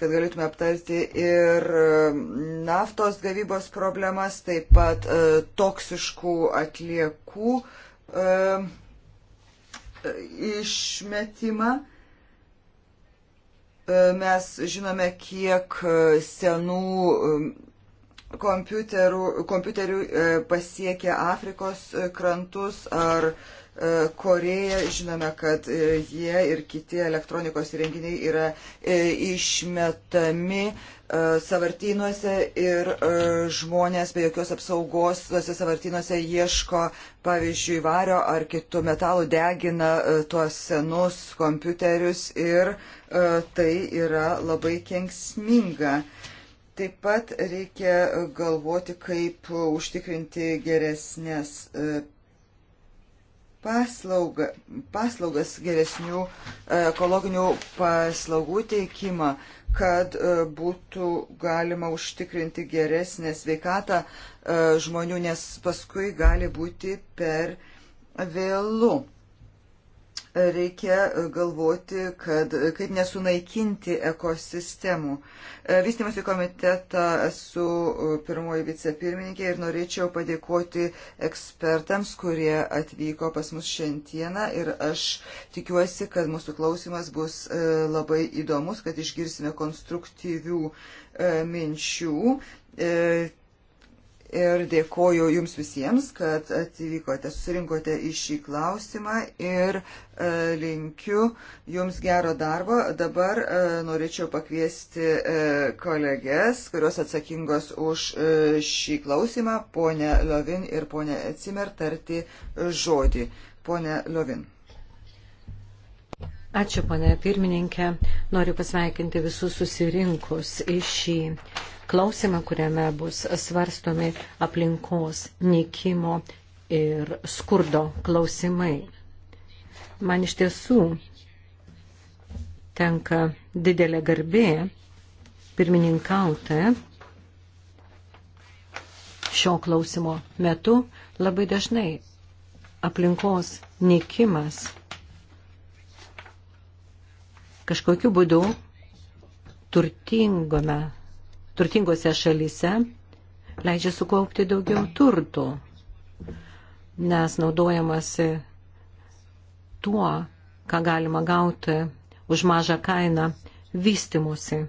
kad galėtume aptarti ir e, naftos gavybos problemas, taip pat e, toksiškų atliekų e, išmetimą. Mes žinome, kiek senų kompiuterių, kompiuterių pasiekia Afrikos e, krantus ar e, Koreja. Žinome, kad e, jie ir kiti elektronikos įrenginiai yra išmetami savartynuose ir žmonės be jokios apsaugos tuose savartynuose ieško, pavyzdžiui, vario ar kitų metalų degina tuos senus kompiuterius ir tai yra labai kenksminga. Taip pat reikia galvoti, kaip užtikrinti geresnės e, paslauga, paslaugas, geresnių e, ekologinių paslaugų teikimą, kad e, būtų galima užtikrinti geresnę sveikatą žmonių, nes paskui gali būti per vėlų reikia galvoti, kad kaip nesunaikinti ekosistemų. E, vystimosi komitetą esu pirmoji vicepirmininkė ir norėčiau padėkoti ekspertams, kurie atvyko pas mus šiandieną ir aš tikiuosi, kad mūsų klausimas bus e, labai įdomus, kad išgirsime konstruktyvių e, minčių ir dėkoju Jums visiems, kad atvykote, susirinkote į šį klausimą ir e, linkiu Jums gero darbo. Dabar e, norėčiau pakviesti e, kolegės, kurios atsakingos už e, šį klausimą, ponę Lovin ir ponę Cimer, tarti žodį. Pone Lovin. Ačiū, ponė pirmininkė. Noriu pasveikinti visus susirinkus į šį klausimą, kuriame bus svarstomi aplinkos nykimo ir skurdo klausimai. Man iš tiesų tenka didelė garbė pirmininkauti šio klausimo metu labai dažnai aplinkos nykimas kažkokiu būdu turtingome turtingose šalyse leidžia sukaupti daugiau turtų, nes naudojamasi tuo, ką galima gauti už mažą kainą vystimusi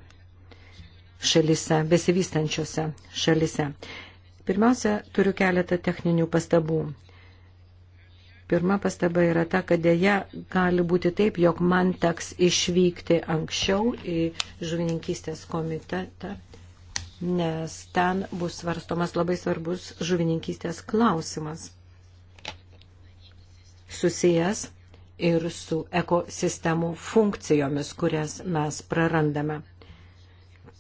šalyse, besivystančiose šalyse. Pirmiausia, turiu keletą techninių pastabų. Pirma pastaba yra ta, kad dėja gali būti taip, jog man teks išvykti anksčiau į žuvininkystės komitetą nes ten bus svarstomas labai svarbus žuvininkystės klausimas susijęs ir su ekosistemų funkcijomis, kurias mes prarandame.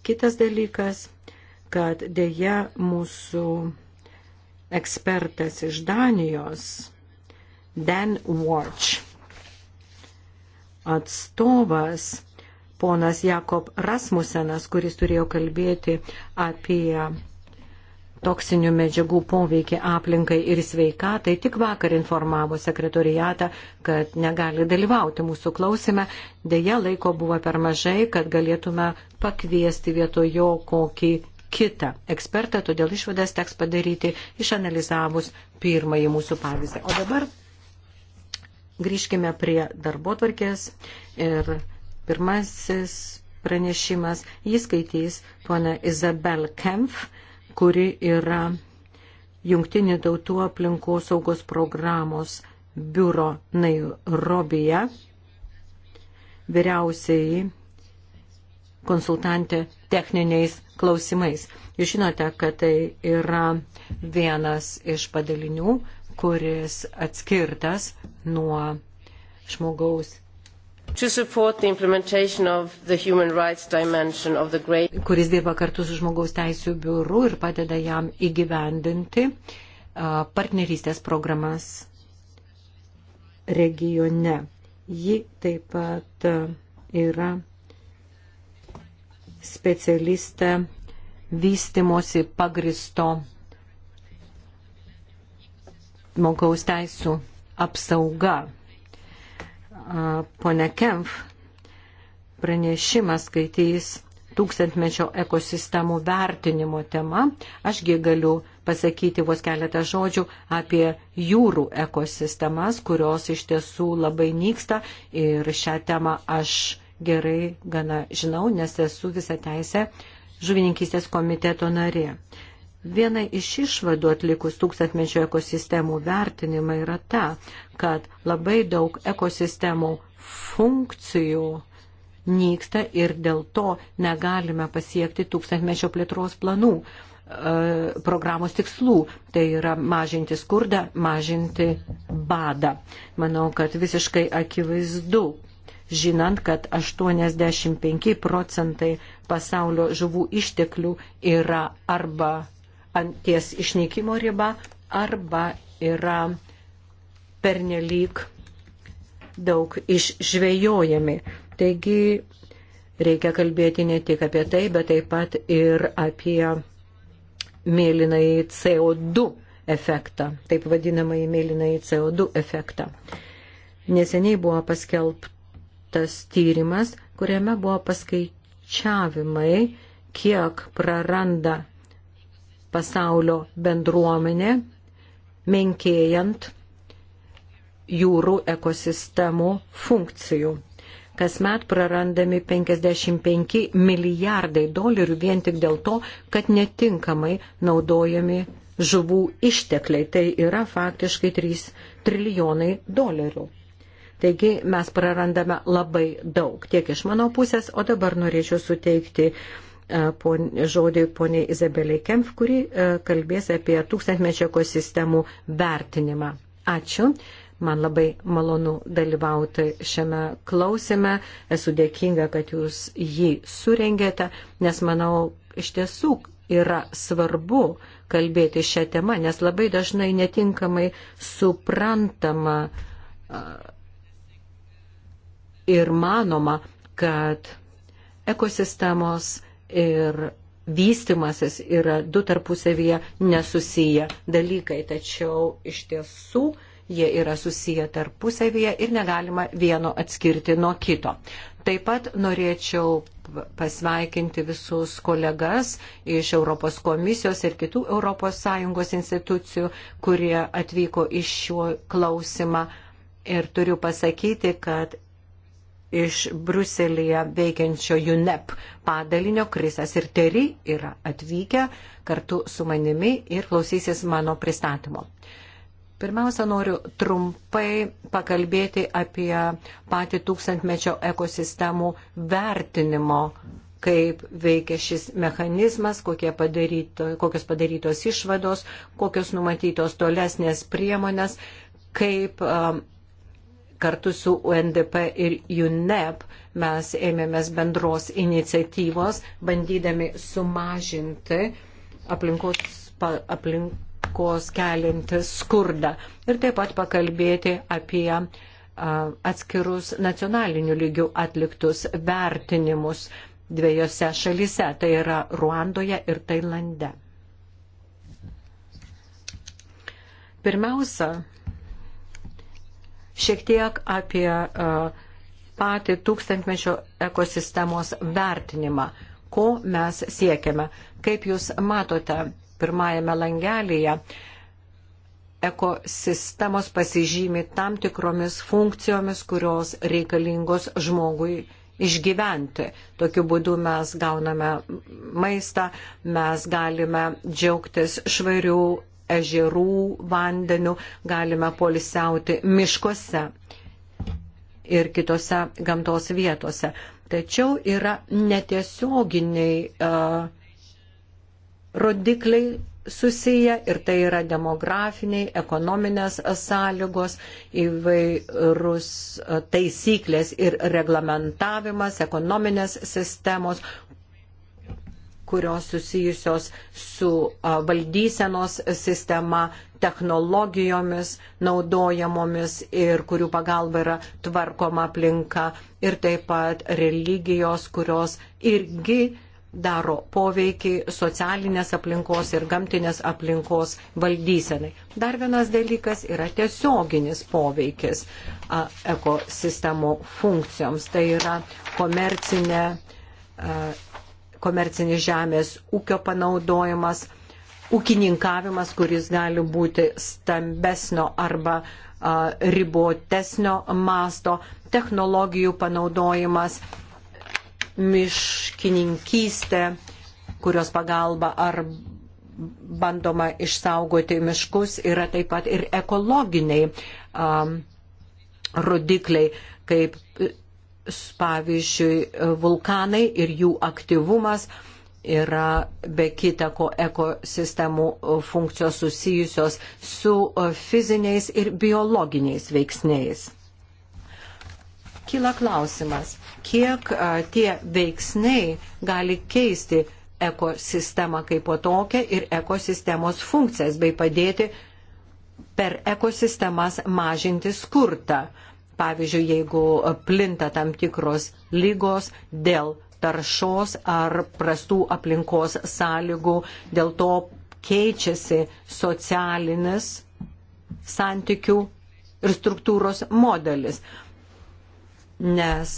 Kitas dalykas, kad dėja mūsų ekspertas iš Danijos, Dan Watch, atstovas ponas Jakob Rasmusenas, kuris turėjo kalbėti apie toksinių medžiagų poveikį aplinkai ir sveikatai, tik vakar informavo sekretorijatą, kad negali dalyvauti mūsų klausime. Deja, laiko buvo per mažai, kad galėtume pakviesti vietojo kokį kitą ekspertą, todėl išvadas teks padaryti išanalizavus pirmąjį mūsų pavyzdį. O dabar grįžkime prie darbo tvarkės ir Pirmasis pranešimas jis skaitys pona Izabel Kempf, kuri yra Jungtinių tautų aplinkos saugos programos biuro Nairobija vyriausiai konsultantė techniniais klausimais. Jūs žinote, kad tai yra vienas iš padalinių, kuris atskirtas nuo žmogaus to support the implementation of the human rights dimension of the great kuris dirba kartu su žmogaus teisų biuru ir padeda jam įgyvendinti partnerystės programas regione. Ji taip pat yra specialistė vystimosi pagristo žmogaus teisų apsauga pone Kemf pranešimą skaitys tūkstantmečio ekosistemų vertinimo tema. Ašgi galiu pasakyti vos keletą žodžių apie jūrų ekosistemas, kurios iš tiesų labai nyksta ir šią temą aš gerai gana žinau, nes esu visą teisę žuvininkystės komiteto narė. Viena iš išvadų atlikus tūkstantmečio ekosistemų vertinimą yra ta, kad labai daug ekosistemų funkcijų nyksta ir dėl to negalime pasiekti tūkstantmečio plėtros planų e, programos tikslų, tai yra mažinti skurdą, mažinti badą. Manau, kad visiškai akivaizdu, žinant, kad 85 procentai pasaulio žuvų išteklių yra arba ant ties išnykimo riba arba yra pernelyg daug išžvejojami. Taigi reikia kalbėti ne tik apie tai, bet taip pat ir apie mėlynai CO2 efektą, taip vadinamai mėlynai CO2 efektą. Neseniai buvo paskelbtas tyrimas, kuriame buvo paskaičiavimai, kiek praranda pasaulio bendruomenė, menkėjant jūrų ekosistemų funkcijų. Kasmet prarandami 55 milijardai dolerių vien tik dėl to, kad netinkamai naudojami žuvų ištekliai. Tai yra faktiškai 3 trilijonai dolerių. Taigi mes prarandame labai daug, tiek iš mano pusės, o dabar norėčiau suteikti uh, E, pon, žodį poniai Izabeliai Kemf, kuri e, kalbės apie tūkstantmečio ekosistemų vertinimą. Ačiū. Man labai malonu dalyvauti šiame klausime. Esu dėkinga, kad jūs jį surengėte, nes manau, iš tiesų yra svarbu kalbėti šią temą, nes labai dažnai netinkamai suprantama e, ir manoma, kad ekosistemos ir vystimasis yra du tarpusavyje nesusiję dalykai, tačiau iš tiesų jie yra susiję tarpusavyje ir negalima vieno atskirti nuo kito. Taip pat norėčiau pasveikinti visus kolegas iš Europos komisijos ir kitų ES institucijų, kurie atvyko iš šiuo klausimą. Ir turiu pasakyti, kad iš Bruselėje veikiančio UNEP padalinio Krisas ir Teri yra atvykę kartu su manimi ir klausysis mano pristatymo. Pirmiausia, noriu trumpai pakalbėti apie patį tūkstantmečio ekosistemų vertinimo kaip veikia šis mechanizmas, padaryto, kokios padarytos išvados, kokios numatytos tolesnės priemonės, kaip um, Kartu su UNDP ir UNEP mes ėmėmės bendros iniciatyvos, bandydami sumažinti aplinkos, aplinkos keliantį skurdą ir taip pat pakalbėti apie atskirus nacionalinių lygių atliktus vertinimus dviejose šalyse, tai yra Ruandoje ir Tailande. Pirmiausia, šiek tiek apie e, patį tūkstantmečio ekosistemos vertinimą, ko mes siekiame. Kaip jūs matote pirmajame langelėje, ekosistemos pasižymi tam tikromis funkcijomis, kurios reikalingos žmogui išgyventi. Tokiu būdu mes gauname maistą, mes galime džiaugtis švarių ežerų vandeniu, galime polisiauti miškuose ir kitose gamtos vietose. Tačiau yra netiesioginiai uh, rodikliai susiję ir tai yra demografiniai, ekonominės sąlygos, įvairūs taisyklės ir reglamentavimas, ekonominės sistemos, kurios susijusios su valdysenos sistema, technologijomis naudojamomis ir kurių pagalba yra tvarkoma aplinka ir taip pat religijos, kurios irgi daro poveikį socialinės aplinkos ir gamtinės aplinkos valdysenai. Dar vienas dalykas yra tiesioginis poveikis a, ekosistemų funkcijoms. Tai yra komercinė a, komercinis žemės ūkio panaudojimas, ūkininkavimas, kuris gali būti stambesnio arba a, ribotesnio masto, technologijų panaudojimas, miškininkystė, kurios pagalba ar bandoma išsaugoti miškus, yra taip pat ir ekologiniai a, rodikliai, kaip pavyzdžiui, vulkanai ir jų aktyvumas yra be kita ko ekosistemų funkcijos susijusios su fiziniais ir biologiniais veiksniais. Kila klausimas, kiek tie veiksniai gali keisti ekosistemą kaip po tokią ir ekosistemos funkcijas bei padėti per ekosistemas mažinti skurtą pavyzdžiui, jeigu plinta tam tikros lygos dėl taršos ar prastų aplinkos sąlygų, dėl to keičiasi socialinis santykių ir struktūros modelis, nes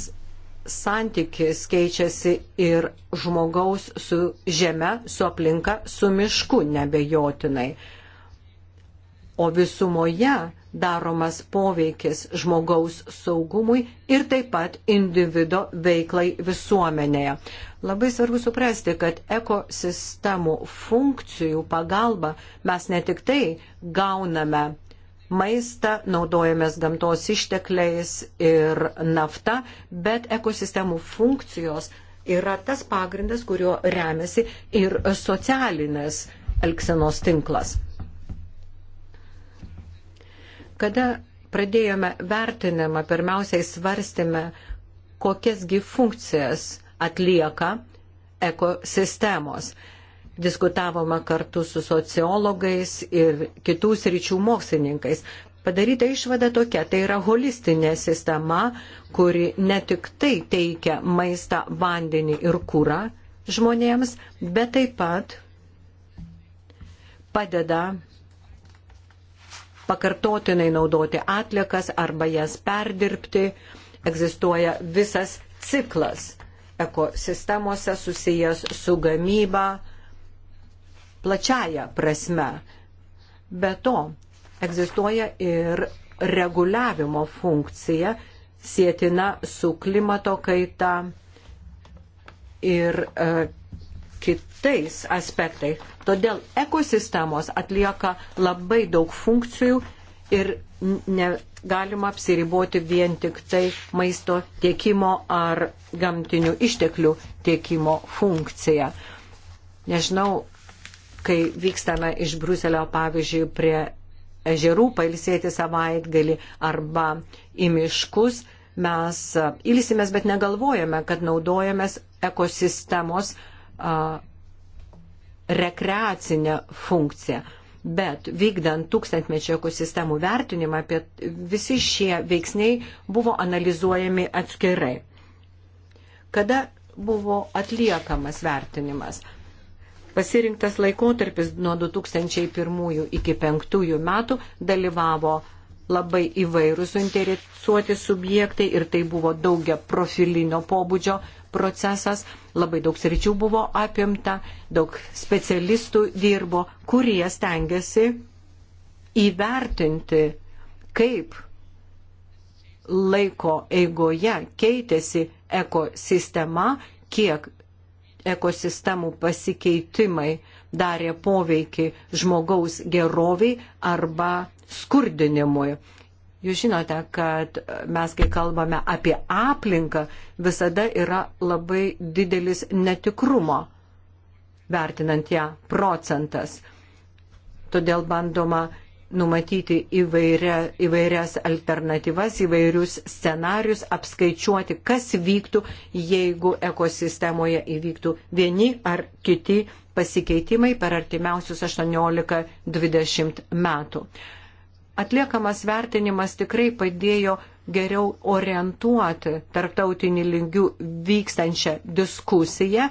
santykis keičiasi ir žmogaus su žeme, su aplinka, su mišku nebejotinai. O visumoje daromas poveikis žmogaus saugumui ir taip pat individo veiklai visuomenėje. Labai svarbu suprasti, kad ekosistemų funkcijų pagalba mes ne tik tai gauname maistą, naudojamės gamtos ištekliais ir naftą, bet ekosistemų funkcijos yra tas pagrindas, kurio remiasi ir socialinis elksenos tinklas. Kada pradėjome vertinimą, pirmiausiai svarstėme, kokiasgi funkcijas atlieka ekosistemos. Diskutavome kartu su sociologais ir kitų sričių mokslininkais. Padaryta išvada tokia, tai yra holistinė sistema, kuri ne tik tai teikia maistą, vandenį ir kūrą žmonėms, bet taip pat padeda pakartotinai naudoti atlikas arba jas perdirbti. Egzistuoja visas ciklas ekosistemose susijęs su gamyba plačiaja prasme. Be to, egzistuoja ir reguliavimo funkcija sėtina su klimato kaita ir e, kitais aspektai. Todėl ekosistemos atlieka labai daug funkcijų ir negalima apsiriboti vien tik tai maisto tiekimo ar gamtinių išteklių tiekimo funkcija. Nežinau, kai vykstame iš Bruselio, pavyzdžiui, prie ežerų pailsėti savaitgalį arba į miškus, mes ilsimės, bet negalvojame, kad naudojamės ekosistemos rekreacinę funkciją. Bet vykdant tūkstantmečio ekosistemų vertinimą, apie visi šie veiksniai buvo analizuojami atskirai. Kada buvo atliekamas vertinimas? Pasirinktas laikotarpis nuo 2001 iki 2005 metų dalyvavo labai įvairūs suinteresuoti subjektai ir tai buvo daugia profilinio pobūdžio procesas, labai daug sričių buvo apimta, daug specialistų dirbo, kurie stengiasi įvertinti, kaip laiko eigoje keitėsi ekosistema, kiek ekosistemų pasikeitimai darė poveikį žmogaus geroviai arba skurdinimui. Jūs žinote, kad mes, kai kalbame apie aplinką, visada yra labai didelis netikrumo vertinant ją procentas. Todėl bandoma numatyti įvairia, įvairias alternatyvas, įvairius scenarius, apskaičiuoti, kas vyktų, jeigu ekosistemoje įvyktų vieni ar kiti pasikeitimai per artimiausius 18-20 metų atliekamas vertinimas tikrai padėjo geriau orientuoti tarptautinį lygių vykstančią diskusiją,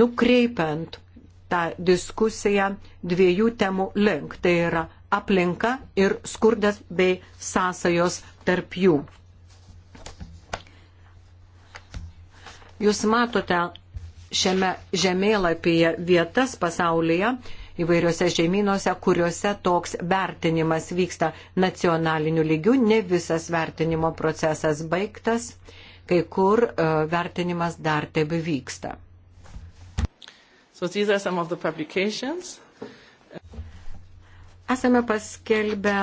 nukreipiant tą diskusiją dviejų temų link. Tai yra aplinka ir skurdas bei sąsajos tarp jų. Jūs matote šiame žemėlapyje vietas pasaulyje, įvairiose žemynuose, kuriuose toks vertinimas vyksta nacionaliniu lygiu, ne visas vertinimo procesas baigtas, kai kur e, vertinimas dar tebe vyksta. So these are some of the publications. Esame paskelbę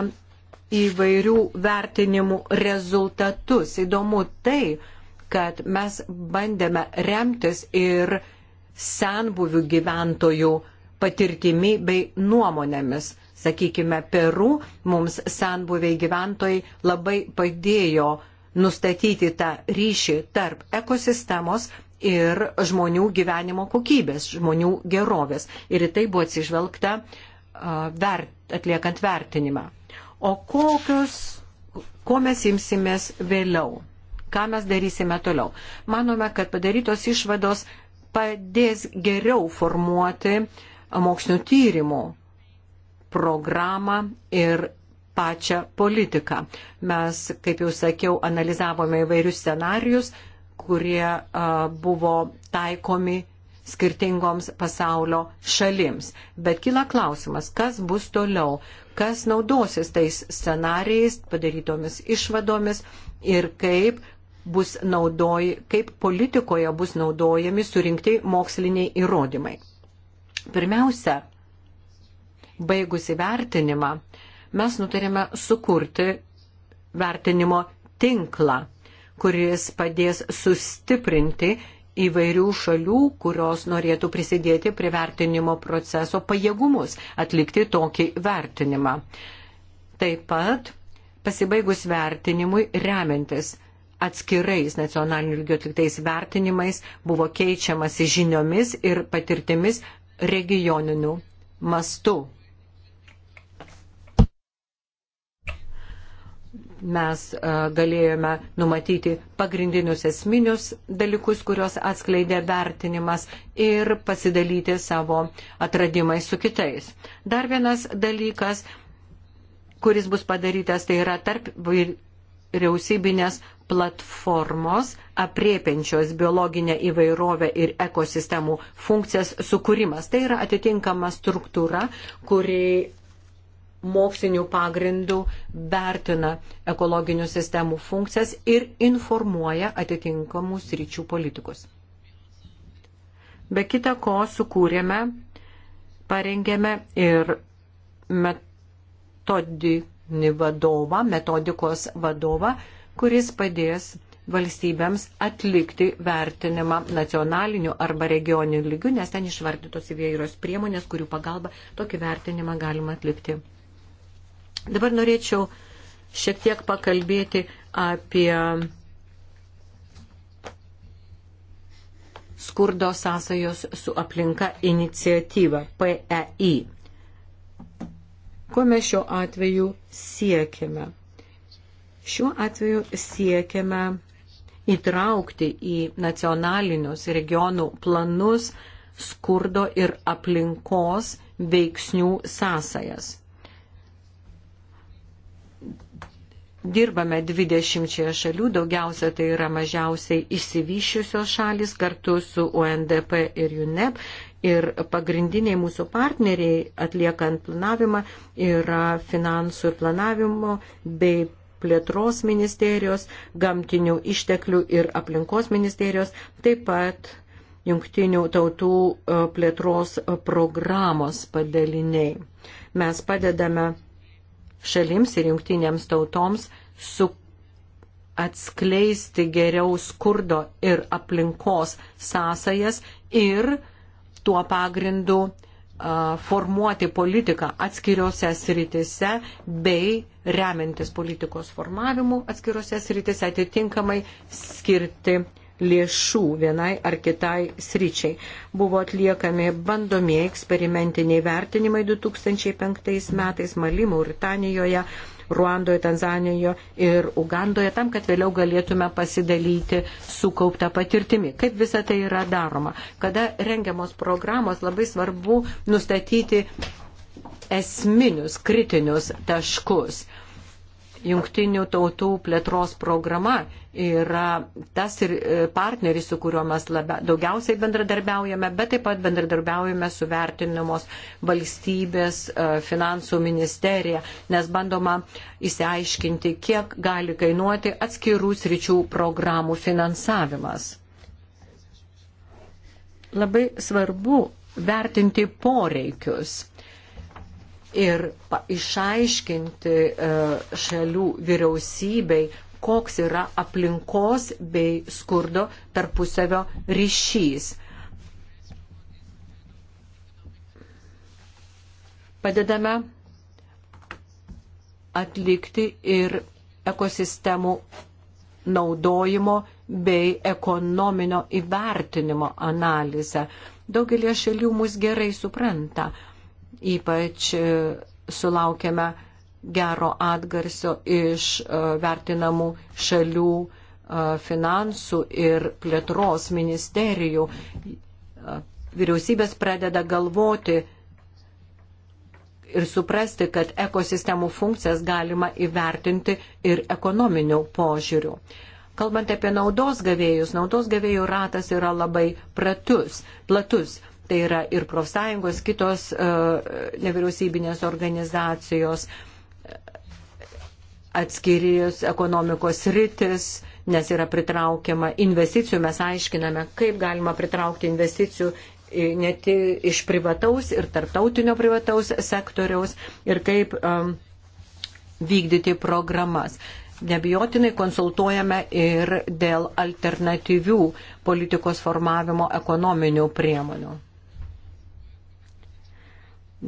įvairių vertinimų rezultatus. Įdomu tai, kad mes bandėme remtis ir senbuvių gyventojų uh, patirtimi bei nuomonėmis. Sakykime, Peru mums senbuviai gyventojai labai padėjo nustatyti tą ryšį tarp ekosistemos ir žmonių gyvenimo kokybės, žmonių gerovės. Ir į tai buvo atsižvelgta vert, atliekant vertinimą. O kokius, ko mes imsimės vėliau? Ką mes darysime toliau? Manome, kad padarytos išvados padės geriau formuoti uh, mokslinio tyrimo programą ir pačią politiką. Mes, kaip jau sakiau, analizavome įvairius scenarius, kurie buvo taikomi skirtingoms pasaulio šalims. Bet kila klausimas, kas bus toliau, kas naudosis tais scenarijais, padarytomis išvadomis ir kaip bus naudoj, kaip politikoje bus naudojami surinkti moksliniai įrodymai. Pirmiausia, baigusi vertinimą, mes nutarėme sukurti vertinimo tinklą, kuris padės sustiprinti įvairių šalių, kurios norėtų prisidėti prie vertinimo proceso pajėgumus atlikti tokį vertinimą. Taip pat pasibaigus vertinimui remiantis atskirais nacionaliniu lygiu atliktais vertinimais buvo keičiamas žiniomis ir patirtimis regioniniu mastu. Mes e, galėjome numatyti pagrindinius esminius dalykus, kuriuos atskleidė vertinimas ir pasidalyti savo atradimais su kitais. Dar vienas dalykas, kuris bus padarytas, tai yra tarp vyriausybinės platformos apriepiančios biologinę įvairovę ir ekosistemų funkcijas sukūrimas. Tai yra atitinkama struktūra, kuri mokslinių pagrindų vertina ekologinių sistemų funkcijas ir informuoja atitinkamus ryčių politikus. Be kita ko sukūrėme, parengėme ir metodinį vadovą, metodikos vadovą, kuris padės valstybėms atlikti vertinimą nacionaliniu arba regioniniu lygiu, nes ten išvardytos įvairios priemonės, kurių pagalba tokį vertinimą galima atlikti. Dabar norėčiau šiek tiek pakalbėti apie skurdo sąsajos su aplinka iniciatyva PEI. Ko mes šiuo atveju siekime? Šiuo atveju siekiame įtraukti į nacionalinius regionų planus skurdo ir aplinkos veiksnių sąsajas. Dirbame 20 šalių, daugiausia tai yra mažiausiai išsivyščiusios šalis kartu su UNDP ir UNEP ir pagrindiniai mūsų partneriai atliekant planavimą yra finansų ir planavimo bei plėtros ministerijos, gamtinių išteklių ir aplinkos ministerijos, taip pat jungtinių tautų e, plėtros programos padaliniai. Mes padedame šalims ir jungtinėms tautoms su atskleisti geriau skurdo ir aplinkos sąsajas ir tuo pagrindu formuoti politiką atskiriuose sritise bei remiantis politikos formavimu atskiriuose sritise atitinkamai skirti lėšų vienai ar kitai sričiai. Buvo atliekami bandomieji eksperimentiniai vertinimai 2005 metais Mali, Mauritanijoje, Ruandoje, Tanzanijoje ir Ugandoje, tam, kad vėliau galėtume pasidalyti sukauptą patirtimi. Kaip visa tai yra daroma? Kada rengiamos programos, labai svarbu nustatyti esminius, kritinius taškus jungtinių tautų plėtros programa yra tas ir e, partneris, su kuriuo mes labia, daugiausiai bendradarbiaujame, bet taip pat bendradarbiaujame su vertinamos valstybės e, finansų ministerija, nes bandoma įsiaiškinti, kiek gali kainuoti atskirų sričių programų finansavimas. Labai svarbu vertinti poreikius ir išaiškinti e, šalių vyriausybei, koks yra aplinkos bei skurdo tarpusavio ryšys. Padedame atlikti ir ekosistemų naudojimo bei ekonominio įvertinimo analizę. Daugelie šalių mus gerai supranta, Ypač e, sulaukėme gero atgarsio iš e, vertinamų šalių e, finansų ir plėtros ministerijų. Vyriausybės pradeda galvoti ir suprasti, kad ekosistemų funkcijas galima įvertinti ir ekonominių požiūrių. Kalbant apie naudos gavėjus, naudos gavėjų ratas yra labai pratus, platus tai yra ir profsąjungos, kitos e, nevyriausybinės organizacijos, atskirius ekonomikos rytis, nes yra pritraukiama investicijų, mes aiškiname, kaip galima pritraukti investicijų net iš privataus ir tartautinio privataus sektoriaus ir kaip um, vykdyti programas. Nebijotinai konsultuojame ir dėl alternatyvių politikos formavimo ekonominių priemonių.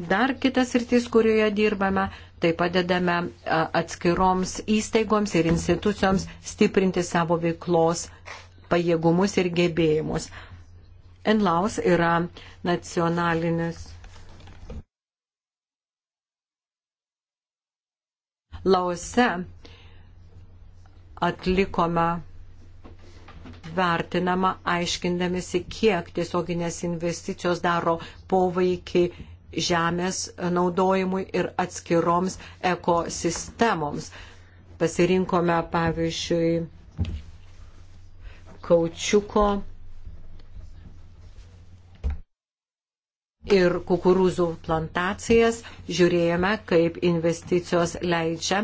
Dar kitas rytis, kurioje dirbame, tai padedame atskiroms įstaigoms ir institucijoms stiprinti savo veiklos pajėgumus ir gebėjimus. Enlaus yra nacionalinis Lause atlikome vertinama, aiškindamėsi, kiek tiesioginės investicijos daro poveikį žemės naudojimui ir atskiroms ekosistemoms. Pasirinkome, pavyzdžiui, kaučiuko ir kukurūzų plantacijas, žiūrėjome, kaip investicijos leidžia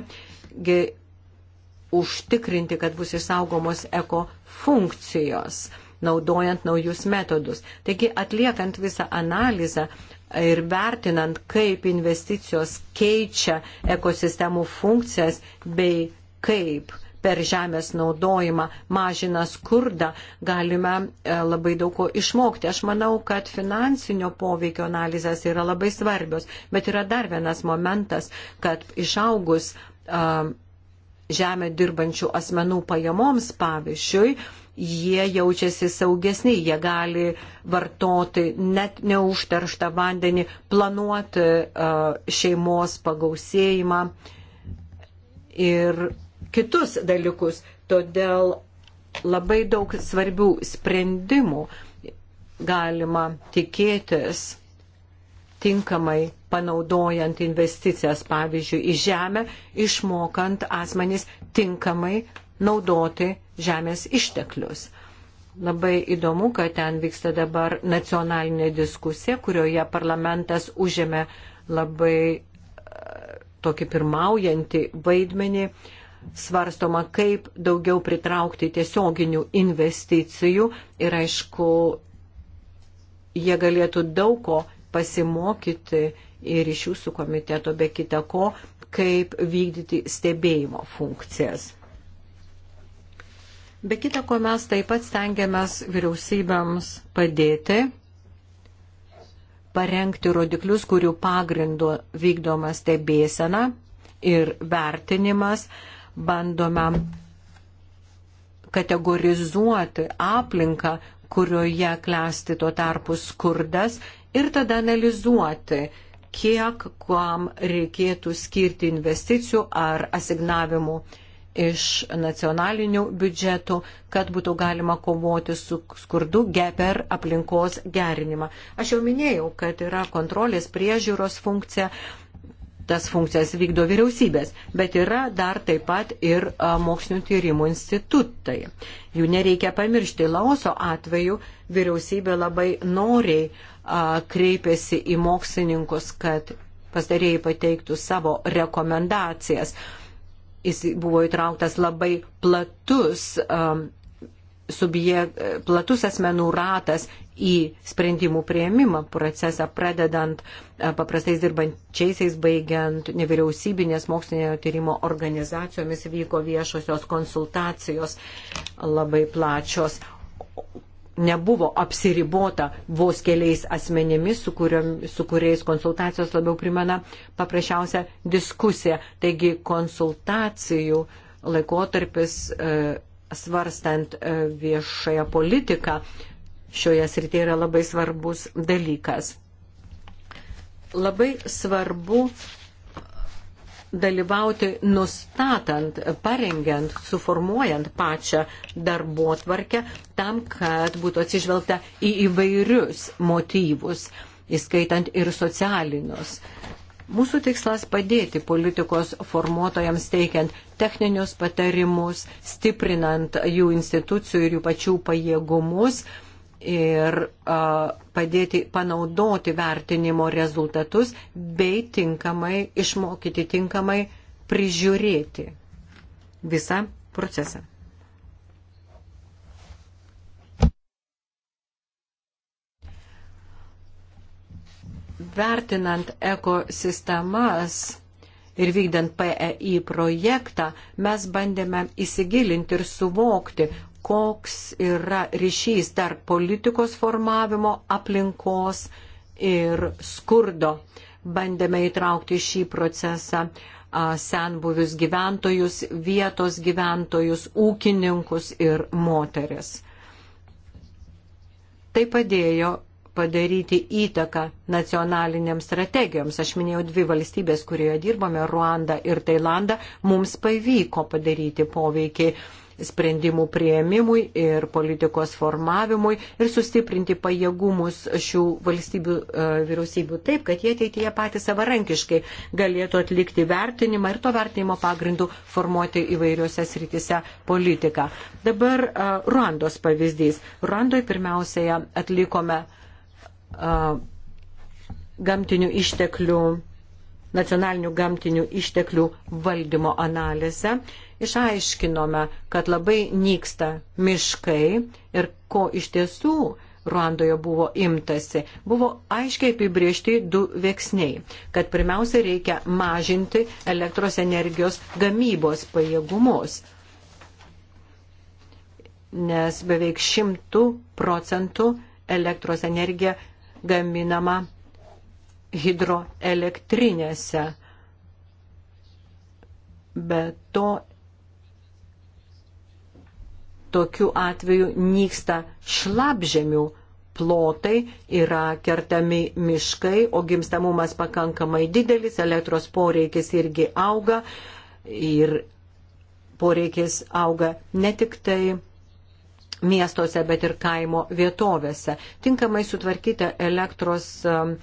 užtikrinti, kad bus išsaugomos eko funkcijos naudojant naujus metodus. Taigi, atliekant visą analizą, ir vertinant, kaip investicijos keičia ekosistemų funkcijas bei kaip per žemės naudojimą mažina skurdą, galime e, labai daug ko išmokti. Aš manau, kad finansinio poveikio analizės yra labai svarbios, bet yra dar vienas momentas, kad išaugus e, žemė dirbančių asmenų pajamoms, pavyzdžiui, jie jaučiasi saugesni, jie gali vartoti net neužterštą vandenį, planuoti šeimos pagausėjimą ir kitus dalykus. Todėl labai daug svarbių sprendimų galima tikėtis tinkamai panaudojant investicijas, pavyzdžiui, į žemę, išmokant asmenys tinkamai naudoti žemės išteklius. Labai įdomu, kad ten vyksta dabar nacionalinė diskusija, kurioje parlamentas užėmė labai e, tokį pirmaujantį vaidmenį. Svarstoma, kaip daugiau pritraukti tiesioginių investicijų ir aišku, jie galėtų daug ko pasimokyti ir iš jūsų komiteto be kita ko, kaip vykdyti stebėjimo funkcijas. Be kita ko mes taip pat stengiamės vyriausybėms padėti parengti rodiklius, kurių pagrindu vykdoma stebėsena ir vertinimas, bandome kategorizuoti aplinką, kurioje klesti tuo tarpu skurdas ir tada analizuoti, kiek kam reikėtų skirti investicijų ar asignavimų uh, iš nacionalinių biudžetų, kad būtų galima kovoti su skurdu per aplinkos gerinimą. Aš jau minėjau, kad yra kontrolės priežiūros funkcija, tas funkcijas vykdo vyriausybės, bet yra dar taip pat ir mokslinio tyrimų institutai. Jų nereikia pamiršti. Laoso atveju vyriausybė labai noriai a, kreipėsi į mokslininkus, kad pastarėjai pateiktų savo rekomendacijas. A, jis buvo įtrauktas labai platus, um, subje, platus asmenų ratas į sprendimų prieimimą procesą, pradedant uh, paprastais dirbančiaisiais, baigiant nevyriausybinės mokslinio tyrimo organizacijomis vyko viešosios konsultacijos labai plačios nebuvo apsiribota vos keliais asmenėmis, su, kuriom, su kuriais konsultacijos labiau primena paprasčiausią diskusiją. Taigi konsultacijų laikotarpis e, svarstant e, viešąją politiką šioje srityje yra labai svarbus dalykas. Labai svarbu dalyvauti nustatant, parengiant, suformuojant pačią darbo tvarkę tam, kad būtų atsižvelgta į įvairius motyvus, įskaitant ir socialinius. Mūsų tikslas padėti politikos formuotojams teikiant techninius patarimus, stiprinant jų institucijų ir jų pačių pajėgumus, ir a, padėti panaudoti vertinimo rezultatus bei tinkamai išmokyti, tinkamai prižiūrėti visą procesą. Vertinant ekosistemas ir vykdant PEI projektą, mes bandėme įsigilinti ir suvokti, koks yra ryšys tarp politikos formavimo, aplinkos ir skurdo. Bandėme įtraukti šį procesą senbuvius gyventojus, vietos gyventojus, ūkininkus ir moteris. Tai padėjo padaryti įtaką nacionaliniams strategijoms. Aš minėjau dvi valstybės, kurioje dirbame - Ruanda ir Tailanda. Mums pavyko padaryti poveikį sprendimų prieimimui ir politikos formavimui ir sustiprinti pajėgumus šių valstybių e, vyriausybių taip, kad jie ateityje patys savarankiškai galėtų atlikti vertinimą ir to vertinimo pagrindų formuoti įvairiuose srityse politiką. Dabar e, Ruandos pavyzdys. Ruandoje pirmiausiai atlikome e, gamtinių išteklių nacionalinių gamtinių išteklių valdymo analizę išaiškinome, kad labai nyksta miškai ir ko iš tiesų Ruandoje buvo imtasi. Buvo aiškiai apibriežti du veiksniai, kad pirmiausia reikia mažinti elektros energijos gamybos pajėgumus, nes beveik šimtų procentų elektros energija gaminama hidroelektrinėse. Be to tokiu atveju nyksta šlapžemių plotai, yra kertami miškai, o gimstamumas pakankamai didelis, elektros poreikis irgi auga ir poreikis auga ne tik tai miestuose, bet ir kaimo vietovėse. Tinkamai sutvarkyti elektros um,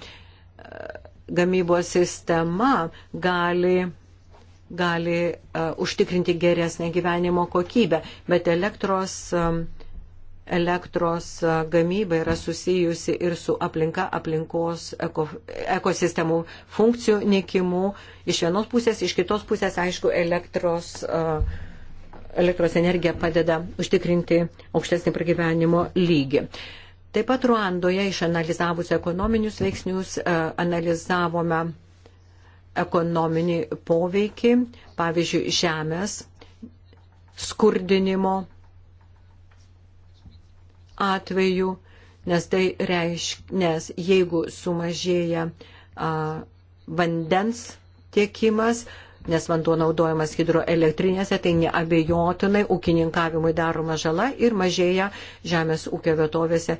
gamybos sistema gali gali uh, užtikrinti geresnę gyvenimo kokybę, bet elektros, um, elektros uh, gamyba yra susijusi ir su aplinka, aplinkos eko, ekosistemų funkcijų nikimu. Iš vienos pusės, iš kitos pusės, aišku, elektros. Uh, Elektros energija padeda užtikrinti aukštesnį pragyvenimo lygį. Taip pat Ruandoje išanalizavus ekonominius veiksnius analizavome ekonominį poveikį, pavyzdžiui, žemės skurdinimo atveju, nes tai reiškia, nes jeigu sumažėja a, vandens tiekimas, nes vanduo naudojamas hidroelektrinėse, tai neabejotinai ūkininkavimui daroma žala ir mažėja žemės ūkio vietovėse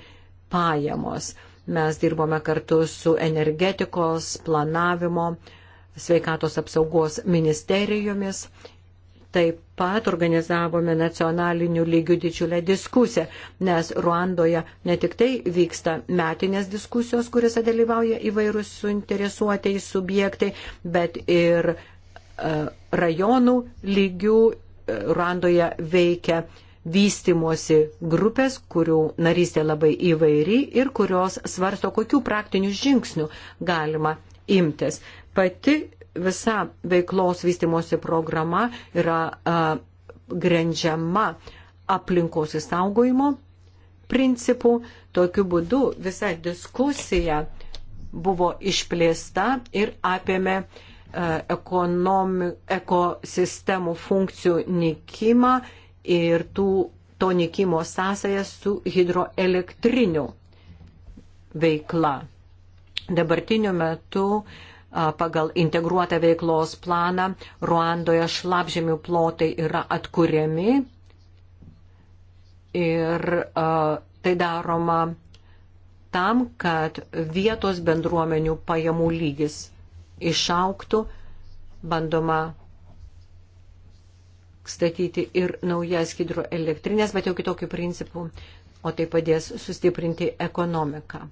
pajamos. Mes dirbome kartu su energetikos, planavimo, sveikatos apsaugos ministerijomis. Taip pat organizavome nacionalinių lygių didžiulę diskusiją, nes Ruandoje ne tik tai vyksta metinės diskusijos, kuriuose dalyvauja įvairūs suinteresuotieji subjektai, bet ir e, rajonų lygių e, Ruandoje veikia vystimosi grupės, kurių narystė labai įvairi ir kurios svarsto, kokių praktinių žingsnių galima imtis. Pati visa veiklos vystimosi programa yra a, grendžiama aplinkos įsaugojimo principų. Tokiu būdu visa diskusija buvo išplėsta ir apėmė ekonomi, ekosistemų funkcijų nikimą ir tų, to nikimo sąsajas su hidroelektriniu veikla. Dabartiniu metu uh, pagal integruotą veiklos planą Ruandoje šlapžemių plotai yra atkuriami ir tai daroma tam, kad vietos bendruomenių pajamų lygis išauktų, bandoma statyti ir naujas hidroelektrinės, bet jau kitokių principų, o tai padės sustiprinti ekonomiką.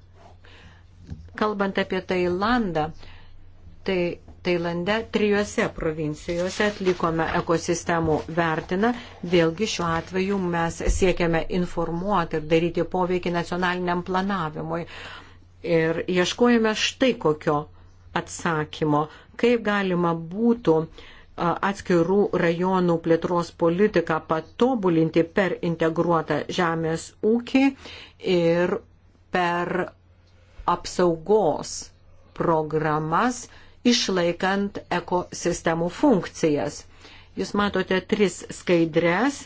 Kalbant apie Tailandą, tai Tailande trijose provincijose atlikome ekosistemų vertiną. Vėlgi šiuo atveju mes siekiame informuoti ir daryti poveikį nacionaliniam planavimui. Ir ieškojame štai kokio atsakymo, kaip galima būtų atskirų rajonų plėtros politiką patobulinti per integruotą žemės ūkį ir per apsaugos programas išlaikant ekosistemų funkcijas. Jūs matote tris skaidres,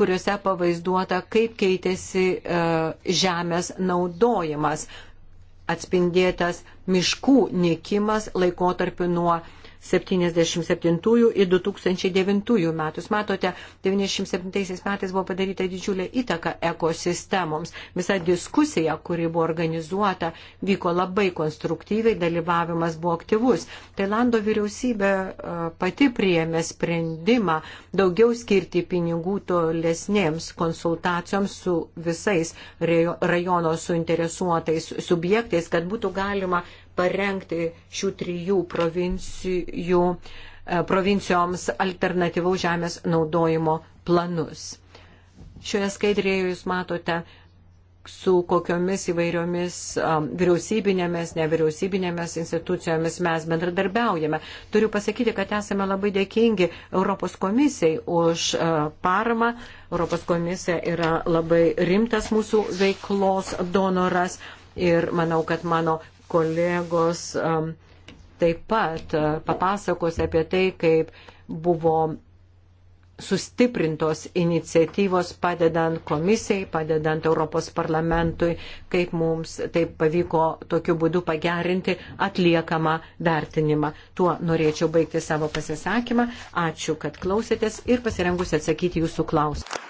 kuriuose pavaizduota, kaip keitėsi e, žemės naudojimas, atspindėtas miškų nikimas laikotarpiu nuo 77 ir 2009 metus. Matote, 97 metais buvo padaryta didžiulė įtaka ekosistemoms. Visa diskusija, kuri buvo organizuota, vyko labai konstruktyviai, dalyvavimas buvo aktyvus. Tailando vyriausybė e, pati priėmė sprendimą daugiau skirti pinigų tolesnėms konsultacijoms su visais rajono suinteresuotais subjektais, kad būtų galima parengti šių trijų provincijų, e, provincijoms alternatyvaus žemės naudojimo planus. Šioje skaidrėje jūs matote, su kokiomis įvairiomis um, vyriausybinėmis, nevyriausybinėmis institucijomis mes bendradarbiaujame. Turiu pasakyti, kad esame labai dėkingi Europos komisijai už uh, paramą. Europos komisija yra labai rimtas mūsų veiklos donoras. Ir manau, kad mano kolegos um, taip pat uh, papasakos apie tai, kaip buvo sustiprintos iniciatyvos padedant komisijai, padedant Europos parlamentui, kaip mums taip pavyko tokiu būdu pagerinti atliekamą vertinimą. Tuo norėčiau baigti savo pasisakymą. Ačiū, kad klausėtės ir pasirengus atsakyti jūsų klausimą.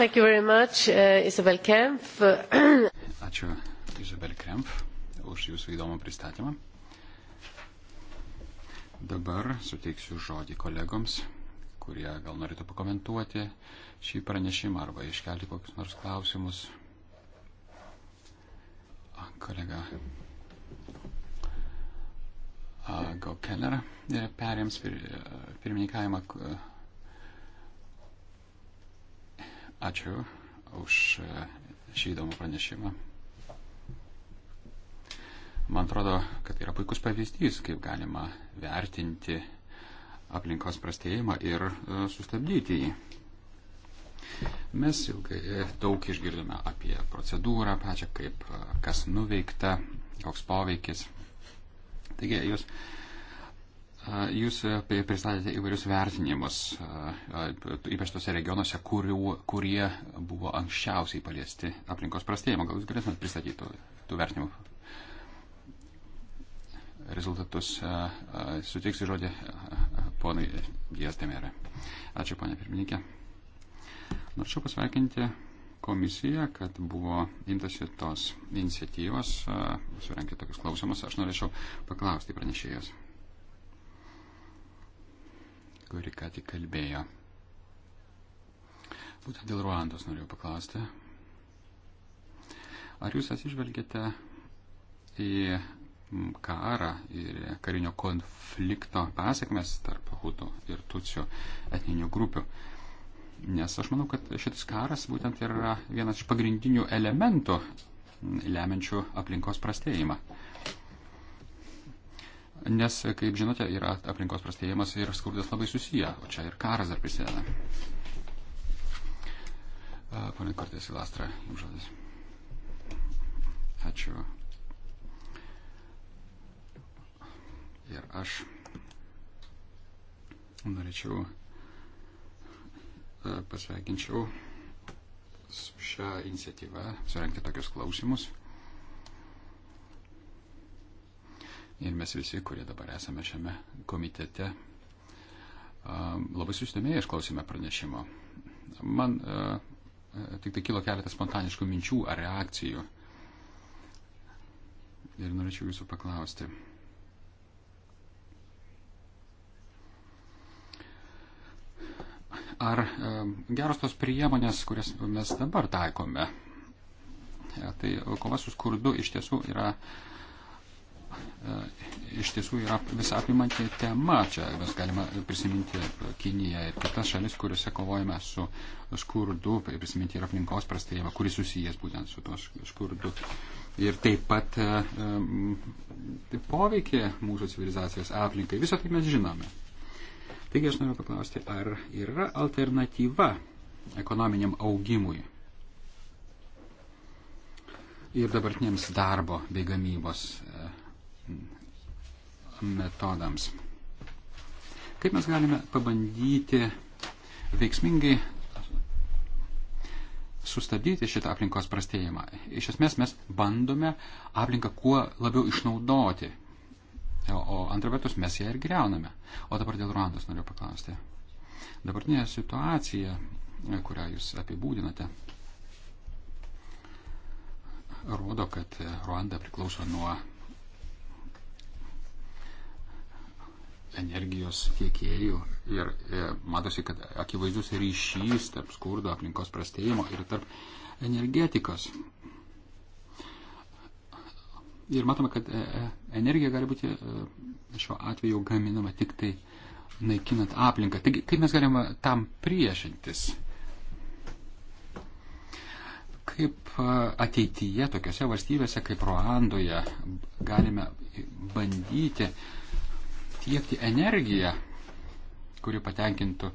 Thank you very much, uh, Isabel Kempf. Ačiū Izabel Kremp už jūsų įdomų pristatymą. Dabar suteiksiu žodį kolegoms, kurie gal norėtų pakomentuoti šį pranešimą arba iškelti kokius nors klausimus. A, kolega Gaukeller perėms pir, pirmininkavimą. Ačiū už šį įdomų pranešimą. Man atrodo, kad yra puikus pavyzdys, kaip galima vertinti aplinkos prastėjimą ir e, sustabdyti jį. Mes ilgai e, daug išgirdome apie procedūrą pačią, kaip e, kas nuveikta, koks poveikis. Taigi, jūs, jūs pristatėte įvairius vertinimus, ypač tose regionuose, kurių, kurie buvo anksčiausiai paliesti aplinkos prastėjimo. Gal jūs galėtumėte pristatyti tų, tų vertinimų rezultatus suteiksiu žodį ponai Dijas Temerė. Ačiū, ponė pirmininkė. Norėčiau pasveikinti komisiją, kad buvo imtasi tos iniciatyvos, surenkti tokius klausimus. Aš norėčiau paklausti pranešėjos, kuri ką tik kalbėjo. Būtent dėl Ruandos norėjau paklausti. Ar jūs atsižvelgėte į karą ir karinio konflikto pasiekmes tarp hutų ir tucijų etninių grupių. Nes aš manau, kad šitas karas būtent yra vienas iš pagrindinių elementų lemiančių aplinkos prastėjimą. Nes, kaip žinote, yra aplinkos prastėjimas ir skurdas labai susiję, o čia ir karas dar prisideda. Pone Kortės Ilastra, jums žodis. Ačiū, ir aš norėčiau e, pasveikinčiau su šią iniciatyvą surenkti tokius klausimus. Ir mes visi, kurie dabar esame šiame komitete, e, labai susidomėję išklausime pranešimo. Man e, tik tai kilo keletas spontaniškų minčių ar reakcijų. Ir norėčiau jūsų paklausti. Ar e, geros tos priemonės, kurias mes dabar taikome, e, tai kova su skurdu iš tiesų yra. E, iš tiesų yra visą apimanti tema. Čia mes galime prisiminti Kiniją ir kitas šalis, kuriuose kovojame su skurdu, prisiminti ir aplinkos prastėjimą, kuris susijęs būtent su tos skurdu. Ir taip pat tai poveikia mūsų civilizacijos aplinkai. Visą tai mes žinome. Taigi aš noriu paklausti, ar yra alternatyva ekonominiam augimui ir dabartiniams darbo bei gamybos e, metodams. Kaip mes galime pabandyti veiksmingai sustabdyti šitą aplinkos prastėjimą. Iš esmės mes bandome aplinką kuo labiau išnaudoti, o antra vertus mes ją ir greuname. O dabar dėl Ruandos noriu paklausti. Dabartinė situacija, kurią jūs apibūdinate, rodo, kad Ruanda priklauso nuo energijos tiekėjų ir e, matosi, kad akivaizdus ryšys tarp skurdo aplinkos prastėjimo ir tarp energetikos Ir matome, kad e, e, energija gali būti e, šiuo atveju gaminama tik tai naikinant aplinką. Taigi, kaip mes galime tam priešintis? Kaip ateityje tokiuose valstybėse kaip Ruandoje galime bandyti tiekti energiją, kuri patenkintų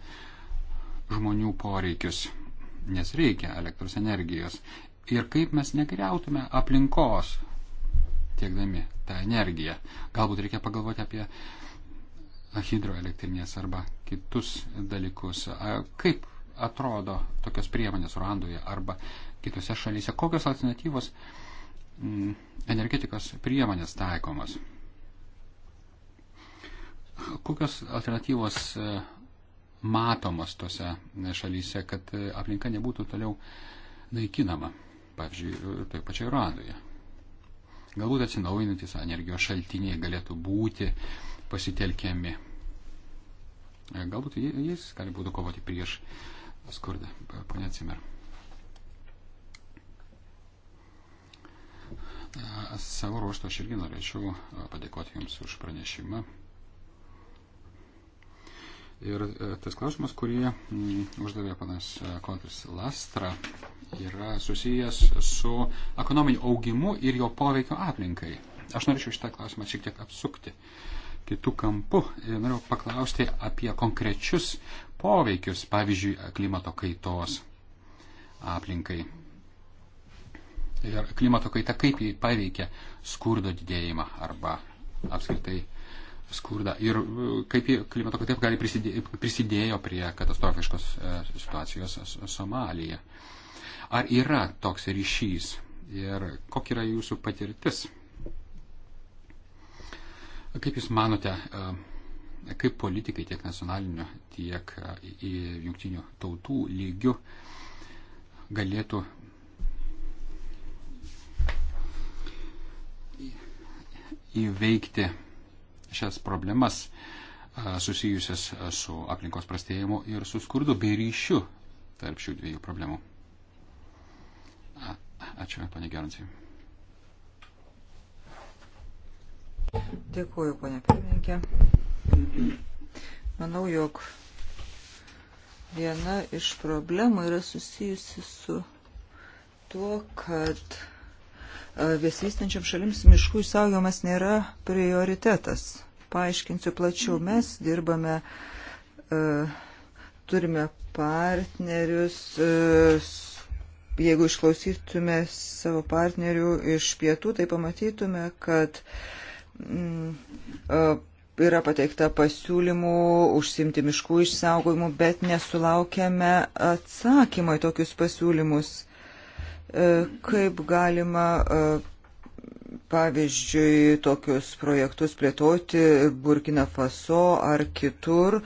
žmonių poreikius, nes reikia elektros energijos. Ir kaip mes negriautume aplinkos, tiekdami tą energiją. Galbūt reikia pagalvoti apie hidroelektrinės arba kitus dalykus. Kaip atrodo tokios priemonės Ruandoje arba kitose šalyse? Kokios alternatyvos mm, energetikos priemonės taikomos? Kokios alternatyvos e, matomos tose šalyse, kad e, aplinka nebūtų toliau naikinama, pavyzdžiui, e, toje pačioje Ruandoje? Galbūt atsinaujinantis energijos šaltiniai galėtų būti pasitelkiami. E, galbūt jis gali būtų kovoti prieš skurdą. Pone Cimer. E, savo ruoštą aš irgi norėčiau e, padėkoti Jums už pranešimą. Ir tas klausimas, kurį uždavė panas Kontris Lastra, yra susijęs su ekonominiu augimu ir jo poveikio aplinkai. Aš norėčiau šitą klausimą šiek tiek apsukti kitų kampų ir noriu paklausti apie konkrečius poveikius, pavyzdžiui, klimato kaitos aplinkai. Ir klimato kaita kaip jį paveikia skurdo didėjimą arba apskritai skurdą ir e, kaip klimato kaita gali prisidėjo prie katastrofiškos e, situacijos Somalija. Ar yra toks ryšys ir kokia yra jūsų patirtis? Kaip Jūs manote, e, kaip politikai tiek nacionalinio, tiek e, jungtinių tautų lygių galėtų įveikti šias problemas e, susijusias su aplinkos prastėjimu ir su skurdu bei ryšiu tarp šių dviejų problemų. Ačiū, ponė Gerancijai. Dėkuoju, ponė pirmininkė. Manau, jog viena iš problemų yra susijusi su tuo, kad e, besivystančiam šalims miškų įsaugomas nėra prioritetas. Paaiškinsiu plačiau, mes dirbame, e, turime partnerius e, jeigu išklausytume savo partnerių iš pietų, tai pamatytume, kad mm, e, yra pateikta pasiūlymų užsimti miškų išsaugojimu, bet nesulaukiame atsakymą į tokius pasiūlymus. E, kaip galima e, pavyzdžiui, tokius projektus plėtoti Burkina Faso ar kitur.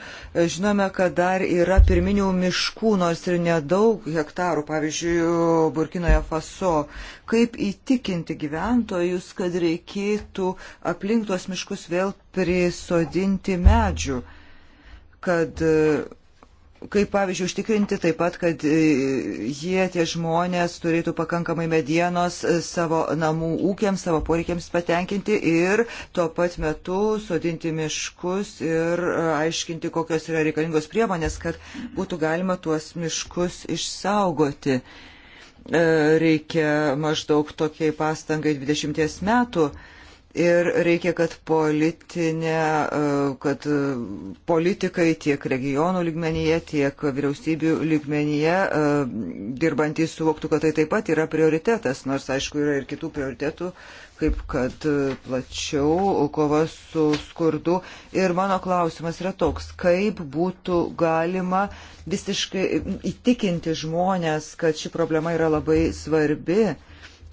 Žinome, kad dar yra pirminių miškų, nors ir nedaug hektarų, pavyzdžiui, Burkinoje Faso. Kaip įtikinti gyventojus, kad reikėtų aplink tuos miškus vėl prisodinti medžių, kad kaip pavyzdžiui užtikrinti taip pat, kad e, jie, tie žmonės, turėtų pakankamai medienos e, savo namų ūkiams, savo poreikiams patenkinti ir tuo pat metu sodinti miškus ir e, aiškinti, kokios yra reikalingos priemonės, kad būtų galima tuos miškus išsaugoti. Reikia maždaug tokiai pastangai 20 metų ir reikia, kad, politinė, e, kad e, politikai tiek regionų lygmenyje, tiek vyriausybių lygmenyje e, dirbantys suvoktų, kad tai taip pat yra prioritetas, nors aišku yra ir kitų prioritetų, kaip kad plačiau kova su skurdu. Ir mano klausimas yra toks, kaip būtų galima visiškai įtikinti žmonės, kad ši problema yra labai svarbi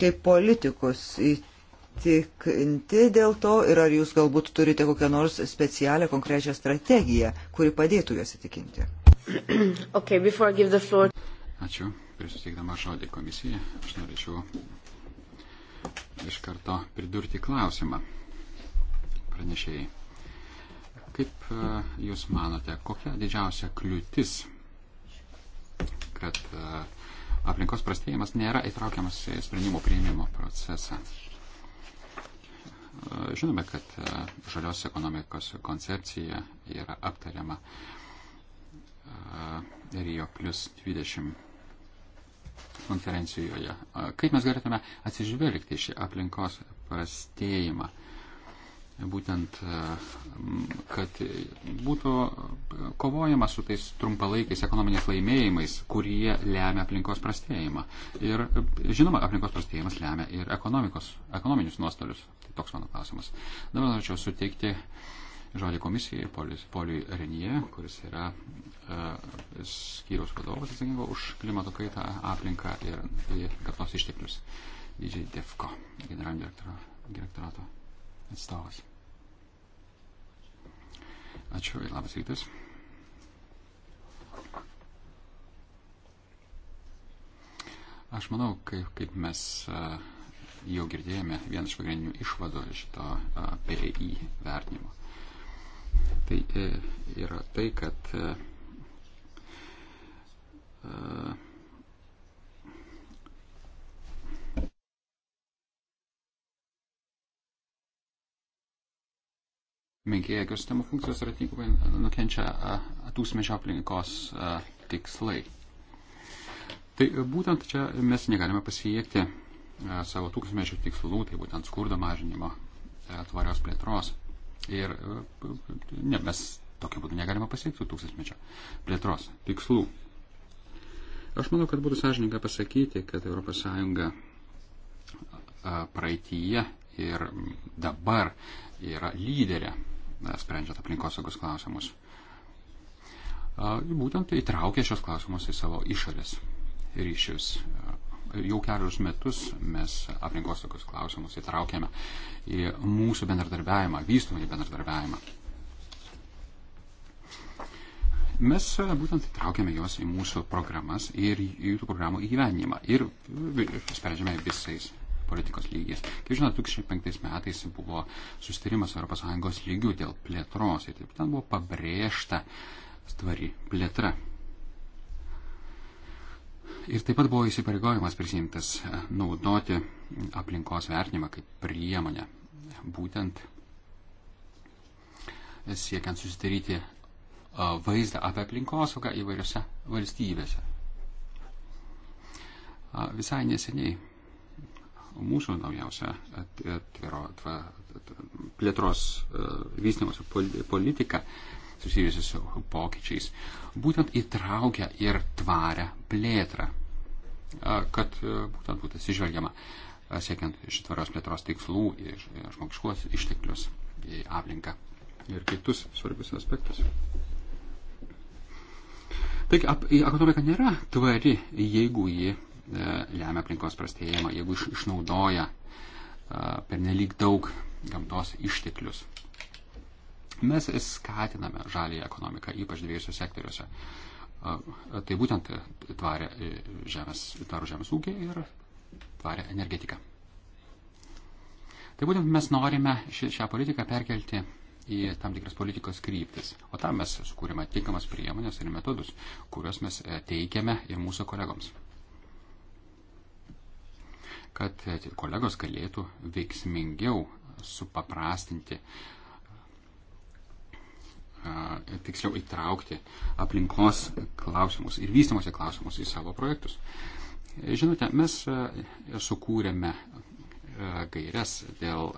kaip politikus įtikinti patikrinti dėl to ir ar jūs galbūt turite kokią nors specialią konkrečią strategiją, kuri padėtų juos įtikinti? Okay, floor... Ačiū. Prieš suteikdama žodį komisijai, aš norėčiau iš karto pridurti klausimą pranešėjai. Kaip e, Jūs manote, kokia didžiausia kliūtis, kad e, aplinkos prastėjimas nėra įtraukiamas į sprendimų prieimimo procesą? Žinome, kad e, žalios ekonomikos koncepcija yra aptariama e, Rio plus 20 konferencijoje. Kaip mes galėtume atsižvelgti šį aplinkos prastėjimą? Būtent, e, kad būtų kovojama su tais trumpalaikiais ekonominiais laimėjimais, kurie lemia aplinkos prastėjimą. Ir žinoma, aplinkos prastėjimas lemia ir ekonominius nuostolius Toks mano klausimas. Dabar norėčiau suteikti žodį komisijai Poliui Renie, kuris yra uh, skyriaus vadovas atsakingo už klimato kaitą, aplinką ir, ir gamtos išteklius. Didžiai DEFCO, generalinio direktorato atstovas. Ačiū ir labas rytas. Aš manau, kaip, kaip mes. Uh, jau girdėjome vieną iš pagrindinių išvadų šito PEI vertinimo. Tai e, yra tai, kad e, menkėja ekosistemų funkcijos ir atitinkamai nukenčia tūkstmečio aplinkos tikslai. Tai būtent čia mes negalime pasiekti E, savo tūkstantmečių tikslų, tai būtent skurdo mažinimo, e, tvarios plėtros. Ir e, ne, mes tokiu būdu negalime pasiekti tūkstantmečio plėtros tikslų. Aš manau, kad būtų sąžininga pasakyti, kad ES praeitįje ir dabar yra lyderė, sprendžiant aplinkosaugos klausimus. Būtent įtraukia šios klausimus į savo išorės ryšius jau kelius metus mes aplinkos tokius klausimus įtraukėme į mūsų bendradarbiavimą, vystomąjį bendradarbiavimą. Mes būtent įtraukėme juos į mūsų programas ir į tų programų įgyvenimą ir sprendžiame visais politikos lygiais. Kaip žinote, 2005 metais buvo sustarimas ES lygių dėl plėtros ir taip ten buvo pabrėžta tvari plėtra Ir taip pat buvo įsipareigojimas prisimtas e, naudoti aplinkos vertinimą kaip priemonę, būtent e, siekiant susidaryti e, vaizdą apie aplinkosaugą įvairiose valstybėse. Visai neseniai mūsų naujausia plėtros vystimosi politika susijusius su pokyčiais, būtent įtraukia ir tvarę plėtrą, kad būtent būtų atsižvelgiama siekiant šitvarios plėtros tikslų ir žmogiškuos išteklius į aplinką ir kitus svarbius aspektus. Taigi, ekonomika nėra tvari, jeigu ji e, lemia aplinkos prastėjimą, jeigu išnaudoja per nelik daug gamtos išteklius. Mes skatiname žalį ekonomiką, ypač dviejose sektoriuose. Tai būtent tvarė e, žemės, tvarų žemės ūkį ir tvarė energetiką. Tai būtent mes norime šią politiką perkelti į tam tikras politikos kryptis. O tam mes sukūrėme tinkamas priemonės ir metodus, kuriuos mes e, teikiame ir mūsų kolegoms. Kad e, kolegos galėtų veiksmingiau supaprastinti uh, tiksliau įtraukti aplinkos klausimus ir vystimosi klausimus į savo projektus. Žinote, mes sukūrėme gairias dėl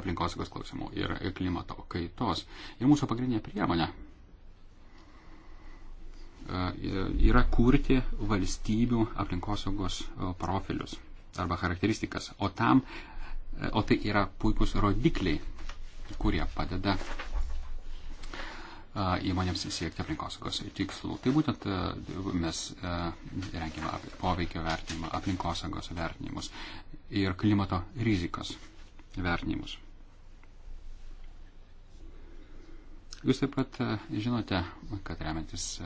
aplinkosaugos klausimų ir klimato kaitos. Ir mūsų pagrindinė priemonė yra kurti valstybių aplinkosaugos profilius arba charakteristikas. O tam, o tai yra puikus rodikliai, kurie padeda įmonėms siekti aplinkosaugos tikslų. Tai būtent mes rengiame poveikio vertinimą, aplinkosaugos vertinimus ir klimato rizikos vertinimus. Jūs taip pat žinote, kad remiantis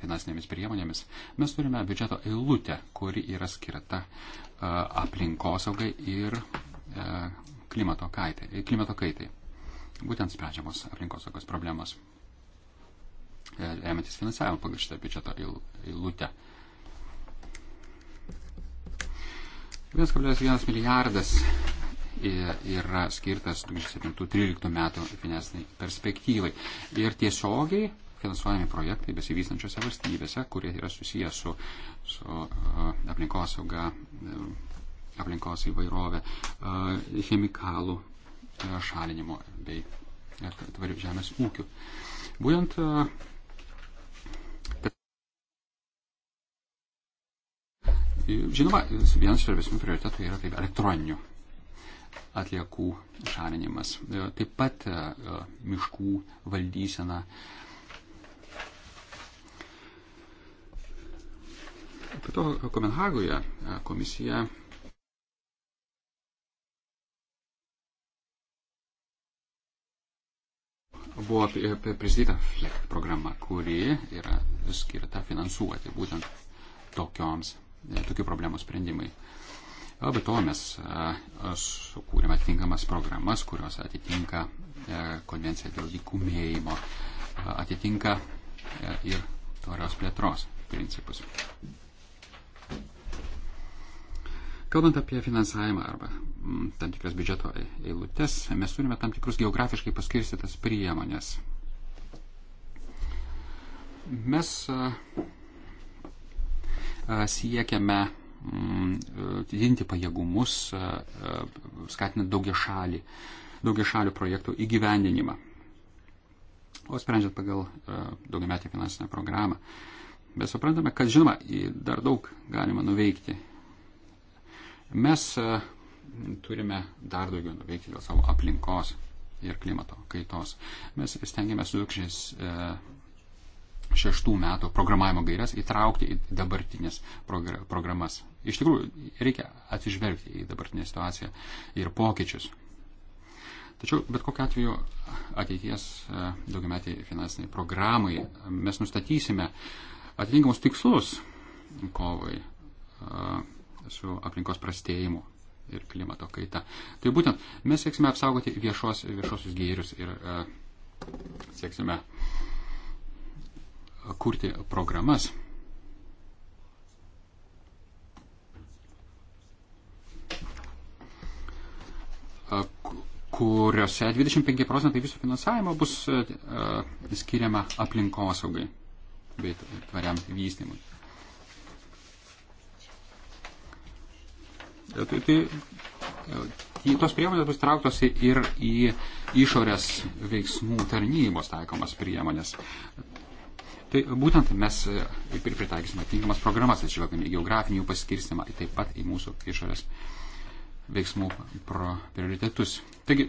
finansinėmis priemonėmis mes turime biudžeto eilutę, kuri yra skirta aplinkosaugai ir klimato kaitai. Klimato kaitai. Būtent sprendžiamos aplinkosaugos problemos. E, remiantis finansavimą pagal šitą biudžeto eilutę. 1,1 milijardas yra skirtas 2007-2013 metų finansiniai perspektyvai. Ir tiesiogiai finansuojami projektai besivystančiose valstybėse, kurie yra susijęs su, su uh, aplinkosauga, uh, aplinkos įvairovė, uh, chemikalų uh, šalinimo bei uh, tvarių žemės ūkių. Būtent uh, Žinoma, vienas svarbesnių prioritetų yra taip elektroninių atliekų šalinimas. Taip pat e, miškų valdysena. Po to Kopenhagoje e, komisija buvo pristatyta programa, kuri yra skirta finansuoti būtent tokioms, e, tokių problemų sprendimai. Be to mes e, sukūrėme atitinkamas programas, kurios atitinka e, konvenciją dėl dykumėjimo, atitinka ir tvarios plėtros principus. Kalbant apie finansavimą arba mm, tam tikras biudžeto eilutes, mes turime tam tikrus geografiškai paskirstytas priemonės. Mes siekiame mm, didinti pajėgumus, skatinant daugia šalį, daugia šalių projektų įgyvendinimą. O sprendžiant pagal daugiametį finansinę programą. Bet suprantame, kad žinoma, dar daug galima nuveikti Mes e, turime dar daugiau nuveikti dėl savo aplinkos ir klimato kaitos. Mes stengiamės 2006 e, metų programavimo gairias įtraukti į dabartinės programas. Iš tikrųjų, reikia atsižvelgti į dabartinę situaciją ir pokyčius. Tačiau bet kokiu atveju ateities e, daugiametiai finansiniai programai mes nustatysime atitinkamus tikslus kovai su aplinkos prastėjimu ir klimato kaita. Tai būtent mes sieksime apsaugoti viešos, viešosius gėrius ir e, sieksime e, kurti programas. E, kuriuose 25 procentai viso finansavimo bus e, skiriama aplinkosaugai bei tvariam vystymui. Tai, tai, tai e, tos priemonės bus trauktos ir į išorės veiksmų tarnybos taikomas priemonės. Tai būtent mes e, ir pritaikysime tinkamas programas, atsižvelgdami į geografinių paskirstimą, taip pat į mūsų išorės veiksmų prioritetus. Taigi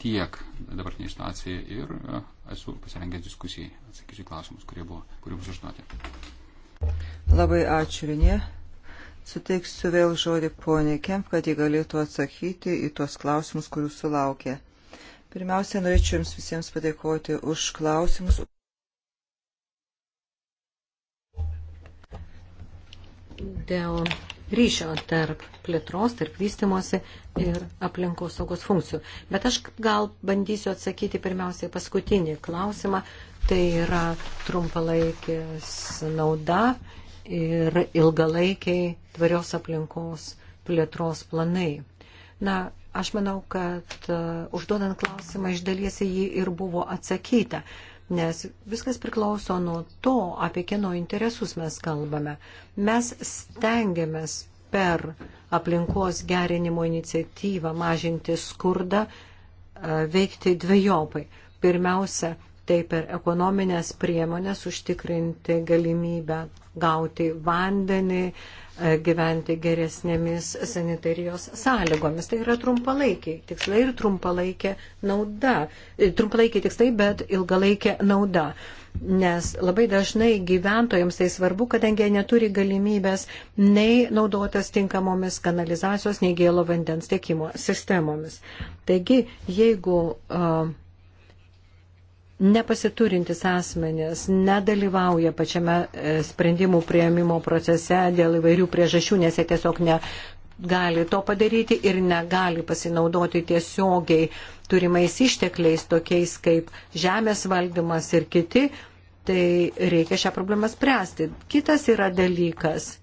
tiek dabartinė situacija ir e, esu pasirengęs diskusijai, atsakysiu klausimus, kurie buvo, kurie bus užduoti. Labai ačiū, Renė. Suteiksiu vėl žodį poniai Kemp, kad jie galėtų atsakyti į tuos klausimus, kurių sulaukė. Pirmiausia, norėčiau Jums visiems padėkoti už klausimus. Dėl ryšio tarp plėtros, tarp vystimosi ir aplinkos saugos funkcijų. Bet aš gal bandysiu atsakyti pirmiausiai paskutinį klausimą. Tai yra trumpalaikis nauda ir ilgalaikiai tvarios aplinkos plėtros planai. Na, aš manau, kad e, užduodant klausimą iš dalies jį ir buvo atsakyta, nes viskas priklauso nuo to, apie kieno interesus mes kalbame. Mes stengiamės per aplinkos gerinimo iniciatyvą mažinti skurdą, e, veikti dviejopai. Pirmiausia, tai per ekonominės priemonės užtikrinti galimybę gauti vandenį, e, gyventi geresnėmis sanitarijos sąlygomis. Tai yra trumpalaikiai tikslai ir trumpalaikė nauda. E, trumpalaikiai tikslai, bet ilgalaikė nauda. Nes labai dažnai gyventojams tai svarbu, kadangi jie neturi galimybės nei naudotas tinkamomis kanalizacijos, nei gėlo vandens tiekimo sistemomis. Taigi, jeigu uh, nepasiturintis asmenės nedalyvauja pačiame e, sprendimų prieimimo procese dėl įvairių priežasčių, nes jie tiesiog negali to padaryti ir negali pasinaudoti tiesiogiai turimais ištekliais, tokiais kaip žemės valdymas ir kiti, tai reikia šią problemą spręsti. Kitas yra dalykas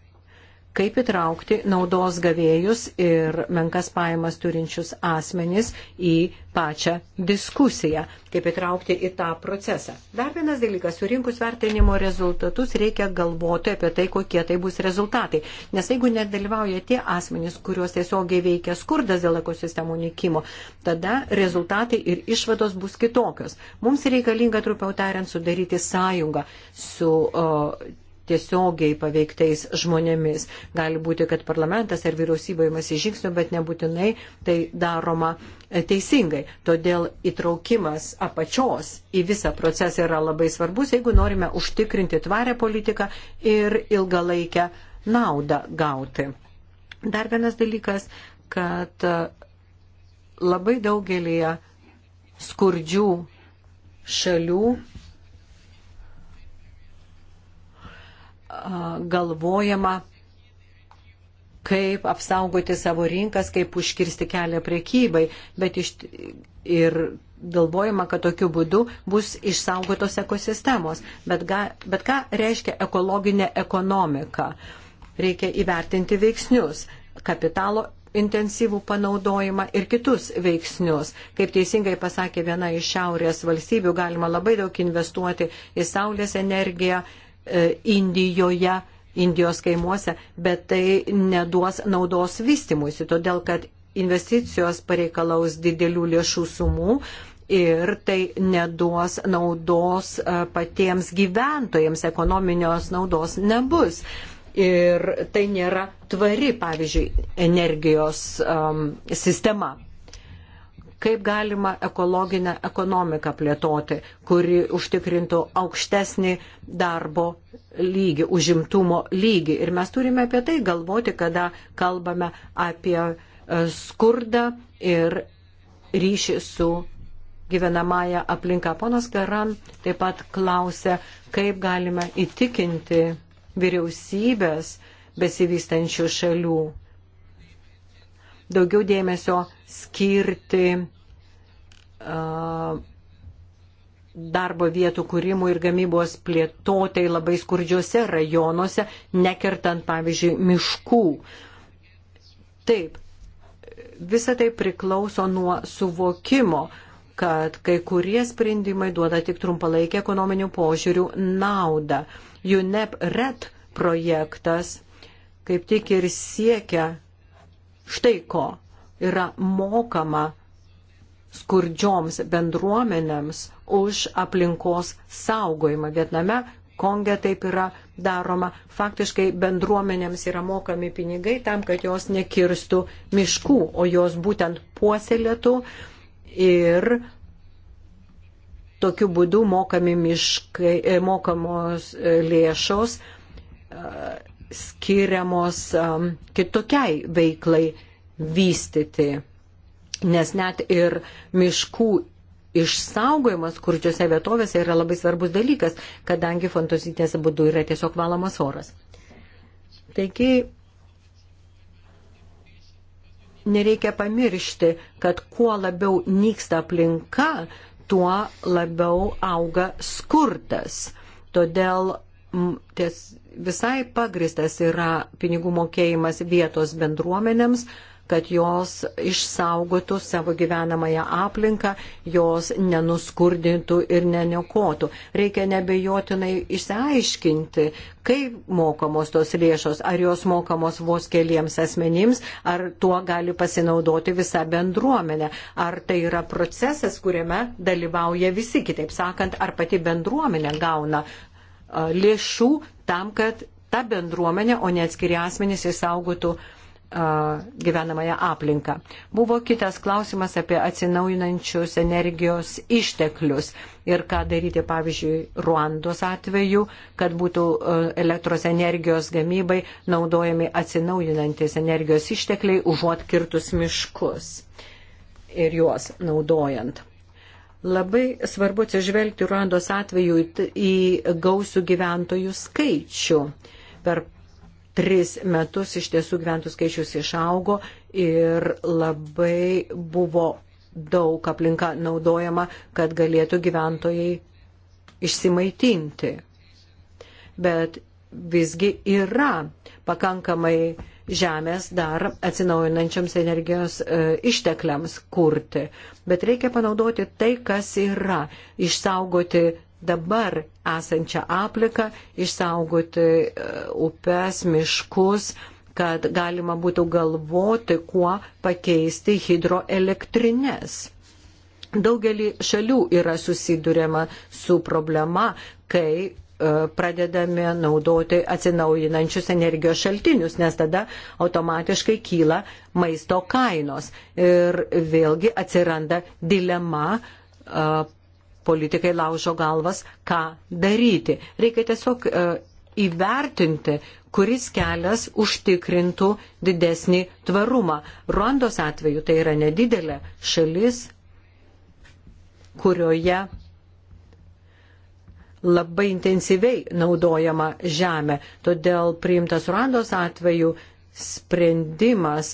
kaip įtraukti naudos gavėjus ir menkas pajamas turinčius asmenys į pačią diskusiją, kaip įtraukti į tą procesą. Dar vienas dalykas, surinkus vertinimo rezultatus reikia galvoti apie tai, kokie tai bus rezultatai. Nes jeigu nedalyvauja tie asmenys, kuriuos tiesiogiai veikia skurdas dėl ekosistemų nikimo, tada rezultatai ir išvados bus kitokios. Mums reikalinga, trupiau tariant, sudaryti sąjungą su o, tiesiogiai paveiktais žmonėmis. Gali būti, kad parlamentas ar vyriausybė imasi žingsnių, bet nebūtinai tai daroma e, teisingai. Todėl įtraukimas apačios į visą procesą yra labai svarbus, jeigu norime užtikrinti tvarę politiką ir ilgalaikę naudą gauti. Dar vienas dalykas, kad e, labai daugelį skurdžių šalių galvojama, kaip apsaugoti savo rinkas, kaip užkirsti kelią priekybai, bet iš, ir galvojama, kad tokiu būdu bus išsaugotos ekosistemos. Bet, ga, bet ką reiškia ekologinė ekonomika? Reikia įvertinti veiksnius - kapitalo intensyvų panaudojimą ir kitus veiksnius. Kaip teisingai pasakė viena iš šiaurės valstybių, galima labai daug investuoti į saulės energiją, E, Indijoje, Indijos kaimuose, bet tai neduos naudos vystimuisi, todėl kad investicijos pareikalaus didelių lėšų sumų ir tai neduos naudos e, patiems gyventojams, ekonominios naudos nebus. Ir tai nėra tvari, pavyzdžiui, energijos um, sistema kaip galima ekologinę ekonomiką plėtoti, kuri užtikrintų aukštesnį darbo lygį, užimtumo lygį. Ir mes turime apie tai galvoti, kada kalbame apie e, skurdą ir ryšį su gyvenamąją aplinką. Ponas Garan taip pat klausė, kaip galime įtikinti vyriausybės besivystančių šalių daugiau dėmesio skirti uh, darbo vietų kūrimų ir gamybos plėtotai labai skurdžiose rajonuose, nekertant, pavyzdžiui, miškų. Taip, visa tai priklauso nuo suvokimo, kad kai kurie sprendimai duoda tik trumpalaikį ekonominių požiūrių naudą. UNEP RED projektas kaip tik ir siekia štai ko yra mokama skurdžioms bendruomenėms už aplinkos saugojimą. Vietname, Konge taip yra daroma. Faktiškai bendruomenėms yra mokami pinigai tam, kad jos nekirstų miškų, o jos būtent puoselėtų ir tokiu būdu mokami miškai, e, mokamos e, lėšos e, skiriamos um, kitokiai veiklai vystyti. Nes net ir miškų išsaugojimas kurčiose vietovėse yra labai svarbus dalykas, kadangi fantozinės būdu yra tiesiog valomas oras. Taigi nereikia pamiršti, kad kuo labiau nyksta aplinka, tuo labiau auga skurtas. Todėl ties, visai pagristas yra pinigų mokėjimas vietos bendruomenėms, kad jos išsaugotų savo gyvenamąją aplinką, jos nenuskurdintų ir neniokotų. Reikia nebejotinai išsiaiškinti, kaip mokamos tos lėšos, ar jos mokamos vos keliems asmenims, ar tuo gali pasinaudoti visa bendruomenė, ar tai yra procesas, kuriame dalyvauja visi, kitaip sakant, ar pati bendruomenė gauna lėšų tam, kad ta bendruomenė, o ne atskiri asmenys įsaugotų gyvenamąją aplinką. Buvo kitas klausimas apie atsinaujinančius energijos išteklius ir ką daryti, pavyzdžiui, Ruandos atveju, kad būtų elektros energijos gamybai naudojami atsinaujinantis energijos ištekliai užuot kirtus miškus ir juos naudojant. Labai svarbu atsižvelgti Ruandos atveju į gausių gyventojų skaičių. Per tris metus iš tiesų gyventojų skaičius išaugo ir labai buvo daug aplinka naudojama, kad galėtų gyventojai išsimaitinti. Bet visgi yra pakankamai žemės dar atsinaujinančiams energijos e, ištekliams kurti. Bet reikia panaudoti tai, kas yra, išsaugoti dabar esančią apliką, išsaugoti e, upes, miškus, kad galima būtų galvoti, kuo pakeisti hidroelektrinės. Daugelį šalių yra susidurėma su problema, kai E, pradedame naudoti atsinaujinančius energijos šaltinius, nes tada automatiškai kyla maisto kainos. Ir vėlgi atsiranda dilema e, politikai laužo galvas, ką daryti. Reikia tiesiog e, įvertinti, kuris kelias užtikrintų didesnį tvarumą. Ruandos atveju tai yra nedidelė šalis, kurioje labai intensyviai naudojama žemė. Todėl priimtas Ruandos atveju sprendimas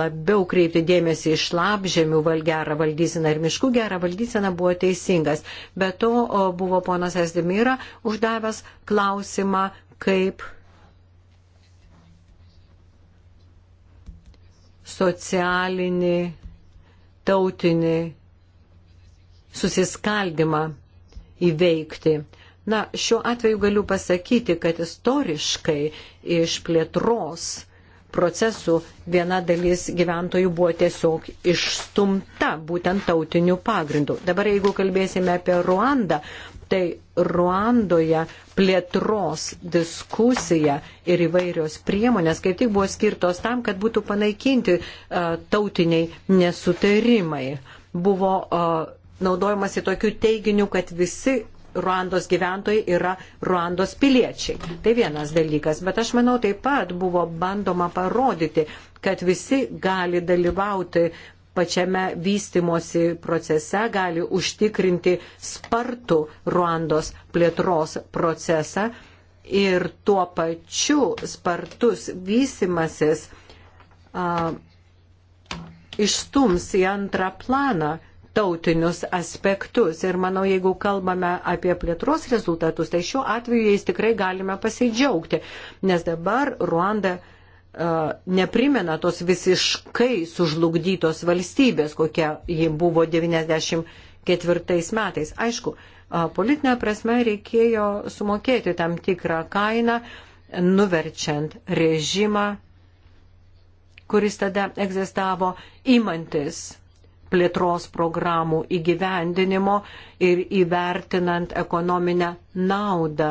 labiau kreipti dėmesį į šlapžemių gerą valdyseną ir miškų gerą valdyseną buvo teisingas. Be to buvo ponas Esdemira uždavęs klausimą, kaip socialinį, tautinį susiskaldimą įveikti. Na, šiuo atveju galiu pasakyti, kad istoriškai iš plėtros procesų viena dalis gyventojų buvo tiesiog išstumta būtent tautiniu pagrindu. Dabar jeigu kalbėsime apie Ruandą, tai Ruandoje plėtros diskusija ir įvairios priemonės kaip tik buvo skirtos tam, kad būtų panaikinti uh, tautiniai nesutarimai. Buvo uh, naudojamasi tokiu teiginiu, kad visi Ruandos gyventojai yra Ruandos piliečiai. Tai vienas dalykas, bet aš manau taip pat buvo bandoma parodyti, kad visi gali dalyvauti pačiame vystimosi procese, gali užtikrinti spartų Ruandos plėtros procesą ir tuo pačiu spartus vystimasis a, išstums į antrą planą tarptautinius aspektus. Ir manau, jeigu kalbame apie plėtros rezultatus, tai šiuo atveju jais tikrai galime pasidžiaugti, nes dabar Ruanda uh, neprimena tos visiškai sužlugdytos valstybės, kokia ji buvo 94 metais. Aišku, uh, politinė prasme reikėjo sumokėti tam tikrą kainą, nuverčiant režimą, kuris tada egzistavo, imantis plėtros programų įgyvendinimo ir įvertinant ekonominę naudą.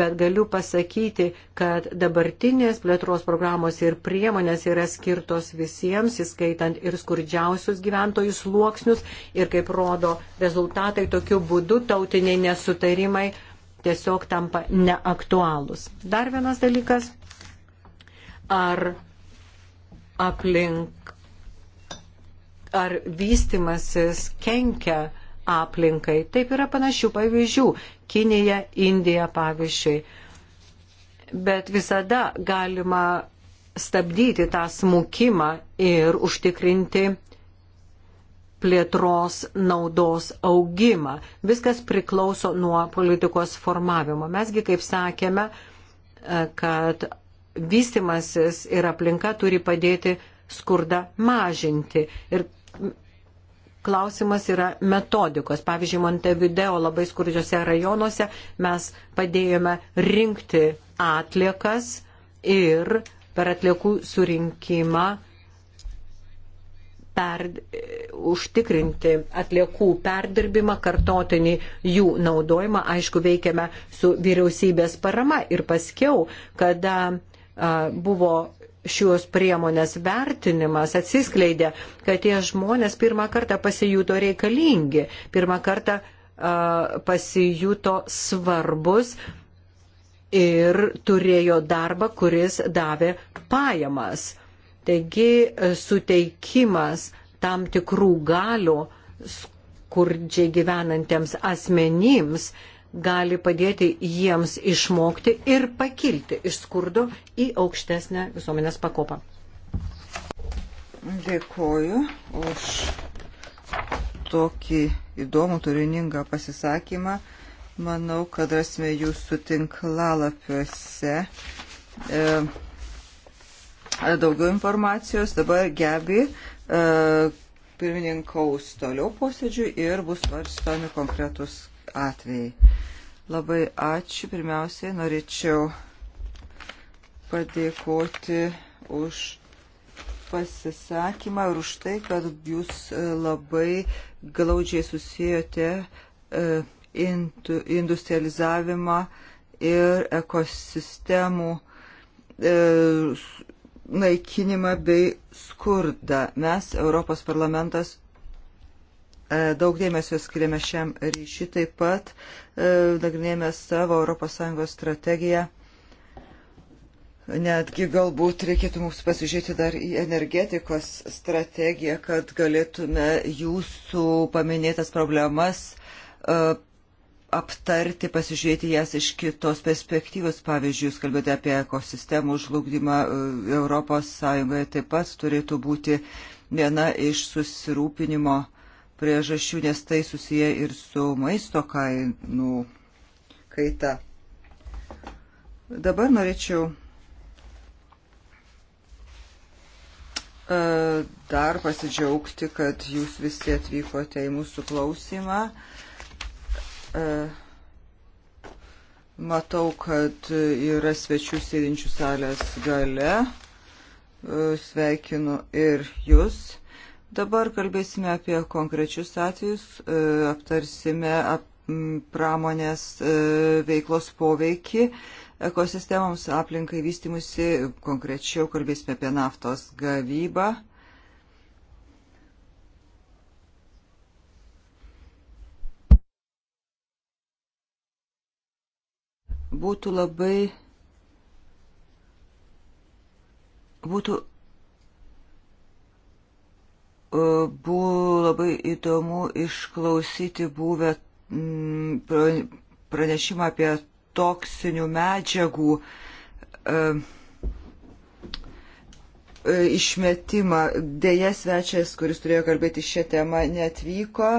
Bet galiu pasakyti, kad dabartinės plėtros programos ir priemonės yra skirtos visiems, įskaitant ir skurdžiausius gyventojų sluoksnius ir kaip rodo rezultatai, tokiu būdu tautiniai nesutarimai tiesiog tampa neaktualūs. Dar vienas dalykas. Ar aplink ar vystimasis kenkia aplinkai. Taip yra panašių pavyzdžių. Kinija, Indija pavyzdžiui. Bet visada galima stabdyti tą smukimą ir užtikrinti plėtros naudos augimą. Viskas priklauso nuo politikos formavimo. Mesgi, kaip sakėme, kad vystimasis ir aplinka turi padėti skurdą mažinti. Ir klausimas yra metodikos. Pavyzdžiui, Montevideo labai skurdžiose rajonuose mes padėjome rinkti atliekas ir per atliekų surinkimą per, užtikrinti atliekų perdirbimą, kartotinį jų naudojimą. Aišku, veikiame su vyriausybės parama ir paskiau, kada a, buvo šios priemonės vertinimas atsiskleidė, kad tie žmonės pirmą kartą pasijuto reikalingi, pirmą kartą uh, pasijuto svarbus ir turėjo darbą, kuris davė pajamas. Taigi e, suteikimas tam tikrų galių skurdžiai gyvenantiems asmenims uh, gali padėti jiems išmokti ir pakilti iš skurdo į aukštesnę visuomenės pakopą. Dėkoju už tokį įdomų turiningą pasisakymą. Manau, kad rasime jūsų tinklalapiuose e, daugiau informacijos. Dabar gebi e, pirmininkaus toliau posėdžiui ir bus svarstomi konkretus atvejai. Labai ačiū. Pirmiausiai norėčiau padėkoti už pasisakymą ir už tai, kad jūs e, labai glaudžiai susijote e, industrializavimą ir ekosistemų e, naikinimą bei skurdą. Mes, Europos parlamentas, E, daug dėmesio skiriame šiam ryšiui, taip pat e, nagrinėjame savo ES strategiją. Netgi galbūt reikėtų mums pasižiūrėti dar į energetikos strategiją, kad galėtume jūsų paminėtas problemas e, aptarti, pasižiūrėti jas iš kitos perspektyvos. Pavyzdžiui, jūs kalbėjote apie ekosistemų žlugdymą Europos Sąjungoje, taip pat turėtų būti viena iš susirūpinimo priežasčių, nes tai susiję ir su maisto kainų kaita. Dabar norėčiau e, dar pasidžiaugti, kad jūs visi atvykote į mūsų klausimą. E, matau, kad yra svečių sėdinčių salės gale. E, sveikinu ir jūs. Dabar kalbėsime apie konkrečius atvejus, e, aptarsime ap, pramonės e, veiklos poveikį ekosistemoms, aplinkai vystimusi, konkrečiau kalbėsime apie naftos gavybą. Būtų labai būtų E, buvo labai įdomu išklausyti buvę pranešimą apie toksinių medžiagų e, e, išmetimą. Deja, svečias, kuris turėjo kalbėti šią temą, netvyko.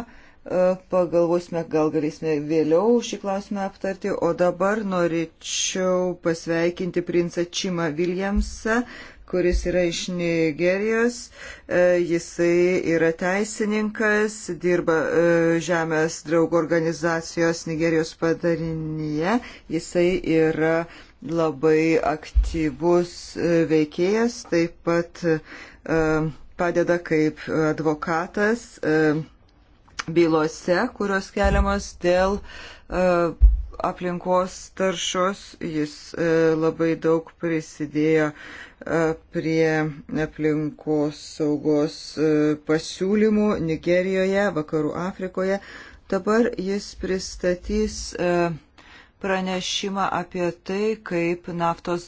Pagalvosime, gal galėsime vėliau šį klausimą aptarti. O dabar norėčiau pasveikinti princą Čimą Viljamsą, kuris yra iš Nigerijos. E, jisai yra teisininkas, dirba e, Žemės draugų organizacijos Nigerijos padarinyje. Jisai yra labai aktyvus e, veikėjas, taip pat padeda kaip advokatas bylose, kurios keliamos dėl uh, aplinkos taršos, jis e, labai daug prisidėjo e, prie aplinkos saugos e, pasiūlymų Nigerijoje, Vakarų Afrikoje. Dabar jis pristatys pranešimą apie tai, kaip naftos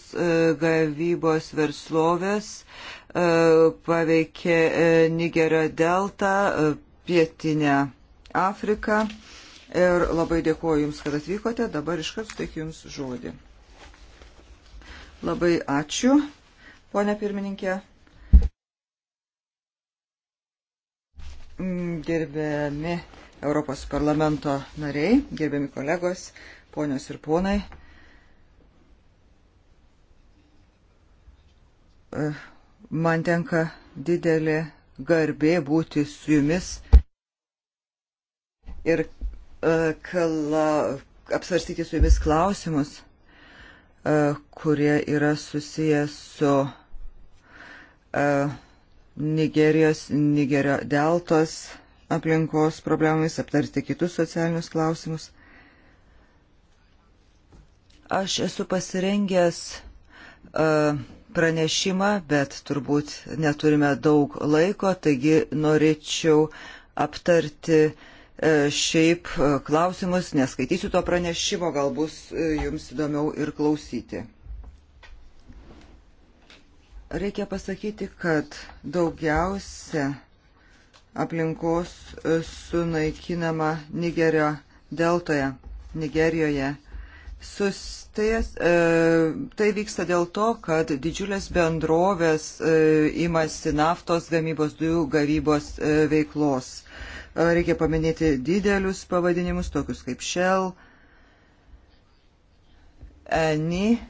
gavybos verslovės paveikė Nigerio deltą, pietinę Afriką ir labai dėkuoju Jums, kad atvykote. Dabar iškart suteikiu Jums žodį. Labai ačiū, ponė pirmininkė. Mm, gerbiami Europos parlamento nariai, gerbiami kolegos, ponios ir ponai. Man tenka didelė garbė būti su jumis ir E, kala, apsvarstyti su jumis klausimus, e, kurie yra susiję su e, Nigerijos, Nigerio deltos aplinkos problemomis, aptarti kitus socialinius klausimus. Aš esu pasirengęs uh, pranešimą, bet turbūt neturime daug laiko, taigi norėčiau aptarti uh, E, šiaip e, klausimus, neskaitysiu to pranešimo, gal bus e, jums įdomiau ir klausyti. Reikia pasakyti, kad daugiausia aplinkos sunaikinama Nigerio deltoje, Nigerijoje. Sustais, e, tai vyksta dėl to, kad didžiulės bendrovės e, imasi naftos gamybos, dujų gavybos e, veiklos Reikia paminėti didelius pavadinimus, tokius kaip Shell, Eni,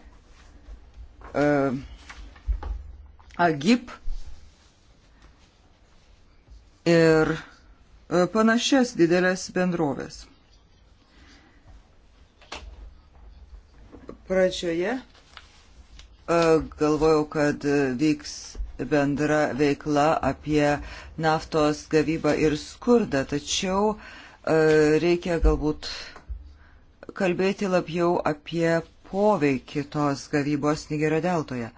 Agip ir panašias didelės bendrovės. Pradžioje galvojau, kad vyks bendra veikla apie naftos gavybą ir skurdą, tačiau e, reikia galbūt kalbėti labiau apie poveikį tos gavybos Nigerio deltoje.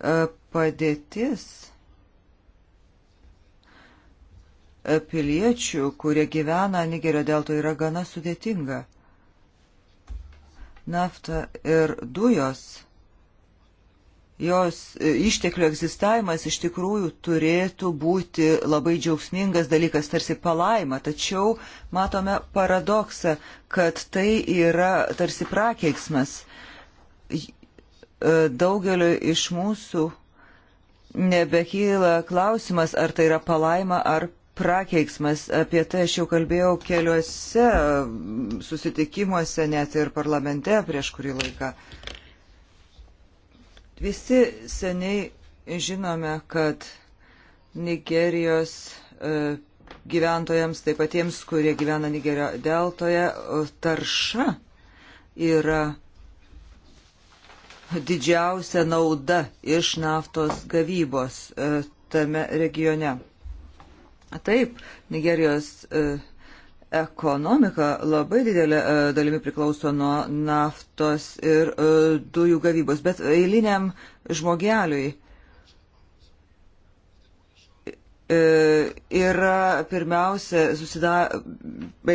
E, padėtis piliečių, kurie gyvena Nigerio deltoje, yra gana sudėtinga. Nafta ir dujos, jos e, išteklių egzistavimas iš tikrųjų turėtų būti labai džiaugsmingas dalykas, tarsi palaima, tačiau matome paradoksą, kad tai yra tarsi prakeiksmas. E, daugeliu iš mūsų nebekyla klausimas, ar tai yra palaima ar prakeiksmas. Apie tai aš jau kalbėjau keliuose mm, susitikimuose, net ir parlamente prieš kurį laiką. Visi seniai žinome, kad Nigerijos e, gyventojams, taip pat tiems, kurie gyvena Nigerio deltoje, tarša yra didžiausia nauda iš naftos gavybos e, tame regione. Taip, Nigerijos e, ekonomika labai didelė e, dalimi priklauso nuo naftos ir e, dujų gavybos, bet eiliniam žmogeliui yra pirmiausia, susida,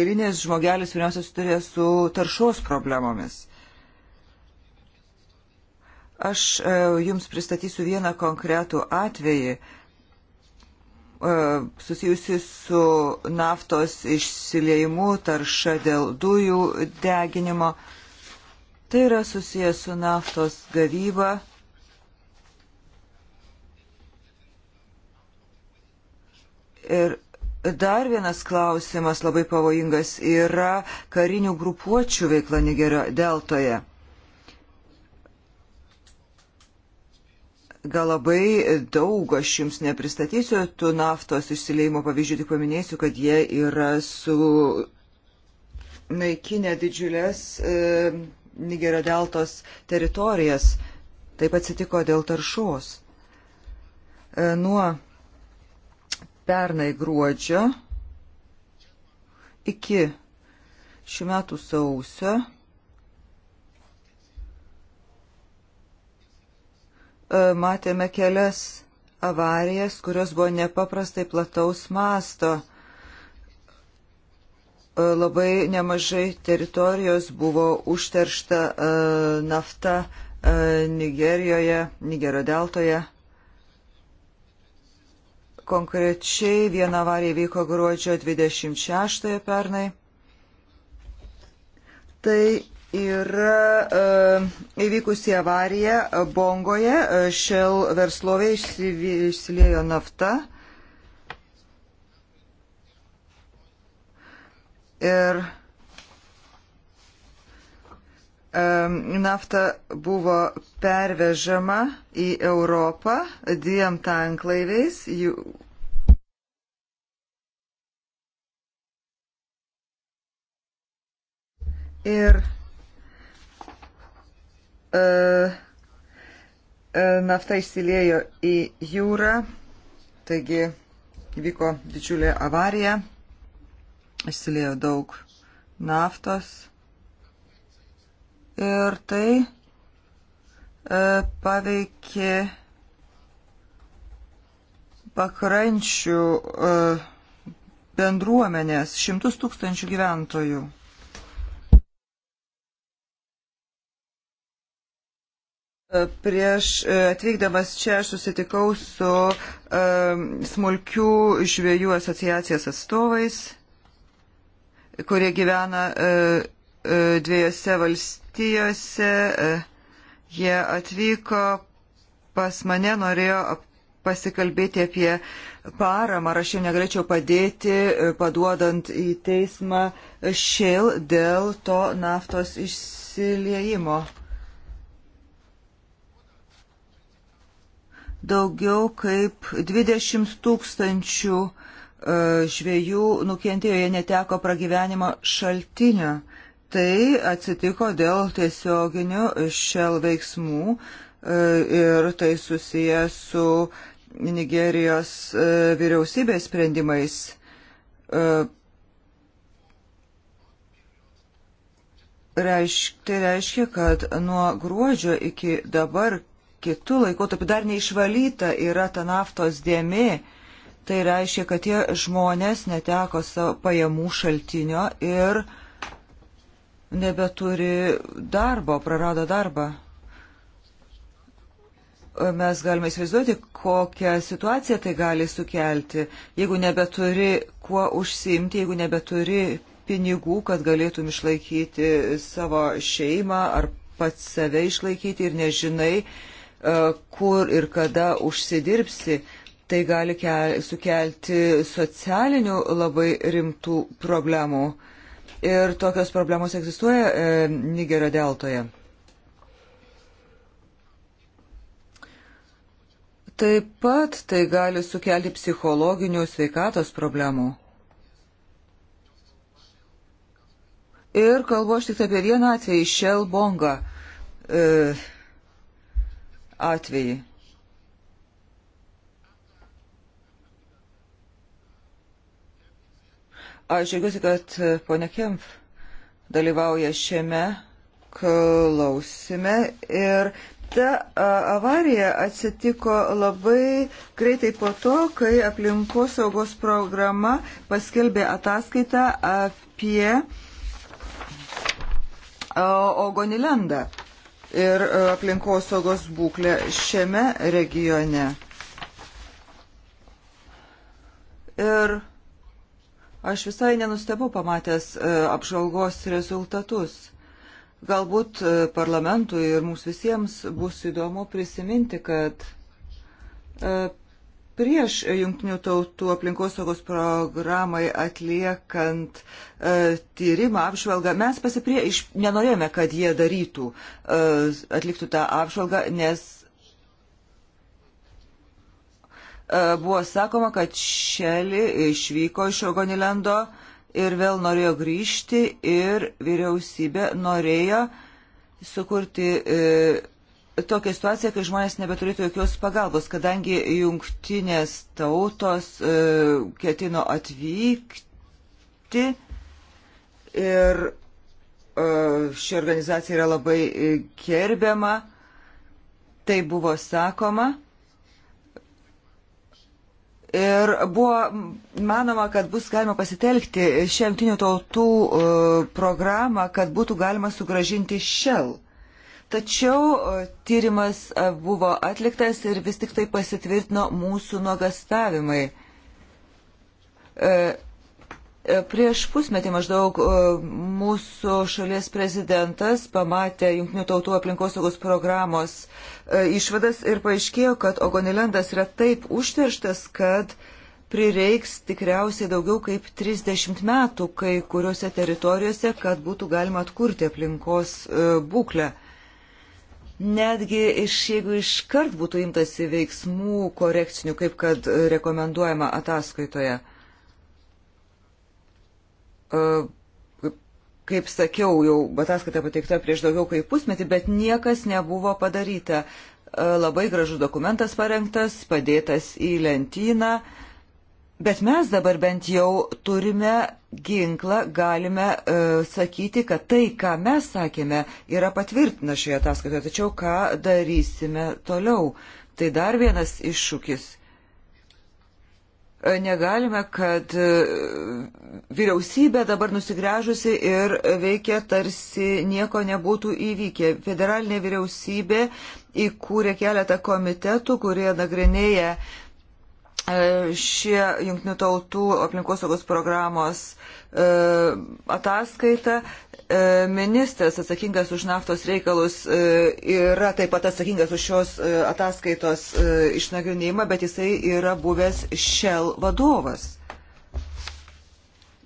eilinės žmogelis pirmiausia susiduria su taršos problemomis. Aš jums pristatysiu vieną konkretų atvejį. E, susijusi su naftos išsileimu, tarša dėl dujų deginimo. Tai yra susijęs su naftos gavyba. Ir dar vienas klausimas labai pavojingas yra karinių grupuočių veikla Nigerio deltoje. Gal labai daug aš jums nepristatysiu tų naftos išsileimo pavyzdžių, tik paminėsiu, kad jie yra su naikinę didžiulės e, Nigerio deltos teritorijas. Taip atsitiko dėl taršos. E, nuo pernai gruodžio iki šių metų sausio E, matėme kelias avarijas, kurios buvo nepaprastai plataus masto. E, labai nemažai teritorijos buvo užteršta e, nafta Nigerijoje, Nigerio deltoje. Konkrečiai viena avarija vyko gruodžio 26 pernai. Tai yra e, įvykusi avarija Bongoje, šel e, verslovė išsiliejo nafta. Ir e, nafta buvo pervežama į Europą dviem tanklaiviais, Ir E, e, nafta įsiliejo į jūrą, taigi įvyko didžiulė avarija, įsiliejo daug naftos ir tai e, paveikė pakrančių bendruomenės šimtus tūkstančių gyventojų. Prieš e, atvykdamas čia aš susitikau su um, smulkių žviejų asociacijos atstovais, kurie gyvena uh, uh, dviejose valstijose. Uh, jie atvyko pas mane, norėjo pasikalbėti apie paramą, ar aš jau negalėčiau padėti, paduodant į teismą šėl dėl to naftos išsiliejimo. daugiau kaip 20 tūkstančių e, žvėjų nukentėjo, jie neteko pragyvenimo šaltinio. Tai atsitiko dėl tiesioginių šel veiksmų e, ir tai susiję su Nigerijos e, vyriausybės sprendimais. Reišk, tai reiškia, kad nuo gruodžio iki dabar kitų laikotarpių dar neišvalyta yra ta naftos dėmi. Tai reiškia, kad tie žmonės neteko savo pajamų šaltinio ir nebeturi darbo, prarado darbą. Mes galime įsivaizduoti, kokią situaciją tai gali sukelti, jeigu nebeturi kuo užsiimti, jeigu nebeturi pinigų, kad galėtum išlaikyti savo šeimą ar pats save išlaikyti ir nežinai, E, kur ir kada užsidirbsi, tai gali kel, sukelti socialinių labai rimtų problemų. Ir tokios problemos egzistuoja e, Nigerio deltoje. Taip pat tai gali sukelti psichologinių sveikatos problemų. Ir kalbu aš tik apie vieną atvejį, Shell Bonga. E, atvejį. Aš žiūrėsiu, kad ponia Kemp dalyvauja šiame klausime ir ta avarija atsitiko labai greitai po to, kai aplinkos saugos programa paskelbė ataskaitą apie Ogonilendą ir e, aplinkosaugos būklę šiame regione. Ir aš visai nenustebu pamatęs e, apžalgos rezultatus. Galbūt e, parlamentui ir mums visiems bus įdomu prisiminti, kad prieš Junktinių tautų aplinkosaugos programai atliekant e, tyrimą, apžvalgą, mes pasiprie iš nenorėjome, kad jie darytų, e, atliktų tą apžvalgą, nes e, buvo sakoma, kad Šeli išvyko iš Ogonilendo ir vėl norėjo grįžti ir vyriausybė norėjo sukurti e, tokią situaciją, kai žmonės nebeturėtų jokios pagalbos, kadangi jungtinės tautos e, ketino atvykti ir e, ši organizacija yra labai e, gerbiama, tai buvo sakoma. Ir buvo manoma, kad bus galima pasitelkti šią jungtinių tautų e, programą, kad būtų galima sugražinti šel. E, Tačiau tyrimas buvo atliktas ir vis tik tai pasitvirtino mūsų nuogastavimai. E, e, prieš pusmetį maždaug mūsų šalies prezidentas pamatė Junktinių tautų aplinkosaugos programos e, išvadas ir paaiškėjo, kad Ogonilendas yra taip užterštas, kad prireiks tikriausiai daugiau kaip 30 metų kai kuriuose teritorijose, kad būtų galima atkurti aplinkos būklę. Netgi iš, jeigu iškart būtų imtasi veiksmų korekcinių, kaip kad rekomenduojama ataskaitoje, e, kaip sakiau, jau ataskaita pateikta prieš daugiau kaip pusmetį, bet niekas nebuvo padaryta. E, labai gražus dokumentas parengtas, padėtas į lentyną. Bet mes dabar bent jau turime ginklą, galime e, sakyti, kad tai, ką mes sakėme, yra patvirtina šioje ataskaitoje. Tačiau ką darysime toliau? Tai dar vienas iššūkis. E, negalime, kad e, vyriausybė dabar nusigręžusi ir veikia tarsi nieko nebūtų įvykę. Federalinė vyriausybė įkūrė keletą komitetų, kurie nagrinėja e, E, šie jungtinių tautų aplinkosaugos programos e, ataskaita. E, ministras atsakingas už naftos reikalus yra taip pat atsakingas už šios ataskaitos išnagrinėjimą, bet jisai yra buvęs Shell vadovas.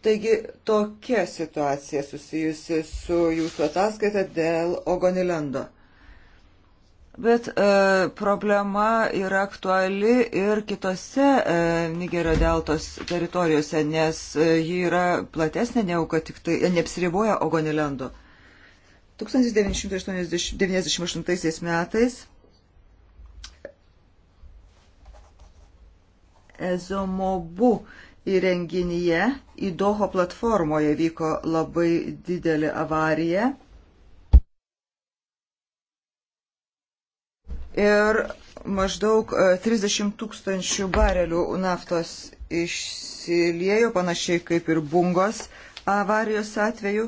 Taigi tokia situacija susijusi su jūsų ataskaita dėl Ogonilendo. Bet e, problema yra aktuali ir kitose e, Nigerio deltos teritorijose, nes e, ji yra platesnė negu kad tik tai, e, neapsiriboja Ogonilendu. 1998 metais Ezomobu įrenginyje į Doho platformoje vyko labai didelė avarija ir maždaug 30 e, tūkstančių barelių naftos išsiliejo, panašiai kaip ir bungos avarijos atveju.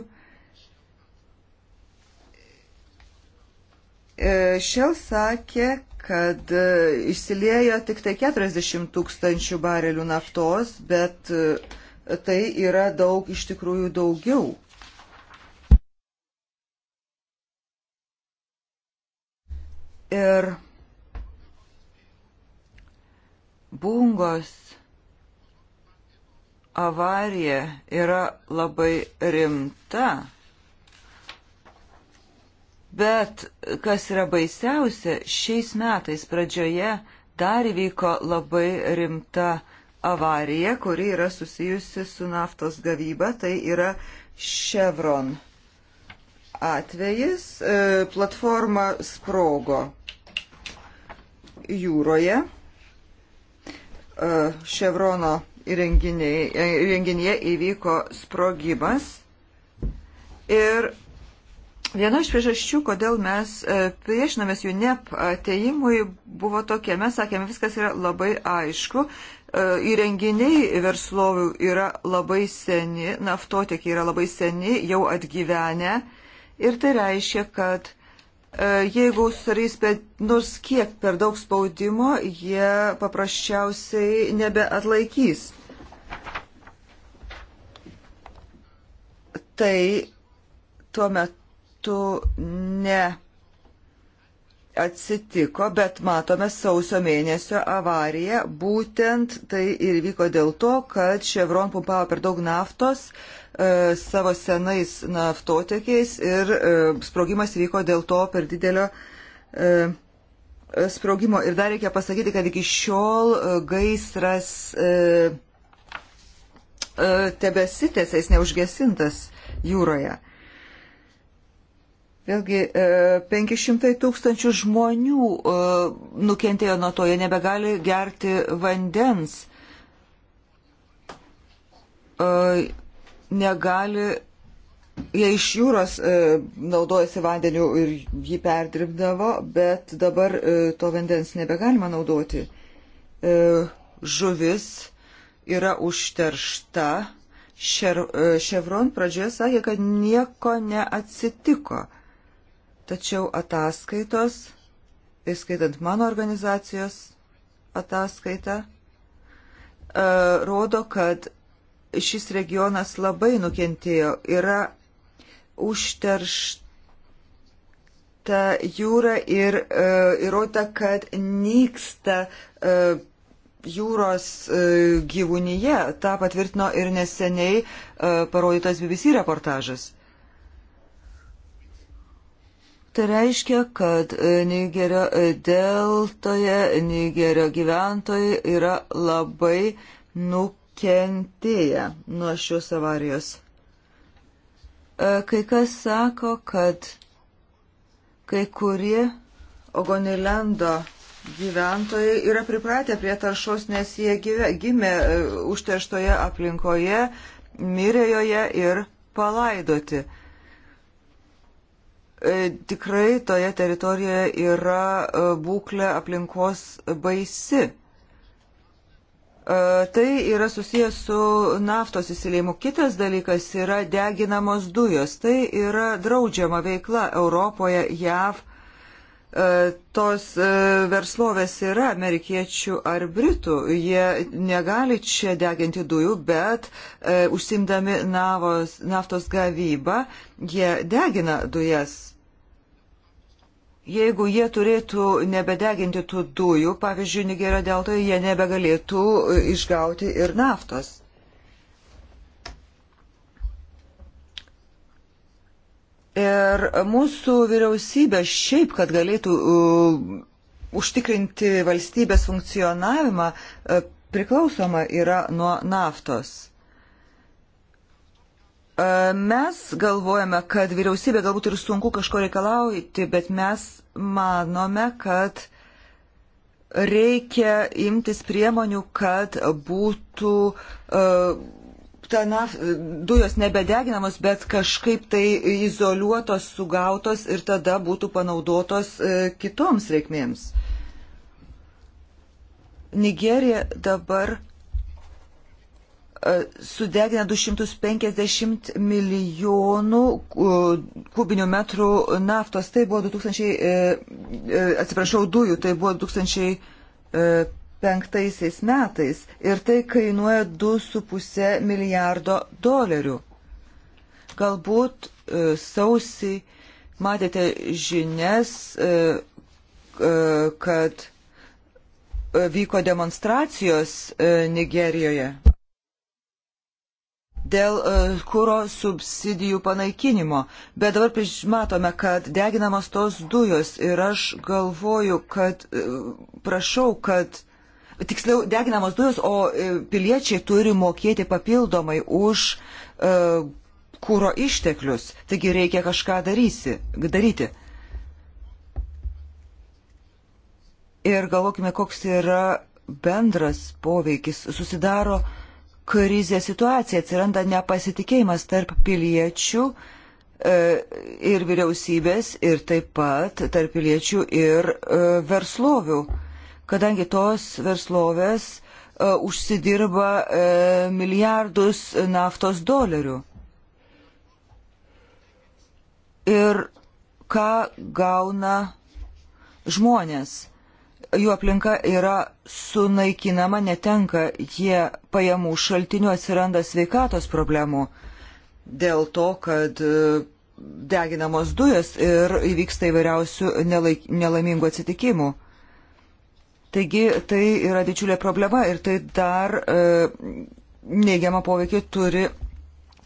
Šel e, sakė, kad e, išsiliejo tik tai 40 tūkstančių barelių naftos, bet tai yra daug iš tikrųjų daugiau. Ir bungos avarija yra labai rimta. Bet kas yra baisiausia, šiais metais pradžioje dar įvyko labai rimta avarija, kuri yra susijusi su naftos gavyba, tai yra Chevron atvejis, e, platforma sprogo jūroje uh, Ševrono e, įrenginyje įvyko sprogimas ir Viena iš priežasčių, kodėl mes e, priešinamės jų nep ateimui, buvo tokia. Mes sakėme, viskas yra labai aišku. E, įrenginiai verslovių yra labai seni, naftotiekiai yra labai seni, jau atgyvenę. Ir tai reiškia, kad Jeigu sudarys nors kiek per daug spaudimo, jie paprasčiausiai nebeatlaikys. Tai tuo metu ne atsitiko, bet matome sausio mėnesio avariją. Būtent tai ir vyko dėl to, kad Chevron pumpavo per daug naftos e, savo senais naftotekiais ir e, sprogimas vyko dėl to per didelio e, e sprogimo. Ir dar reikia pasakyti, kad iki šiol e, gaisras e, e, tebesitėsiais neužgesintas jūroje. Vėlgi, 500 e, tūkstančių žmonių e, nukentėjo nuo to, jie nebegali gerti vandens, e, negali, jie iš jūros naudojasi vandeniu ir jį perdirbdavo, bet dabar to vandens nebegalima naudoti. Žuvis yra užteršta. Šer, Ševron pradžioje sakė, kad nieko neatsitiko Tačiau ataskaitos, įskaitant mano organizacijos ataskaitą, e, rodo, kad šis regionas labai nukentėjo, yra užteršta jūra ir e, įrodyta, kad nyksta e, jūros gyvūnyje. Ta patvirtino ir neseniai parodytas BBC reportažas. Tai reiškia, kad e, Nigerio e, deltoje Nigerio gyventojai yra labai nukentėję nuo šios avarijos. E, kai kas sako, kad kai kurie Ogonilendo gyventojai yra pripratę prie taršos, nes jie gimė užterštoje aplinkoje, mirė joje ir palaidoti. E, tikrai toje teritorijoje yra e, būklė aplinkos baisi. E, tai yra susijęs su naftos įsileimu. Kitas dalykas yra deginamos dujos. Tai yra draudžiama veikla Europoje, JAV. Tos verslovės yra amerikiečių ar britų. Jie negali čia deginti dujų, bet užsimdami navos, naftos gavybą jie degina dujas Jeigu jie turėtų nebedeginti tų dujų, pavyzdžiui, Nigerio deltoje, jie nebegalėtų e, išgauti ir naftos. Ir mūsų vyriausybė šiaip, kad galėtų uh, užtikrinti valstybės funkcionavimą, uh, priklausoma yra nuo naftos. E, mes galvojame, kad vyriausybė galbūt ir sunku kažko reikalauti, bet mes manome, kad reikia imtis priemonių, kad būtų uh, ta naf, dujos nebedeginamos, bet kažkaip tai izoliuotos, sugautos ir tada būtų panaudotos uh, kitoms reikmėms. Nigerija dabar E, sudegina 250 milijonų e, kubinių metrų naftos. Tai buvo 2000, e, atsiprašau, dujų, tai buvo 2005 metais ir tai kainuoja 2,5 milijardo dolerių. Galbūt sausi matėte žinias, kad vyko demonstracijos Nigerijoje dėl e, kūro subsidijų panaikinimo. Bet dabar matome, kad deginamos tos dujos ir aš galvoju, kad e, prašau, kad tiksliau deginamos dujos, o e, piliečiai turi mokėti papildomai už kūro išteklius. Taigi reikia kažką darysi, daryti. Ir galvokime, koks yra bendras poveikis. Susidaro uh, krizės situacija, atsiranda nepasitikėjimas tarp piliečių e, ir vyriausybės ir taip pat tarp piliečių ir e, verslovių, kadangi tos verslovės e, užsidirba milijardus naftos dolerių. Ir ką gauna žmonės? jų aplinka yra sunaikinama, netenka jie pajamų šaltinių, atsiranda sveikatos problemų dėl to, kad e, deginamos dujas ir įvyksta įvairiausių nelaik, nelaimingų atsitikimų. Taigi tai yra didžiulė problema ir tai dar e, neigiamą poveikį turi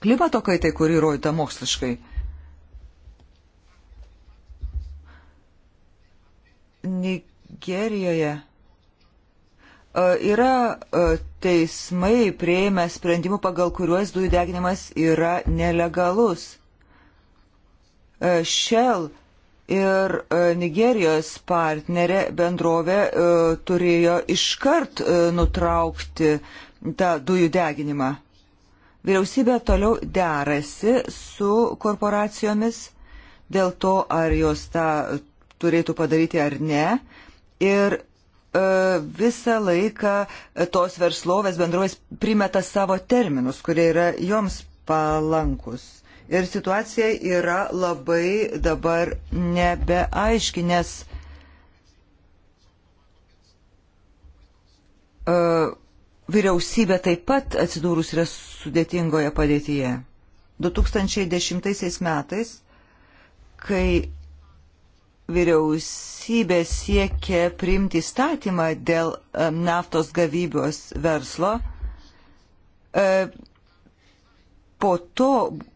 klimato kaitai, kuri įrodyta moksliškai. Nik Nigerijoje e, yra e, teismai prieimę sprendimų, pagal kuriuos dujų deginimas yra nelegalus. E, Shell ir Nigerijos partnerė bendrovė turėjo iškart nutraukti tą dujų deginimą. Vyriausybė toliau derasi su korporacijomis dėl to, ar jos tą turėtų padaryti ar ne. Ir e, visą laiką tos verslovės bendrovės primeta savo terminus, kurie yra joms palankus. Ir situacija yra labai dabar nebeaiški, nes uh, vyriausybė taip pat atsidūrus yra sudėtingoje padėtyje. 2010 metais, kai vyriausybė siekia priimti įstatymą dėl naftos gavybos verslo, e, po to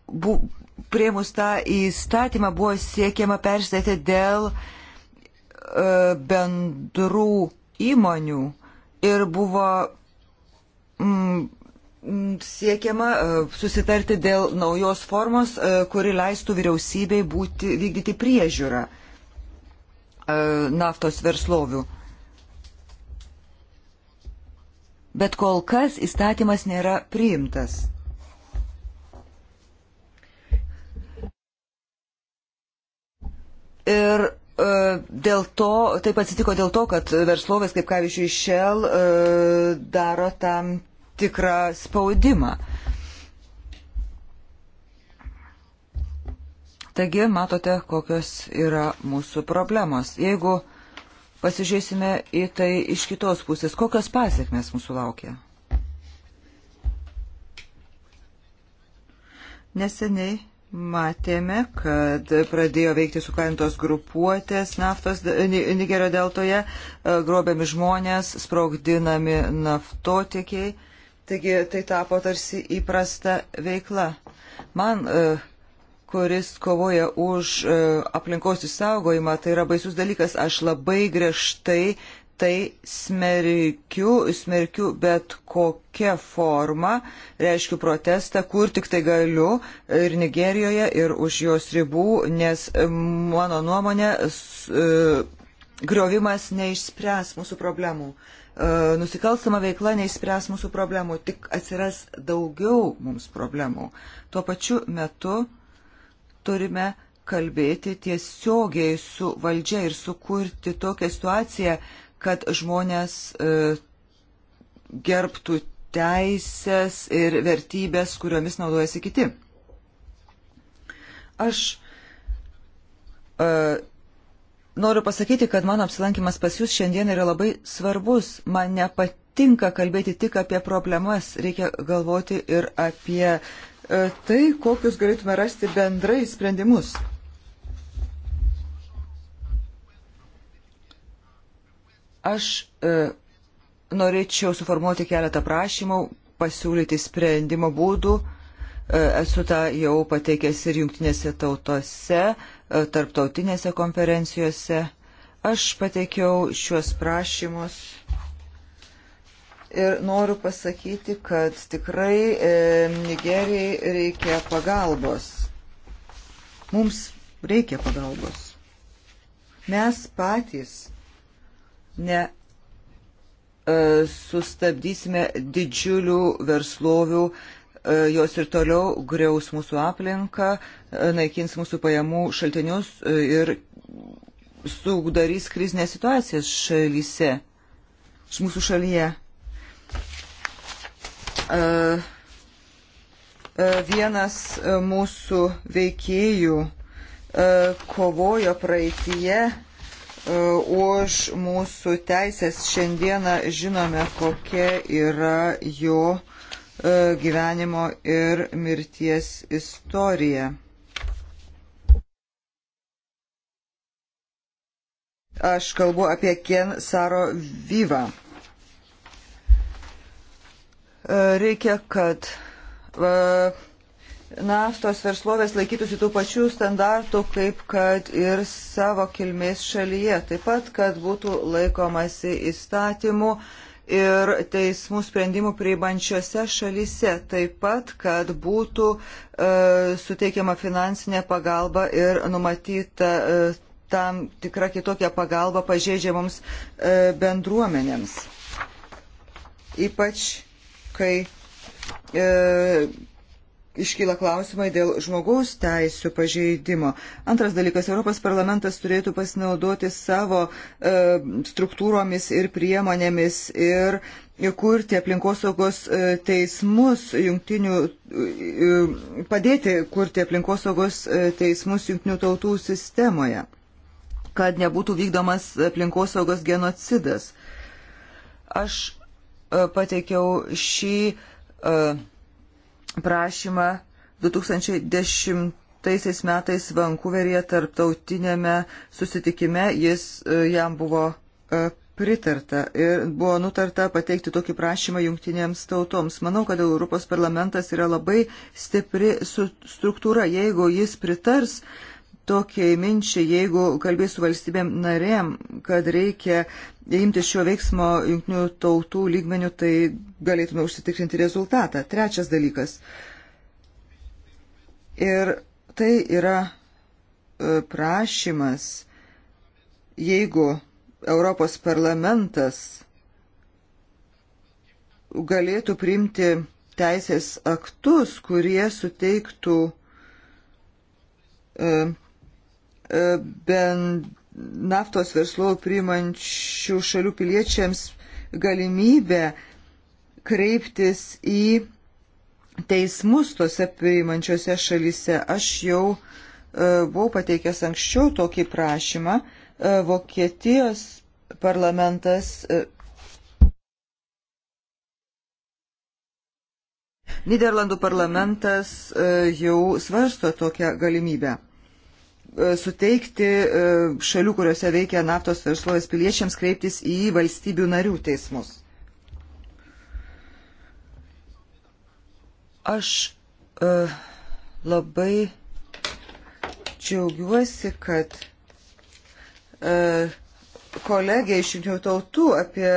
bu, prieimus tą įstatymą buvo siekiama perstatyti dėl e, bendrų įmonių ir buvo mm, siekiama e, susitarti dėl naujos formos, kuri leistų vyriausybei būti, vykdyti priežiūrą. E, naftos verslovių. Bet kol kas įstatymas nėra priimtas. Ir e, Dėl to, taip atsitiko dėl to, kad verslovės, kaip pavyzdžiui, Shell, e, daro tam tikrą spaudimą. Taigi matote, kokios yra mūsų problemos. Jeigu pasižiūrėsime į tai iš kitos pusės, kokios pasiekmes mūsų laukia? Neseniai matėme, kad pradėjo veikti sukarintos grupuotės naftos Nigerio deltoje, e, grobiami žmonės, sprogdinami naftotiekiai. Taigi tai tapo tarsi įprasta veikla. Man e, kuris kovoja už e, aplinkos išsaugojimą, tai yra baisus dalykas. Aš labai griežtai tai smerkiu, smerkiu bet kokią formą, reiškiu protestą, kur tik tai galiu ir Nigerijoje, ir už jos ribų, nes mano nuomonė e, griovimas neišspręs mūsų problemų. E, nusikalstama veikla neišspręs mūsų problemų, tik atsiras daugiau mums problemų. Tuo pačiu metu uh, turime kalbėti tiesiogiai su valdžia ir sukurti tokią situaciją, kad žmonės e, gerbtų teisės ir vertybės, kuriomis naudojasi kiti. Aš e, noriu pasakyti, kad mano apsilankimas pas jūs šiandien yra labai svarbus. Man nepatinka kalbėti tik apie problemas, reikia galvoti ir apie E, tai, kokius galėtume rasti bendrai sprendimus. Aš e, norėčiau suformuoti keletą prašymų, pasiūlyti sprendimo būdų. E, esu tą jau pateikęs ir jungtinėse tautose, e, tarptautinėse konferencijose. Aš pateikiau šiuos prašymus ir noriu pasakyti, kad tikrai e, Nigerijai reikia pagalbos. Mums reikia pagalbos. Mes patys ne e, sustabdysime didžiulių verslovių, e, jos ir toliau greus mūsų aplinką, e, naikins mūsų pajamų šaltinius ir sudarys krizinės situacijas šalyse, mūsų šalyje. E, e, vienas mūsų veikėjų e, kovojo praeitie už mūsų teisės. Šiandieną žinome, kokia yra jo gyvenimo ir mirties istorija. Aš kalbu apie Ken Saro Vyvą. E, reikia, kad e, naftos verslovės laikytųsi tų pačių standartų, kaip kad ir savo kilmės šalyje. Taip pat, kad būtų laikomasi įstatymų ir teismų sprendimų priimančiose šalyse. Taip pat, kad būtų e, suteikiama finansinė pagalba ir numatyta e, tam tikra kitokia pagalba pažeidžiamoms e, bendruomenėms. Ypač kai e, iškyla klausimai dėl žmogaus teisų pažeidimo. Antras dalykas, Europos parlamentas turėtų pasinaudoti savo e, struktūromis ir priemonėmis ir kurti aplinkosaugos e, teismus, jungtinių, e, e, padėti kurti aplinkosaugos e, teismus jungtinių tautų sistemoje, kad nebūtų vykdomas aplinkosaugos genocidas. Aš E, pateikiau šį e, prašymą 2010 metais Vankuveryje tarptautinėme susitikime. Jis e, jam buvo pritarta ir buvo nutarta pateikti tokį prašymą jungtinėms tautoms. Manau, kad Europos parlamentas yra labai stipri struktūra. Jeigu jis pritars, uh, tokiai minčiai, jeigu kalbės su valstybėm narėm, kad reikia imti šio veiksmo jungtinių tautų lygmenių, tai galėtume užsitikrinti rezultatą. Trečias dalykas. Ir tai yra e, prašymas, jeigu Europos parlamentas galėtų priimti teisės aktus, kurie suteiktų e, E, bent naftos verslų priimančių šalių piliečiams galimybę kreiptis į teismus tose priimančiose šalyse. Aš jau e, buvau pateikęs anksčiau tokį prašymą. E, Vokietijos parlamentas Niderlandų parlamentas jau svarsto tokią galimybę. E, suteikti e, šalių, kuriuose veikia naftos verslovės piliečiams, kreiptis į valstybių narių teismus. Aš e, labai džiaugiuosi, kad kolegė iš jungtinių tautų apie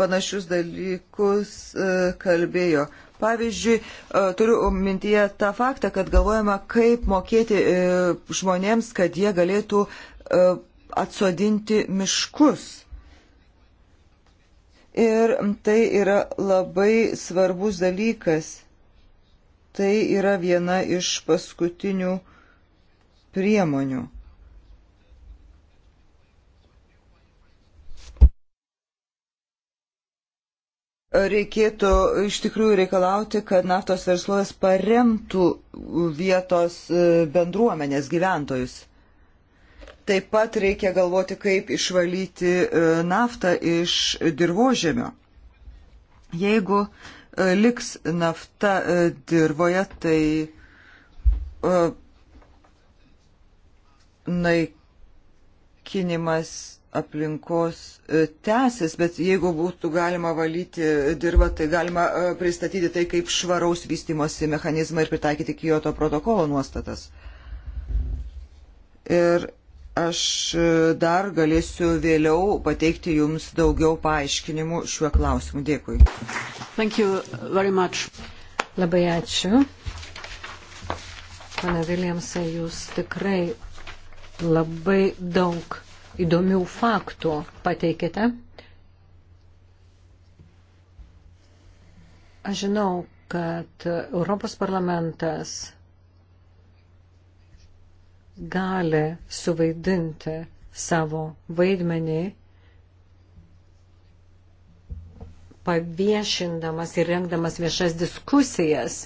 panašius dalykus kalbėjo. Pavyzdžiui, e, turiu mintyje tą faktą, kad galvojama, kaip mokėti e, žmonėms, kad jie galėtų e, atsodinti miškus. Ir tai yra labai svarbus dalykas. Tai yra viena iš paskutinių priemonių. reikėtų iš tikrųjų reikalauti, kad naftos verslovės paremtų vietos e, bendruomenės gyventojus. Taip pat reikia galvoti, kaip išvalyti e, naftą iš dirbožėmio. Jeigu e, liks nafta dirboje, tai naikinimas aplinkos e, tęsis, bet jeigu būtų galima valyti dirbą, tai galima e, pristatyti tai kaip švaraus vystimosi mechanizmą ir pritaikyti Kyoto protokolo nuostatas. Ir aš e, dar galėsiu vėliau pateikti Jums daugiau paaiškinimų šiuo klausimu. Dėkui. Labai ačiū. Pane Viljamsai, jūs tikrai labai daug įdomių faktų pateikėte. Aš žinau, kad Europos parlamentas gali suvaidinti savo vaidmenį paviešindamas ir rengdamas viešas diskusijas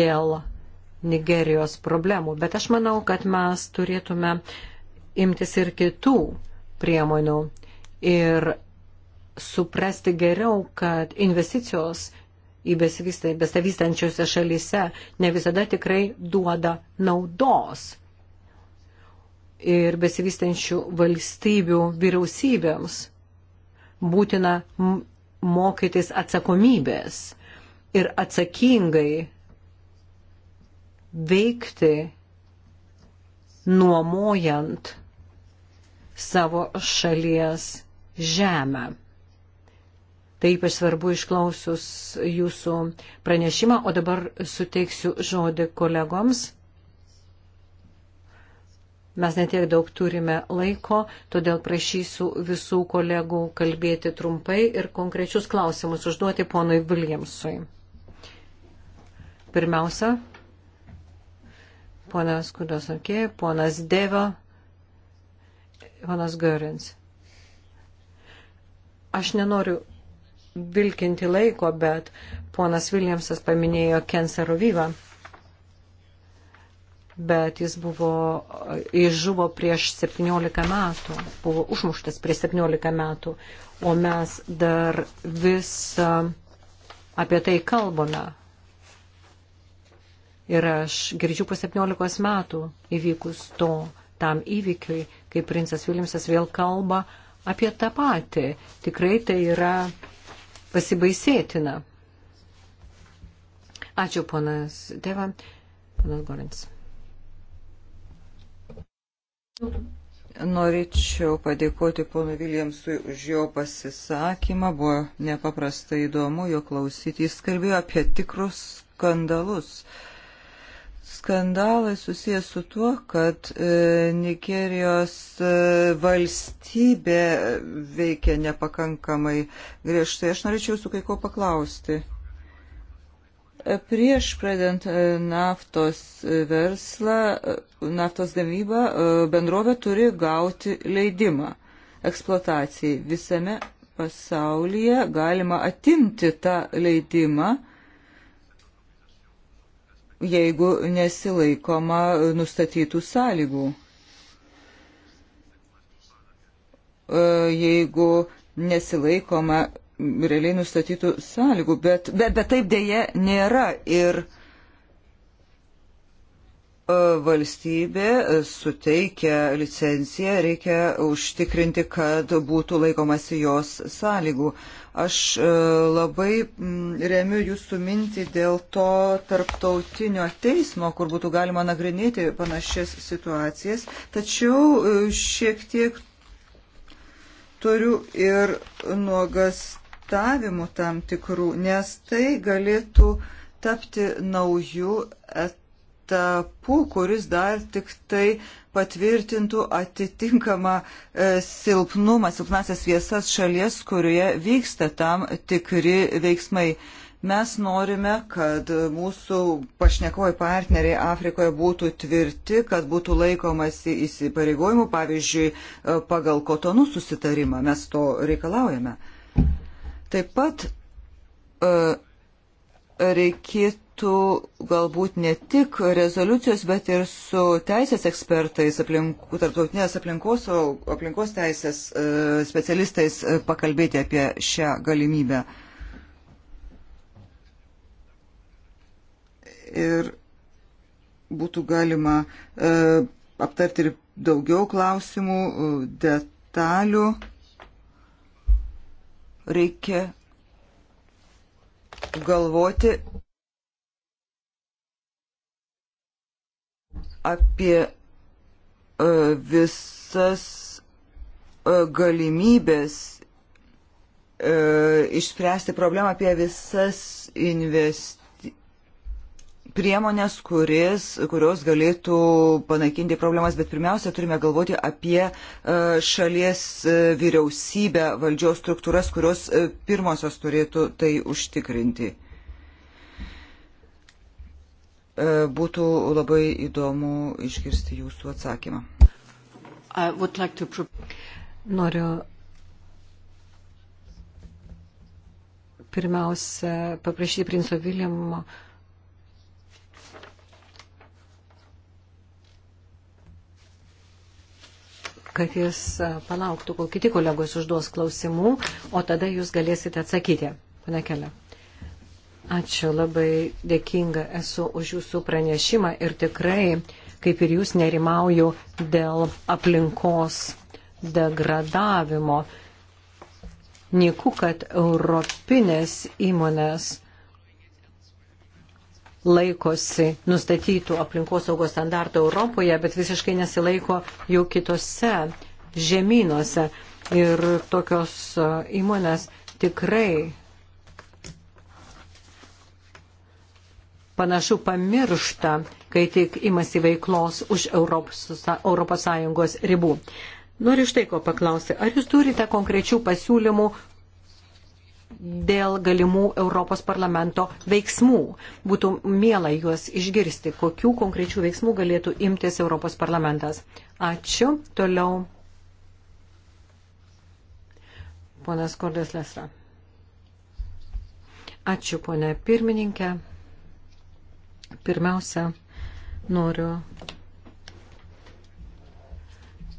dėl Nigerijos problemų. Bet aš manau, kad mes turėtume uh, imtis ir kitų priemonių ir suprasti geriau, kad investicijos į besivystančiose šalyse ne visada tikrai duoda naudos. Ir besivystančių valstybių vyriausybėms būtina mokytis atsakomybės ir atsakingai veikti nuomojant savo šalies žemę. Tai ypač svarbu išklausus jūsų pranešimą, o dabar suteiksiu žodį kolegoms. Mes netiek daug turime laiko, todėl prašysiu visų kolegų kalbėti trumpai ir konkrečius klausimus užduoti ponui Williamsui. Pirmiausia, ponas Kudas Arkė, ponas Deva, Hanas Görins. Aš nenoriu vilkinti laiko, bet ponas Viljamsas paminėjo Kensaro Vyvą. Bet jis buvo, jis žuvo prieš 17 metų, buvo užmuštas prieš 17 metų, o mes dar vis um, apie tai kalbame. Ir aš girdžiu po 17 metų įvykus to tam įvykiui, kai princas Viljamsas vėl kalba apie tą patį. Tikrai tai yra pasibaisėtina. Ačiū, ponas Deva. Ponas Gorins. Norėčiau padėkoti ponui Viljamsui už jo pasisakymą. Buvo nepaprastai įdomu jo klausyti. Jis kalbėjo apie tikrus skandalus. Uh, skandalai susijęs su tuo, kad e, Nigerijos e, valstybė veikia nepakankamai griežtai. Aš norėčiau su kai ko paklausti. E, prieš pradedant e, naftos e, verslą, naftos gamybą, bendrovė turi gauti leidimą eksploatacijai. Visame pasaulyje galima atimti tą leidimą jeigu nesilaikoma nustatytų sąlygų. E, jeigu nesilaikoma realiai nustatytų sąlygų, bet, bet, bet taip dėje nėra ir e, valstybė suteikia licenciją, reikia užtikrinti, kad būtų laikomasi jos sąlygų. Aš e, labai mm, remiu jūsų mintį dėl to tarptautinio teismo, kur būtų galima nagrinėti panašias situacijas, tačiau e, šiek tiek turiu ir nuogastavimų tam tikrų, nes tai galėtų tapti naujų etapų etapu, kuris dar tik tai patvirtintų atitinkamą e, silpnumą, silpnasias viesas šalies, kurioje vyksta tam tikri veiksmai. Mes norime, kad mūsų pašnekovai partneriai Afrikoje būtų tvirti, kad būtų laikomasi įsipareigojimų, pavyzdžiui, e, pagal kotonų susitarimą. Mes to reikalaujame. Taip pat e, reikėtų reikėtų galbūt ne tik rezoliucijos, bet ir su teisės ekspertais, aplink, tarptautinės aplinkos, aplinkos teisės e, specialistais e, pakalbėti apie šią galimybę. ir būtų galima e, aptarti ir daugiau klausimų, e, detalių. Reikia galvoti apie e, visas e, galimybės e, išspręsti problemą, apie visas investi... priemonės, kuris, kurios galėtų panaikinti problemas, bet pirmiausia turime galvoti apie šalies vyriausybę, valdžios struktūras, kurios pirmosios turėtų tai užtikrinti. E, būtų labai įdomu išgirsti jūsų atsakymą. Like to... Noriu pirmiausia paprašyti princo Viljamo kad jis e, palauktų, kol kiti kolegos užduos klausimų, o tada jūs galėsite atsakyti. Pane Kelė. Ačiū, labai dėkinga esu už jūsų pranešimą ir tikrai, kaip ir jūs, nerimauju dėl aplinkos degradavimo. Niku, kad europinės įmonės laikosi nustatytų aplinkosaugos standartų Europoje, bet visiškai nesilaiko jau kitose žemynuose. Ir tokios e, įmonės tikrai panašu pamiršta, kai tik imasi veiklos už Europos Sąjungos ribų. Noriu štai ko paklausti. Ar jūs turite konkrečių pasiūlymų dėl galimų Europos parlamento veiksmų? Būtų mėla juos išgirsti, kokių konkrečių veiksmų galėtų imtis Europos parlamentas. Ačiū. Toliau. Ponas Kordas Lesra. Ačiū, ponė pirmininkė. Pirmiausia, noriu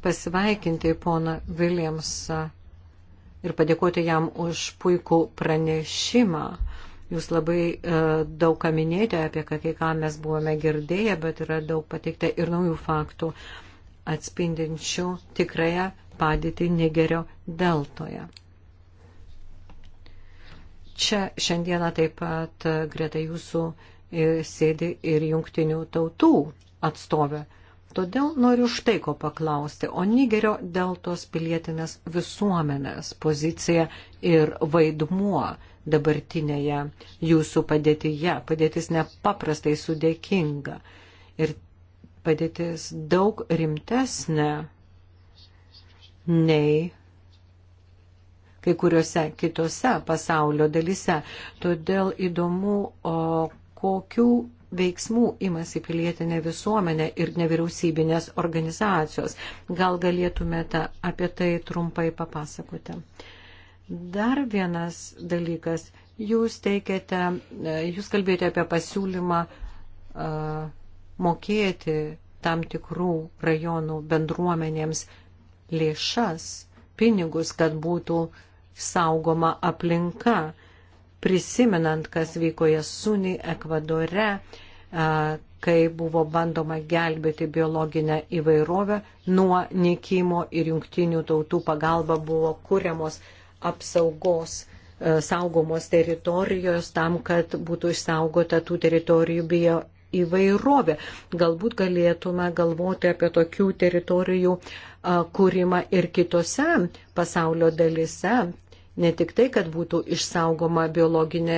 pasveikinti poną Viljamsą ir padėkoti jam už puikų pranešimą. Jūs labai e, daug kaminėjote apie kai ką mes buvome girdėję, bet yra daug pateikta ir naujų faktų atspindinčių tikrąją padėtį Nigerio deltoje. Čia šiandieną taip pat e, greta jūsų E, sėdi ir jungtinių tautų atstovė. Todėl noriu štai ko paklausti, o Nigerio deltos pilietinės visuomenės pozicija ir vaidmuo dabartinėje jūsų padėtyje. Padėtis nepaprastai sudėkinga ir padėtis daug rimtesnė nei kai kuriuose kitose pasaulio dalise. Todėl įdomu, o kokių veiksmų imasi pilietinė visuomenė ir nevyriausybinės organizacijos. Gal galėtumėte apie tai trumpai papasakoti. Dar vienas dalykas. Jūs teikėte, jūs kalbėjote apie pasiūlymą uh, mokėti tam tikrų rajonų bendruomenėms lėšas, pinigus, kad būtų saugoma aplinka prisimenant, kas vyko Jasuni Ekvadore, kai buvo bandoma gelbėti biologinę įvairovę nuo nikimo ir jungtinių tautų pagalba buvo kuriamos apsaugos saugomos teritorijos tam, kad būtų išsaugota tų teritorijų bio įvairovė. Galbūt galėtume galvoti apie tokių teritorijų kūrimą ir kitose pasaulio dalise, ne tik tai, kad būtų išsaugoma biologinė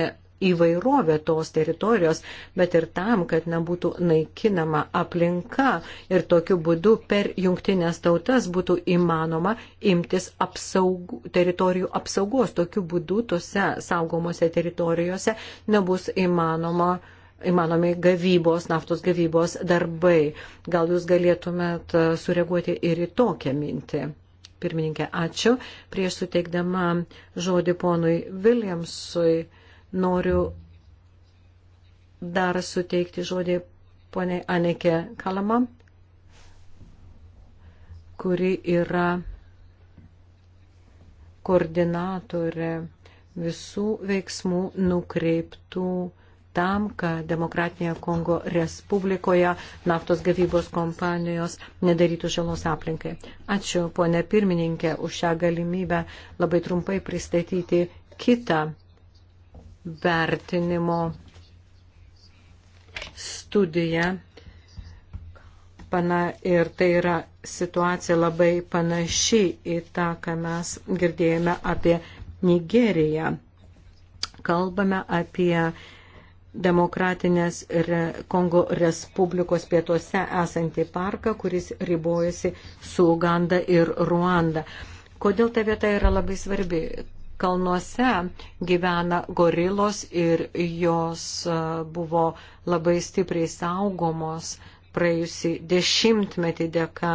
įvairovė tos teritorijos, bet ir tam, kad nebūtų naikinama aplinka ir tokiu būdu per jungtinės tautas būtų įmanoma imtis apsaugų, teritorijų apsaugos. Tokiu būdu tose saugomose teritorijose nebus įmanoma įmanomi gavybos, naftos gavybos darbai. Gal jūs galėtumėt sureaguoti ir į tokią mintį? Pirmininkė, ačiū. Prieš suteikdama žodį ponui Williamsui noriu dar suteikti žodį poniai Anekė Kalama, kuri yra koordinatorė visų veiksmų nukreiptų tam, kad Demokratinėje Kongo Respublikoje naftos gavybos kompanijos nedarytų žalos aplinkai. Ačiū, ponė pirmininkė, už šią galimybę labai trumpai pristatyti kitą vertinimo studiją. Pana, ir tai yra situacija labai panaši į tą, ką mes girdėjome apie Nigeriją. Kalbame apie demokratinės re, Kongo Respublikos pietuose esantį parką, kuris ribojasi su Uganda ir Ruanda. Kodėl ta vieta yra labai svarbi? Kalnuose gyvena gorilos ir jos buvo labai stipriai saugomos praėjusi dešimtmetį dėka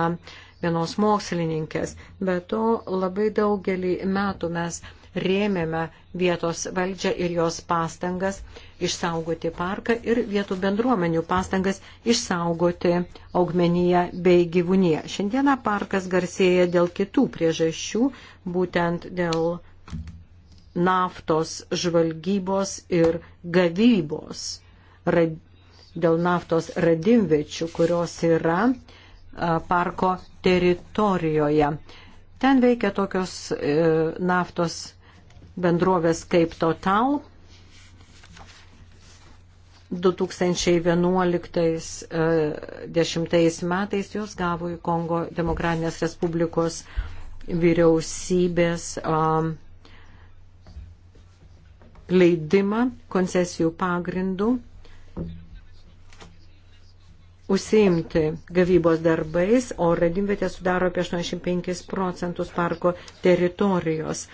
vienos mokslininkės. Be to labai daugelį metų mes rėmėme vietos valdžią ir jos pastangas išsaugoti parką ir vietų bendruomenių pastangas išsaugoti augmeniją bei gyvūniją. Šiandieną parkas garsėja dėl kitų priežasčių, būtent dėl naftos žvalgybos ir gavybos, dėl naftos radimvečių, kurios yra parko teritorijoje. Ten veikia tokios e, naftos bendrovės kaip Total 2011-2010 e, metais jos gavo į Kongo Demokratinės Respublikos vyriausybės leidimą koncesijų pagrindų užsiimti gavybos darbais, o radimvietė sudaro apie 85 procentus parko teritorijos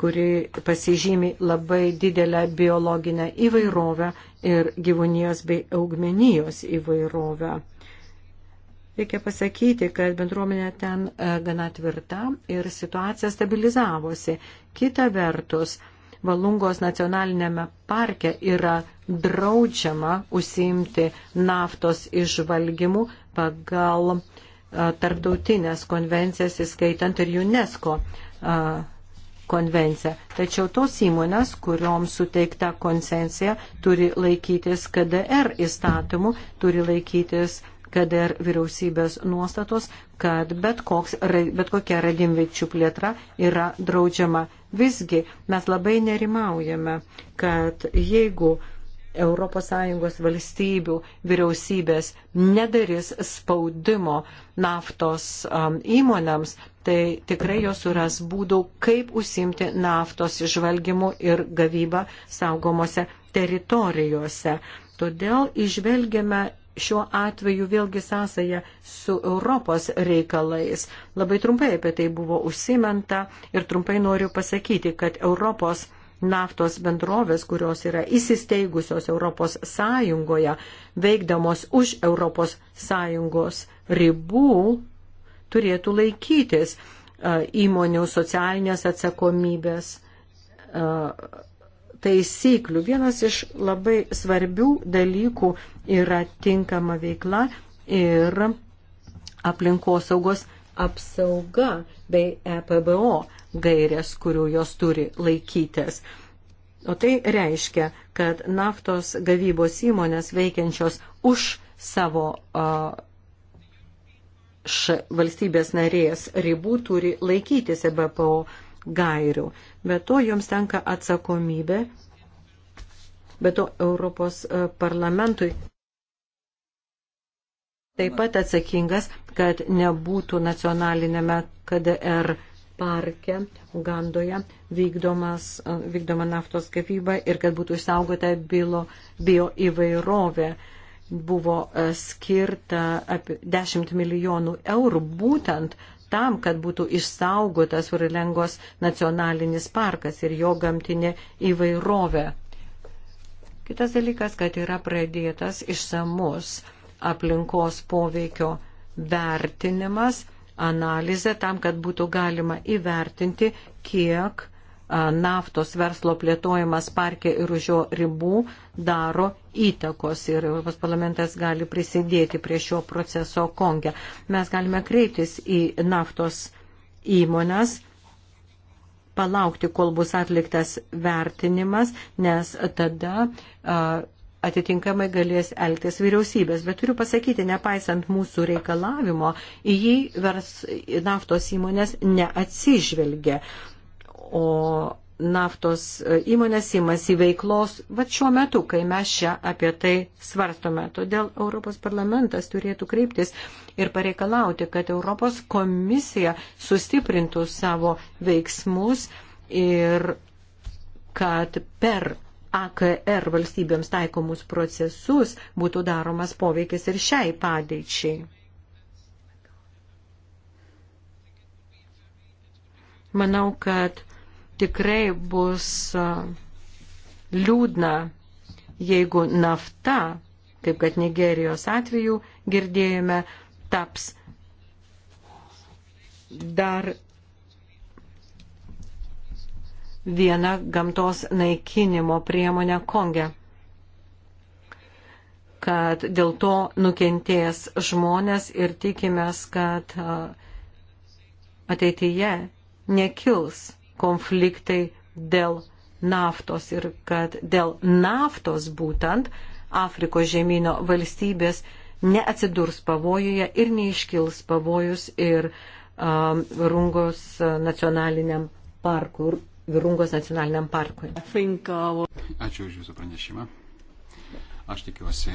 kuri pasižymi labai didelę biologinę įvairovę ir gyvūnijos bei augmenijos įvairovę. Reikia pasakyti, kad bendruomenė ten e, gana tvirta ir situacija stabilizavosi. Kita vertus, Valungos nacionalinėme parke yra draudžiama užsiimti naftos išvalgymų pagal e, tarptautinės konvencijas, įskaitant ir UNESCO e, konvenciją. Tačiau tos įmonės, kurioms suteikta koncesija, turi laikytis KDR įstatymų, turi laikytis KDR vyriausybės nuostatos, kad bet, koks, bet kokia radimviečių plėtra yra draudžiama. Visgi mes labai nerimaujame, kad jeigu ES valstybių vyriausybės nedarys spaudimo naftos um, įmonėms, tai tikrai jos suras būdų, kaip užsimti naftos išvalgymu ir gavybą saugomose teritorijose. Todėl išvelgiame šiuo atveju vėlgi sąsaja su Europos reikalais. Labai trumpai apie tai buvo užsimenta ir trumpai noriu pasakyti, kad Europos naftos bendrovės, kurios yra įsisteigusios Europos Sąjungoje, veikdamos už Europos Sąjungos ribų, turėtų laikytis įmonių socialinės atsakomybės taisyklių. Vienas iš labai svarbių dalykų yra tinkama veikla ir aplinkosaugos apsauga bei EPBO gairės, kurių jos turi laikytis. O tai reiškia, kad naftos gavybos įmonės veikiančios už savo uh, š, valstybės narės ribų turi laikytis EBPO gairių. Be to joms tenka atsakomybė, be to Europos e, parlamentui taip pat atsakingas, kad nebūtų nacionalinėme KDR parke Ugandoje vykdomas, e, vykdoma naftos kavyba ir kad būtų išsaugota bilo, bio įvairovė. Uh, buvo e, skirta apie 10 milijonų eurų būtent tam, kad būtų išsaugotas Urilengos nacionalinis parkas ir jo gamtinė įvairovė. Kitas dalykas, kad yra pradėtas išsamus aplinkos poveikio vertinimas, analizė tam, kad būtų galima įvertinti, kiek naftos verslo plėtojimas parke ir už jo ribų daro įtakos ir Europos parlamentas gali prisidėti prie šio proceso Konge. Mes galime kreiptis į naftos įmonės palaukti, kol bus atliktas vertinimas, nes tada atitinkamai galės elgtis vyriausybės. Bet turiu pasakyti, nepaisant mūsų reikalavimo, į jį vers naftos įmonės neatsižvelgia o naftos e, įmonės įmasi veiklos, va šiuo metu, kai mes čia apie tai svarstome. Todėl Europos parlamentas turėtų kreiptis ir pareikalauti, kad Europos komisija sustiprintų savo veiksmus ir kad per AKR valstybėms taikomus procesus būtų daromas poveikis ir šiai padėčiai. Manau, kad tikrai bus liūdna, jeigu nafta, kaip kad Nigerijos atveju girdėjome, taps dar vieną gamtos naikinimo priemonę Konge kad dėl to nukentės žmonės ir tikimės, kad ateityje nekils konfliktai dėl naftos ir kad dėl naftos būtent Afrikos žemynio valstybės neatsidurs pavojuje ir neiškils pavojus ir um, Rungos nacionaliniam parkui. Virungos nacionaliniam parkui. Uh, Ačiū už Jūsų pranešimą. Aš tikiuosi,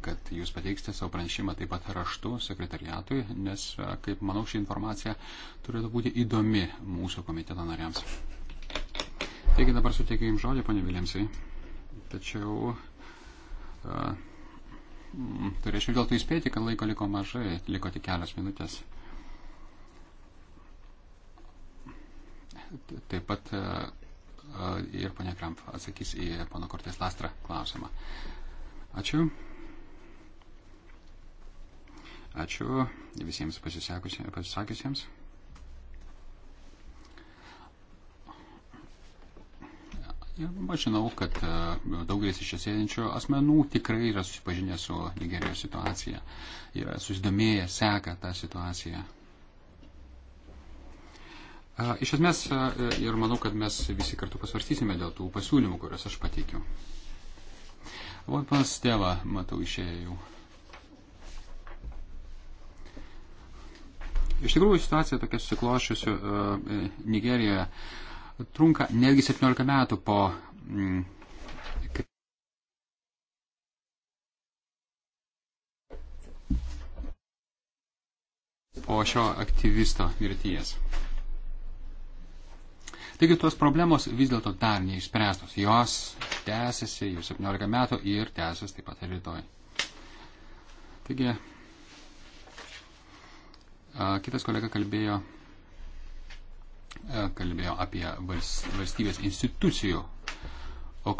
kad jūs pateiksite savo pranešimą taip pat raštu sekretariatui, nes, kaip manau, ši informacija turėtų būti įdomi mūsų komiteto nariams. Taigi dabar suteikiu Jums žodį, ponė Viljamsai. Tačiau a, m, turėčiau dėl to įspėti, kad laiko liko mažai, liko tik kelios minutės. Taip pat a, ir ponia Kramp atsakys į pono Kortės Lastrą klausimą. Ačiū. Ačiū visiems pasisakiusiems. Aš žinau, kad e, daugelis iš esėdinčių asmenų tikrai yra susipažinę su Nigerijos situacija, yra susidomėję, seka tą situaciją. E, iš esmės, e, ir manau, kad mes visi kartu pasvarstysime dėl tų pasiūlymų, kuriuos aš pateikiu. O pas tėvą, matau, išėjau. Iš tikrųjų, situacija tokia susiklošiusi e, Nigerijoje trunka netgi 17 metų po. Mm, po šio aktyvisto mirties. Taigi tos problemos vis dėlto dar neišspręstos. Jos tęsiasi jau 17 metų ir tęsis taip pat ir rytoj. Taigi Kitas kolega kalbėjo, kalbėjo apie valstybės institucijų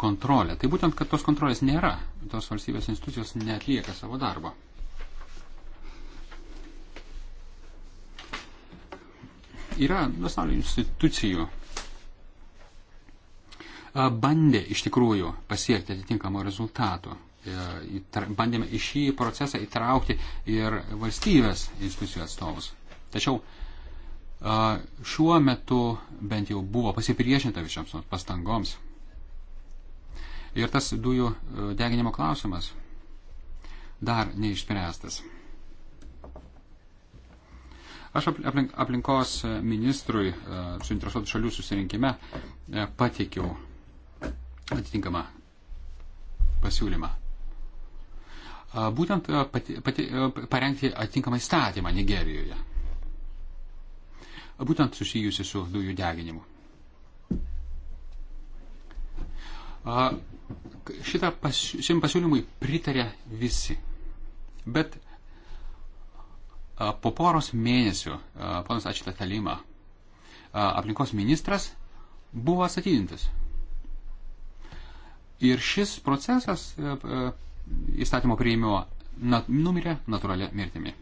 kontrolę. Tai būtent, kad tos kontrolės nėra, tos valstybės institucijos netlieka savo darbo. Yra pasaulio institucijų bandė iš tikrųjų pasiekti atitinkamų rezultatų E, bandėme į šį procesą įtraukti ir valstybės institucijų atstovus. Tačiau e, šiuo metu bent jau buvo pasipriešinta višiams pastangoms. Ir tas dujų e, deginimo klausimas dar neišspręstas. Aš aplink, aplinkos ministrui suinteresuotų šalių susirinkime pateikiau atitinkamą pasiūlymą būtent pati, pati, parengti atitinkamą įstatymą Nigerijoje, būtent susijusi su dujų deginimu. Šitą pas, šiam pasiūlymui pritarė visi, bet po poros mėnesių panas Ačita Talima, aplinkos ministras, buvo atstatydintas. Ir šis procesas įstatymo prieimimo nat, numirė natūralia mirtimi.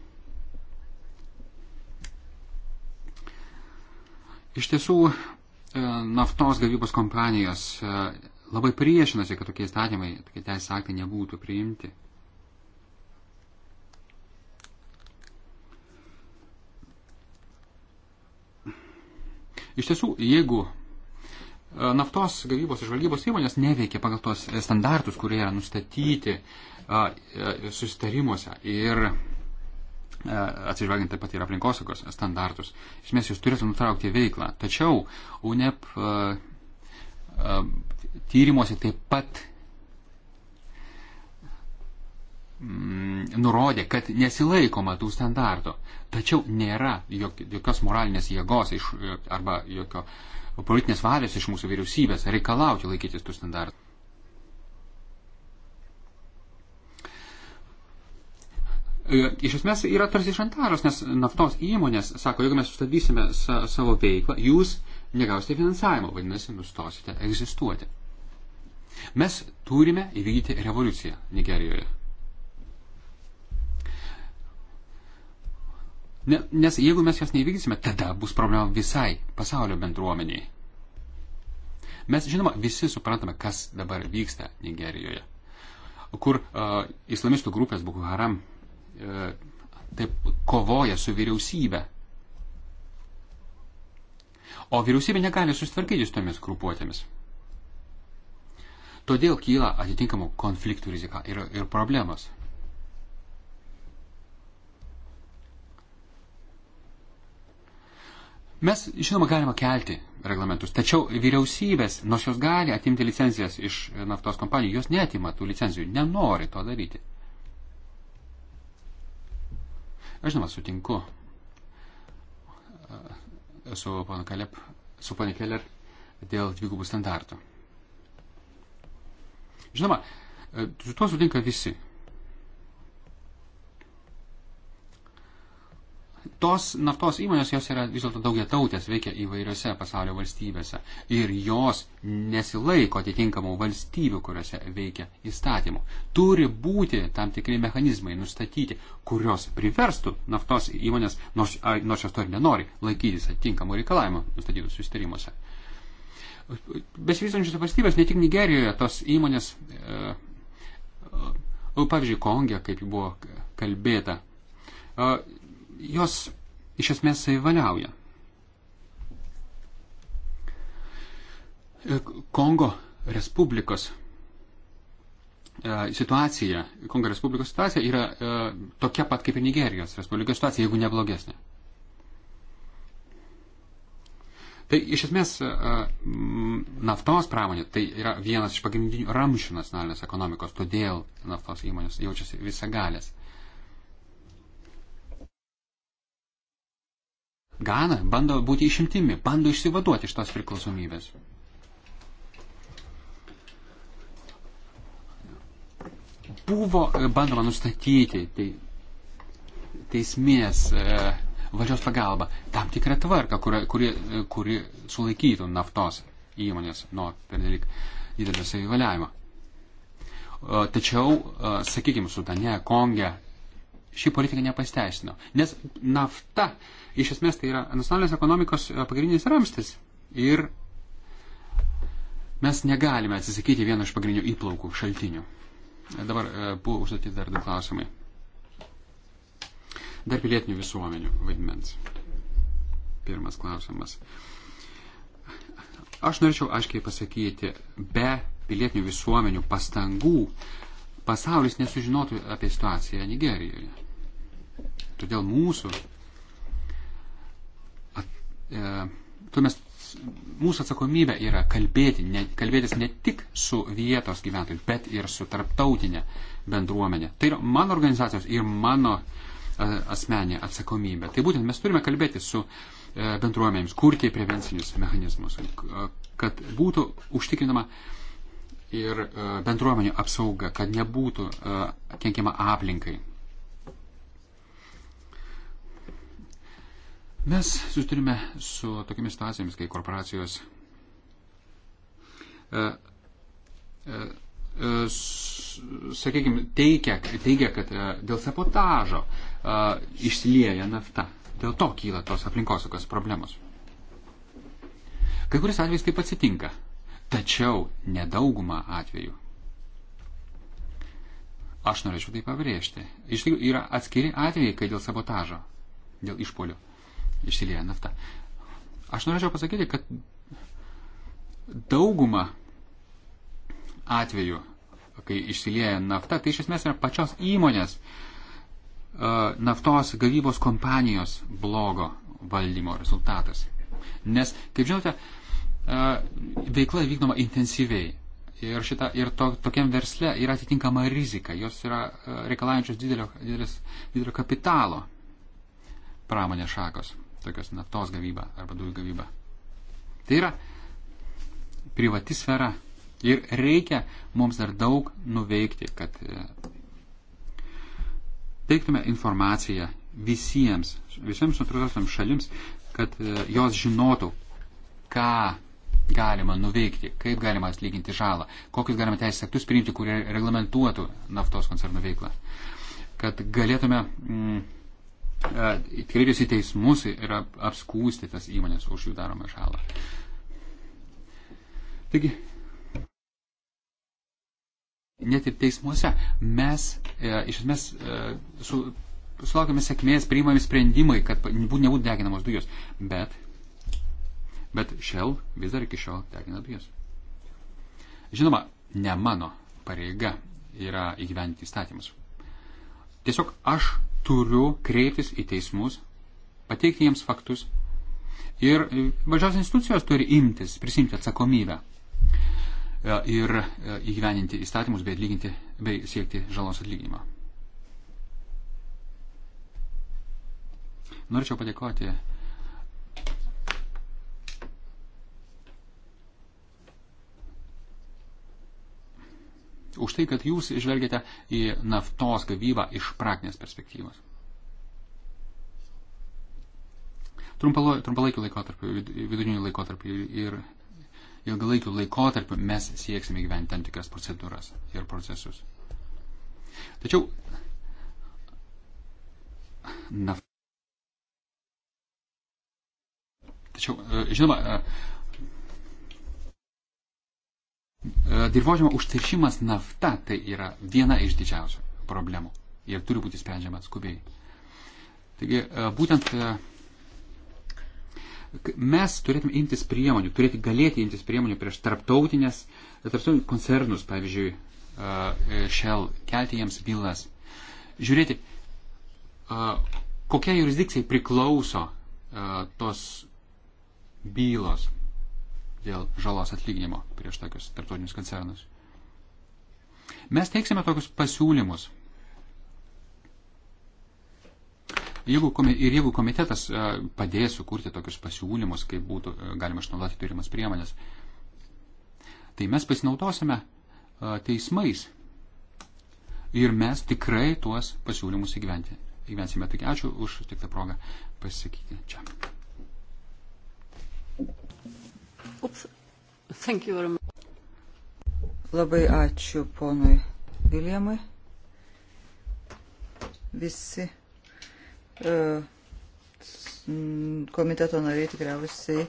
Iš tiesų, e, naftos gavybos kompanijos e, labai priešinasi, kad tokie įstatymai, tokie teisės aktai nebūtų priimti. Iš tiesų, jeigu E, naftos gavybos ir žvalgybos įmonės neveikia pagal tos standartus, kurie yra nustatyti e, susitarimuose ir e, atsižvelgiant taip pat ir aplinkosaugos standartus. Iš esmės, jūs turite nutraukti veiklą. Tačiau UNEP tyrimuose taip pat mm, nurodė, kad nesilaikoma tų standartų. Tačiau nėra jokios moralinės jėgos iš, arba jokio uh, politinės valios iš mūsų vyriausybės reikalauti laikytis tų standartų. E, iš esmės yra tarsi šantaras, nes naftos įmonės sako, jeigu mes sustabdysime sa savo veiklą, jūs negausite finansavimo, vadinasi, nustosite egzistuoti. Mes turime įvykdyti revoliuciją Nigerijoje. Ne, nes jeigu mes jos neįvykdysime, tada bus problema visai pasaulio bendruomeniai. Mes, žinoma, visi suprantame, kas dabar vyksta Nigerijoje, kur uh, islamistų grupės Boko Haram uh, taip kovoja su vyriausybė. O vyriausybė negali susitvarkyti su tomis grupuotėmis. Todėl kyla atitinkamų konfliktų rizika ir, ir problemos. Mes, žinoma, galima kelti reglamentus, tačiau vyriausybės, nors jos gali atimti licencijas iš naftos kompanijų, jos netima tų licencijų, nenori to daryti. Aš žinoma, sutinku e, su pana Kalep, su pana Keller dėl dvigubų standartų. Žinoma, e, su tuo sutinka visi tos naftos įmonės, jos yra vis dėlto daugia tautės, veikia įvairiose pasaulio valstybėse ir jos nesilaiko atitinkamų valstybių, kuriuose veikia įstatymų. Turi būti tam tikri mechanizmai nustatyti, kurios priverstų naftos įmonės, nors, nors jos to ir nenori, laikytis atitinkamų reikalavimų nustatytų susitarimuose. Besivystančiose valstybės, ne tik Nigerijoje, tos įmonės, e, e, pavyzdžiui, Kongė, kaip buvo kalbėta, e, jos iš esmės savivaliauja. E, Kongo Respublikos e, situacija, Kongo Respublikos situacija yra e, tokia pat kaip ir Nigerijos Respublikos situacija, jeigu neblogesnė. Tai iš esmės naftos pramonė tai yra vienas iš pagrindinių ramšių nacionalinės ekonomikos, todėl naftos įmonės jaučiasi visagalės. Gana bando būti išimtimi, bando išsivaduoti iš tos priklausomybės. Buvo e, bandoma nustatyti tai, teismės e, valdžios pagalba tam tikrą tvarką, kuri, kuri, e, kuri sulaikytų naftos įmonės nuo pernelik didelio savivaliavimo. Tačiau, e, sakykime, Sudane, Konge ši politika nepasteisino. Nes nafta, iš esmės, tai yra nacionalinės ekonomikos e, pagrindinis ramstis. Ir mes negalime atsisakyti vieno iš pagrindinių įplaukų šaltinių. E, dabar e, buvo užduoti dar du klausimai. Dar pilietinių visuomenių vaidmens. Pirmas klausimas. Aš norėčiau aiškiai pasakyti, be pilietinių visuomenių pastangų pasaulis nesužinotų apie situaciją Nigerijoje. Todėl mūsų, at, e, tu mes, mūsų atsakomybė yra kalbėti, ne, kalbėtis ne tik su vietos gyventojais, bet ir su tarptautinė bendruomenė. Tai yra mano organizacijos ir mano e, asmenė atsakomybė. Tai būtent mes turime kalbėti su e, bendruomenėms, kurti prevencinius mechanizmus, e, kad būtų užtikrinama ir e, bendruomenių apsauga, kad nebūtų e, kenkiama aplinkai Mes susiturime su tokiamis situacijomis, kai korporacijos e, e, e, sakykime, teikia, teigia, kad dėl sabotažo išsilieja nafta. Dėl to kyla tos aplinkosaugos problemos. Kai kuris atvejs taip atsitinka, tačiau nedaugumą atvejų. Aš norėčiau tai pabrėžti. Iš tikrųjų yra atskiri atvejai, kai dėl sabotažo, dėl išpolio išsilieja nafta. Aš norėčiau pasakyti, kad dauguma atvejų, kai išsilieja nafta, tai iš esmės yra pačios įmonės e, naftos gavybos kompanijos blogo valdymo rezultatas. Nes, kaip žinote, e, veikla vykdoma intensyviai. Ir, šita, ir to, tokiam versle yra atitinkama rizika, jos yra e, reikalaujančios didelio, didelės, didelio kapitalo pramonės šakos tokios naftos gavybą arba dujų gavybą. Tai yra privati sfera. Ir reikia mums dar daug nuveikti, kad e, teiktume informaciją visiems, visiems suinteresuotams šalims, kad e, jos žinotų, ką galima nuveikti, kaip galima atlyginti žalą, kokius galima teisės aktus priimti, kurie reglamentuotų naftos koncernų veiklą. Kad galėtume mm, E, kreipėsi į teismus ir apskūsti tas įmonės už jų daromą žalą. Taigi, net ir teismuose mes e, iš esmės e, su, sulaukime sėkmės, priimami sprendimai, kad nebūtų deginamos dujos. Bet, bet Shell vis dar iki šiol degina dujos. Žinoma, ne mano pareiga yra įgyventi įstatymus. Tiesiog aš turiu kreiptis į teismus, pateikti jiems faktus. Ir e, valdžios institucijos turi imtis, prisimti atsakomybę e, ir e, įgyveninti įstatymus bei, atlyginti, bei siekti žalos atlyginimą. Norėčiau padėkoti už tai, kad jūs žvelgiate į naftos gavybą iš praktinės perspektyvos. Trumpalaikiu laikotarpiu, viduriniu laikotarpiu ir ilgalaikiu laikotarpiu mes sieksime gyventi tam tikras procedūras ir procesus. Tačiau nafta. Tačiau, e, žinoma, e, E, Dirbožimo užteršimas nafta tai yra viena iš didžiausių problemų ir turi būti sprendžiama skubiai. Taigi, e, būtent e, mes turėtume imtis priemonių, turėti galėti imtis priemonių prieš tarptautinės, tarptautinius koncernus, pavyzdžiui, Shell, kelti jiems bylas. Žiūrėti, kokia jurisdikcija priklauso tos bylos dėl žalos atlyginimo prieš tokius tarptautinius koncernus. Mes teiksime tokius pasiūlymus. Jeigu, ir jeigu komitetas e, padės sukurti tokius pasiūlymus, kaip būtų e, galima išnaudoti turimas priemonės, tai mes pasinaudosime e, teismais ir mes tikrai tuos pasiūlymus įgyventi. Įgyvensime. Tik ačiū už tik tą progą pasisakyti čia. Oops. Thank you very much. Labai ačiū ponui Viljamui. Visi e, komiteto nariai tikriausiai e,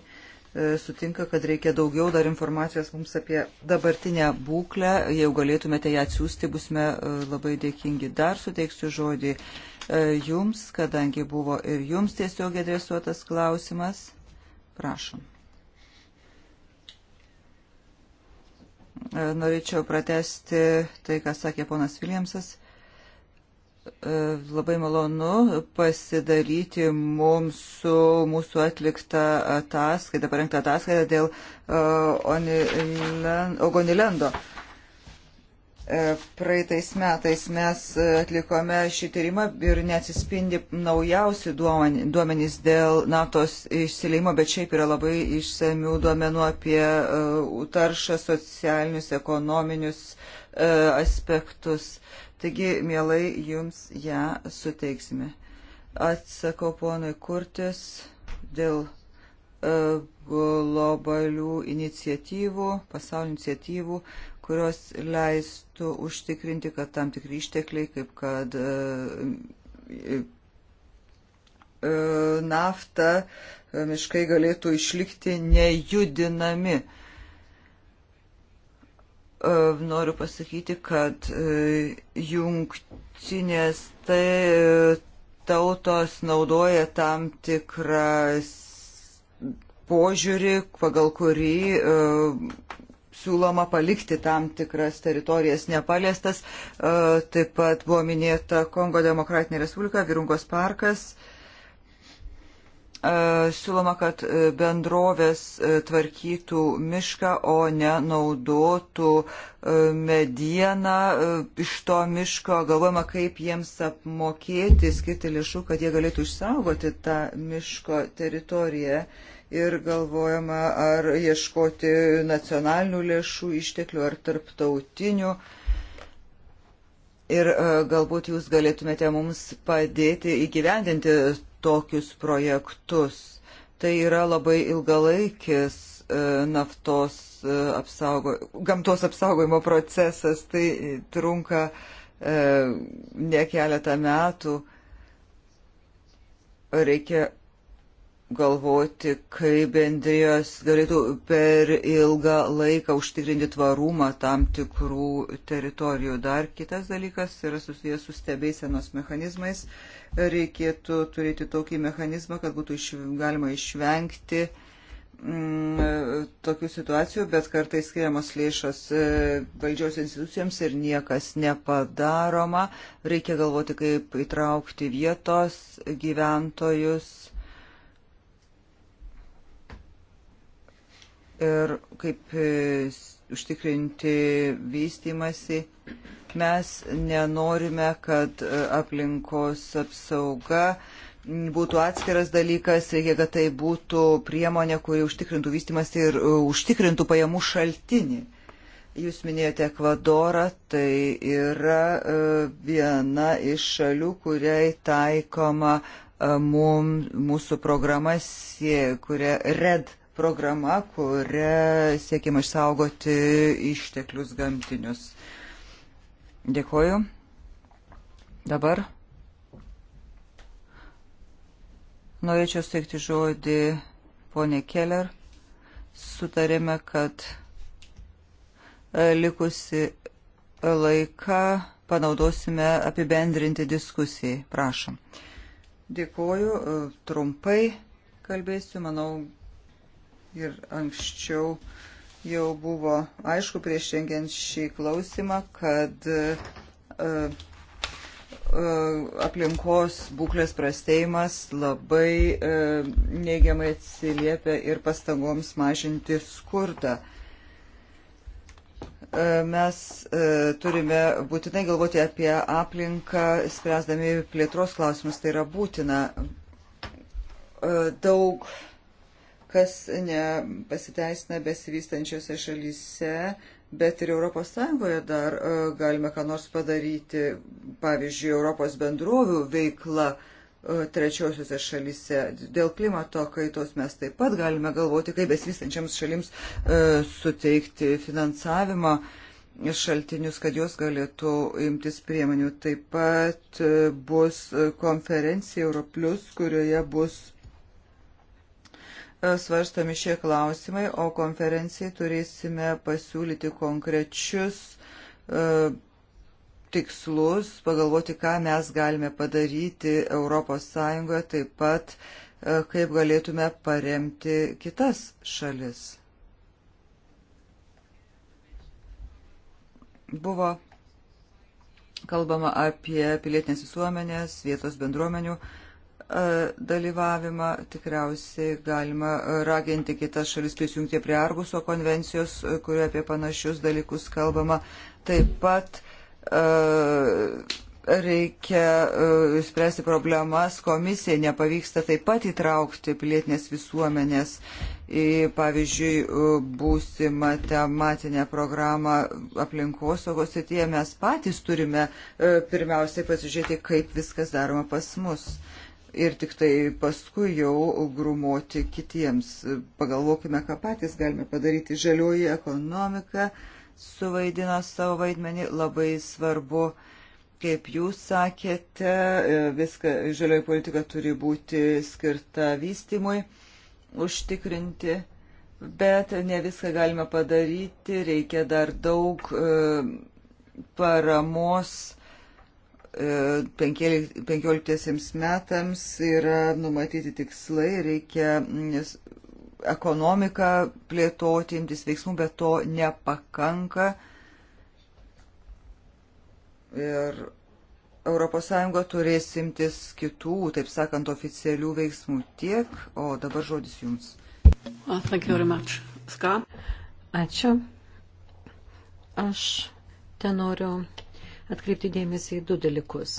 sutinka, kad reikia daugiau dar informacijos mums apie dabartinę būklę. Jeigu galėtumėte ją atsiųsti, busime e, labai dėkingi. Dar suteiksiu žodį jums, kadangi buvo ir jums tiesiog adresuotas klausimas. Prašom. E, norėčiau pratesti tai, ką sakė ponas Viljamsas. E, labai malonu pasidalyti mums su mūsų atliktą ataskaitą, parengtą ataskaitą dėl e, Ogonilendo. Uh, E, praeitais metais mes atlikome šį tyrimą ir neatsispindi naujausi duomenys dėl naftos išsileimo, bet šiaip yra labai išsamių duomenų apie e, taršą, socialinius, ekonominius e, aspektus. Taigi, mielai, jums ją suteiksime. Atsakau ponui Kurtis dėl globalių iniciatyvų, pasaulio iniciatyvų, kurios leistų užtikrinti, kad tam tikri ištekliai, kaip kad e, e, nafta, e, miškai galėtų išlikti nejudinami. Noriu pasakyti, kad jungtinės tai tautos naudoja tam tikras požiūrį, pagal kurį siūloma palikti tam tikras teritorijas nepaliestas. E, taip pat buvo minėta Kongo Demokratinė Respublika, Virungos parkas. E, siūloma, kad bendrovės e, tvarkytų mišką, o ne naudotų medieną iš to miško. Galvojama, kaip jiems apmokėti, skirti lėšų, kad jie galėtų išsaugoti tą miško teritoriją. Uh, ir galvojama, ar ieškoti nacionalinių lėšų išteklių ar tarptautinių. Ir e, galbūt jūs galėtumėte mums padėti įgyvendinti tokius projektus. Tai yra labai ilgalaikis e, naftos e, apsaugo, gamtos apsaugojimo procesas, tai trunka ne keletą metų. Reikia galvoti, kaip bendrijos galėtų per ilgą laiką užtikrinti tvarumą tam tikrų teritorijų. Dar kitas dalykas yra susijęs su stebėsenos mechanizmais. Reikėtų turėti tokį mechanizmą, kad būtų iš, galima išvengti mm, tokių situacijų, bet kartais skiriamos lėšos e, valdžios institucijoms ir niekas nepadaroma. Reikia galvoti, kaip įtraukti vietos gyventojus ir kaip e, užtikrinti vystimasi. Mes nenorime, kad e, aplinkos apsauga būtų atskiras dalykas, reikia, kad tai būtų priemonė, kuri užtikrintų vystimasi ir e, užtikrintų pajamų šaltinį. Jūs minėjote Ekvadorą, tai yra viena iš šalių, kuriai taikoma mum, mūsų programa, kuria RED programa, kuria siekiama išsaugoti išteklius gamtinius. Dėkoju. Dabar norėčiau steigti žodį ponė Keller. Sutarėme, kad e, likusi laiką panaudosime apibendrinti diskusijai. Prašom. Dėkoju, e, trumpai kalbėsiu, manau, ir anksčiau jau buvo aišku prieš rengiant šį klausimą, kad e, e, aplinkos būklės prastėjimas labai e, neigiamai atsiliepia ir pastangoms mažinti skurdą mes turime būtinai galvoti apie aplinką, spręsdami plėtros klausimus, tai yra būtina. Daug kas nepasiteisina besivystančiose šalyse, bet ir ES dar e, galime ką nors padaryti, pavyzdžiui, Europos bendrovių veikla e, trečiosiuose šalyse. Dėl klimato kaitos mes taip pat galime galvoti, kaip besivystančiams šalims e, suteikti finansavimą šaltinius, kad jos galėtų imtis priemonių. Taip pat bus konferencija Europlius, kurioje bus svarstami šie klausimai, o konferencijai turėsime pasiūlyti konkrečius e, tikslus, pagalvoti, ką mes galime padaryti ES, taip pat e, kaip galėtume paremti kitas šalis. Buvo kalbama apie pilietinės visuomenės, vietos bendruomenių uh, E, dalyvavimą tikriausiai galima raginti kitas šalis prisijungti prie Arguso konvencijos, e, kurioje apie panašius dalykus kalbama. Taip pat e, reikia spręsti problemas, komisija nepavyksta taip pat įtraukti pilietinės visuomenės į, pavyzdžiui, būsimą tematinę programą aplinkosaugos srityje. Mes patys turime pirmiausiai pasižiūrėti, kaip viskas daroma pas mus. Uh, ir tik tai paskui jau grumoti kitiems. Pagalvokime, ką patys galime padaryti. Žalioji ekonomika suvaidino savo vaidmenį labai svarbu. Kaip jūs sakėte, viską žalioji politika turi būti skirta vystimui, užtikrinti bet ne viską galime padaryti, reikia dar daug e, paramos 15 e, metams yra numatyti tikslai, reikia ekonomiką plėtoti, imtis veiksmų, bet to nepakanka. Ir ES turės imtis kitų, taip sakant, oficialių veiksmų tiek, o dabar žodis jums. Ačiū. Aš ten noriu atkreipti dėmesį į du dalykus.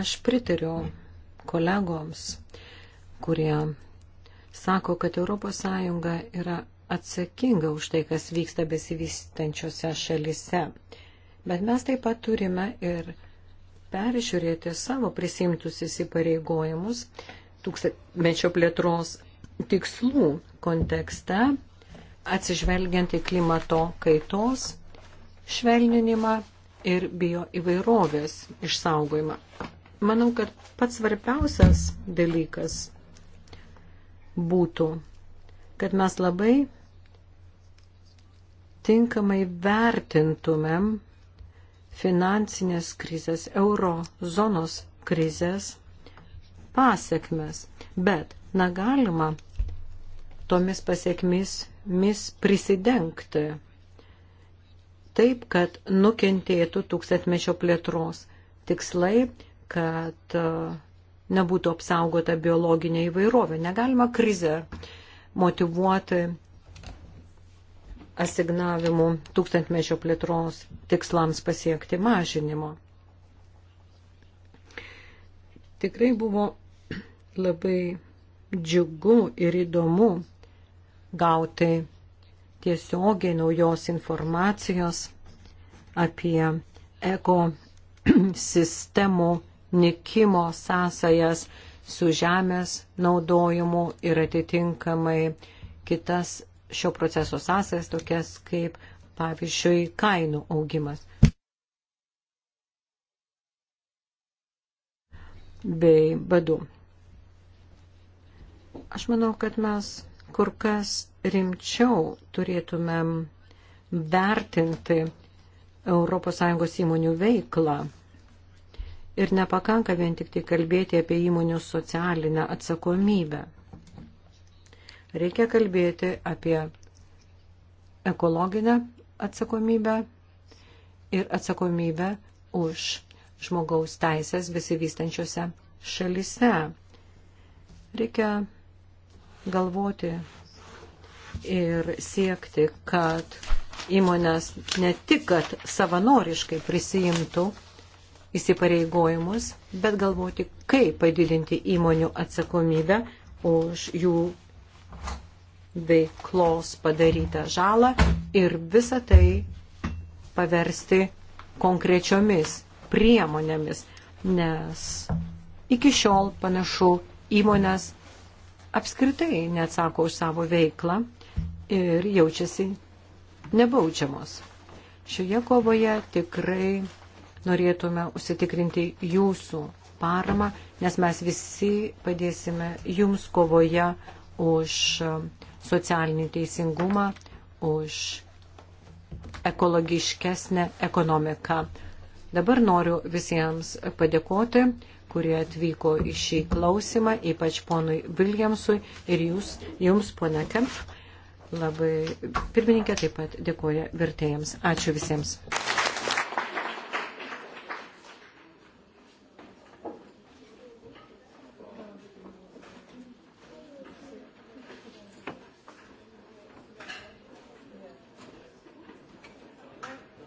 Aš pritariu kolegoms, kurie sako, kad ES yra atsakinga už tai, kas vyksta besivystančiose šalise. Bet mes taip pat turime ir peržiūrėti savo prisimtus įsipareigojimus tūkstantmečio plėtros tikslų kontekste, atsižvelgiant į klimato kaitos švelninimą ir bio įvairovės išsaugojimą. Manau, kad pats svarbiausias dalykas būtų, kad mes labai tinkamai vertintumėm finansinės krizės, euro zonos krizės pasiekmes. Bet, na, galima tomis pasiekmis mis prisidengti taip, kad nukentėtų tūkstantmečio plėtros tikslai, kad e, nebūtų apsaugota biologinė įvairovė. Negalima krizę motivuoti asignavimų tūkstantmečio plėtros tikslams pasiekti mažinimo. Tikrai buvo labai džiugu ir įdomu gauti tiesiogiai naujos informacijos apie ego sistemų nikimo sąsajas su žemės naudojimu ir atitinkamai kitas šio proceso sąsajas, tokias kaip, pavyzdžiui, kainų augimas. bei badu. Aš manau, kad mes kur kas rimčiau turėtumėm vertinti ES įmonių veiklą. Ir nepakanka vien tik tai kalbėti apie įmonių socialinę atsakomybę. Reikia kalbėti apie ekologinę atsakomybę ir atsakomybę už žmogaus teisės besivystančiose šalise. Reikia galvoti ir siekti, kad įmonės ne tik, kad savanoriškai prisijimtų įsipareigojimus, bet galvoti, kaip padidinti įmonių atsakomybę už jų veiklos padarytą žalą ir visą tai paversti konkrečiomis priemonėmis, nes iki šiol panašu įmonės apskritai neatsako už savo veiklą ir jaučiasi nebaudžiamos. Šioje kovoje tikrai norėtume užsitikrinti jūsų paramą, nes mes visi padėsime jums kovoje už socialinį teisingumą, už ekologiškesnę ekonomiką. Dabar noriu visiems padėkoti kurie atvyko į šį klausimą, ypač ponui Viljamsui ir jūs, jums, pone Kemp. Labai pirmininkė taip pat dėkoja vertėjams. Ačiū visiems.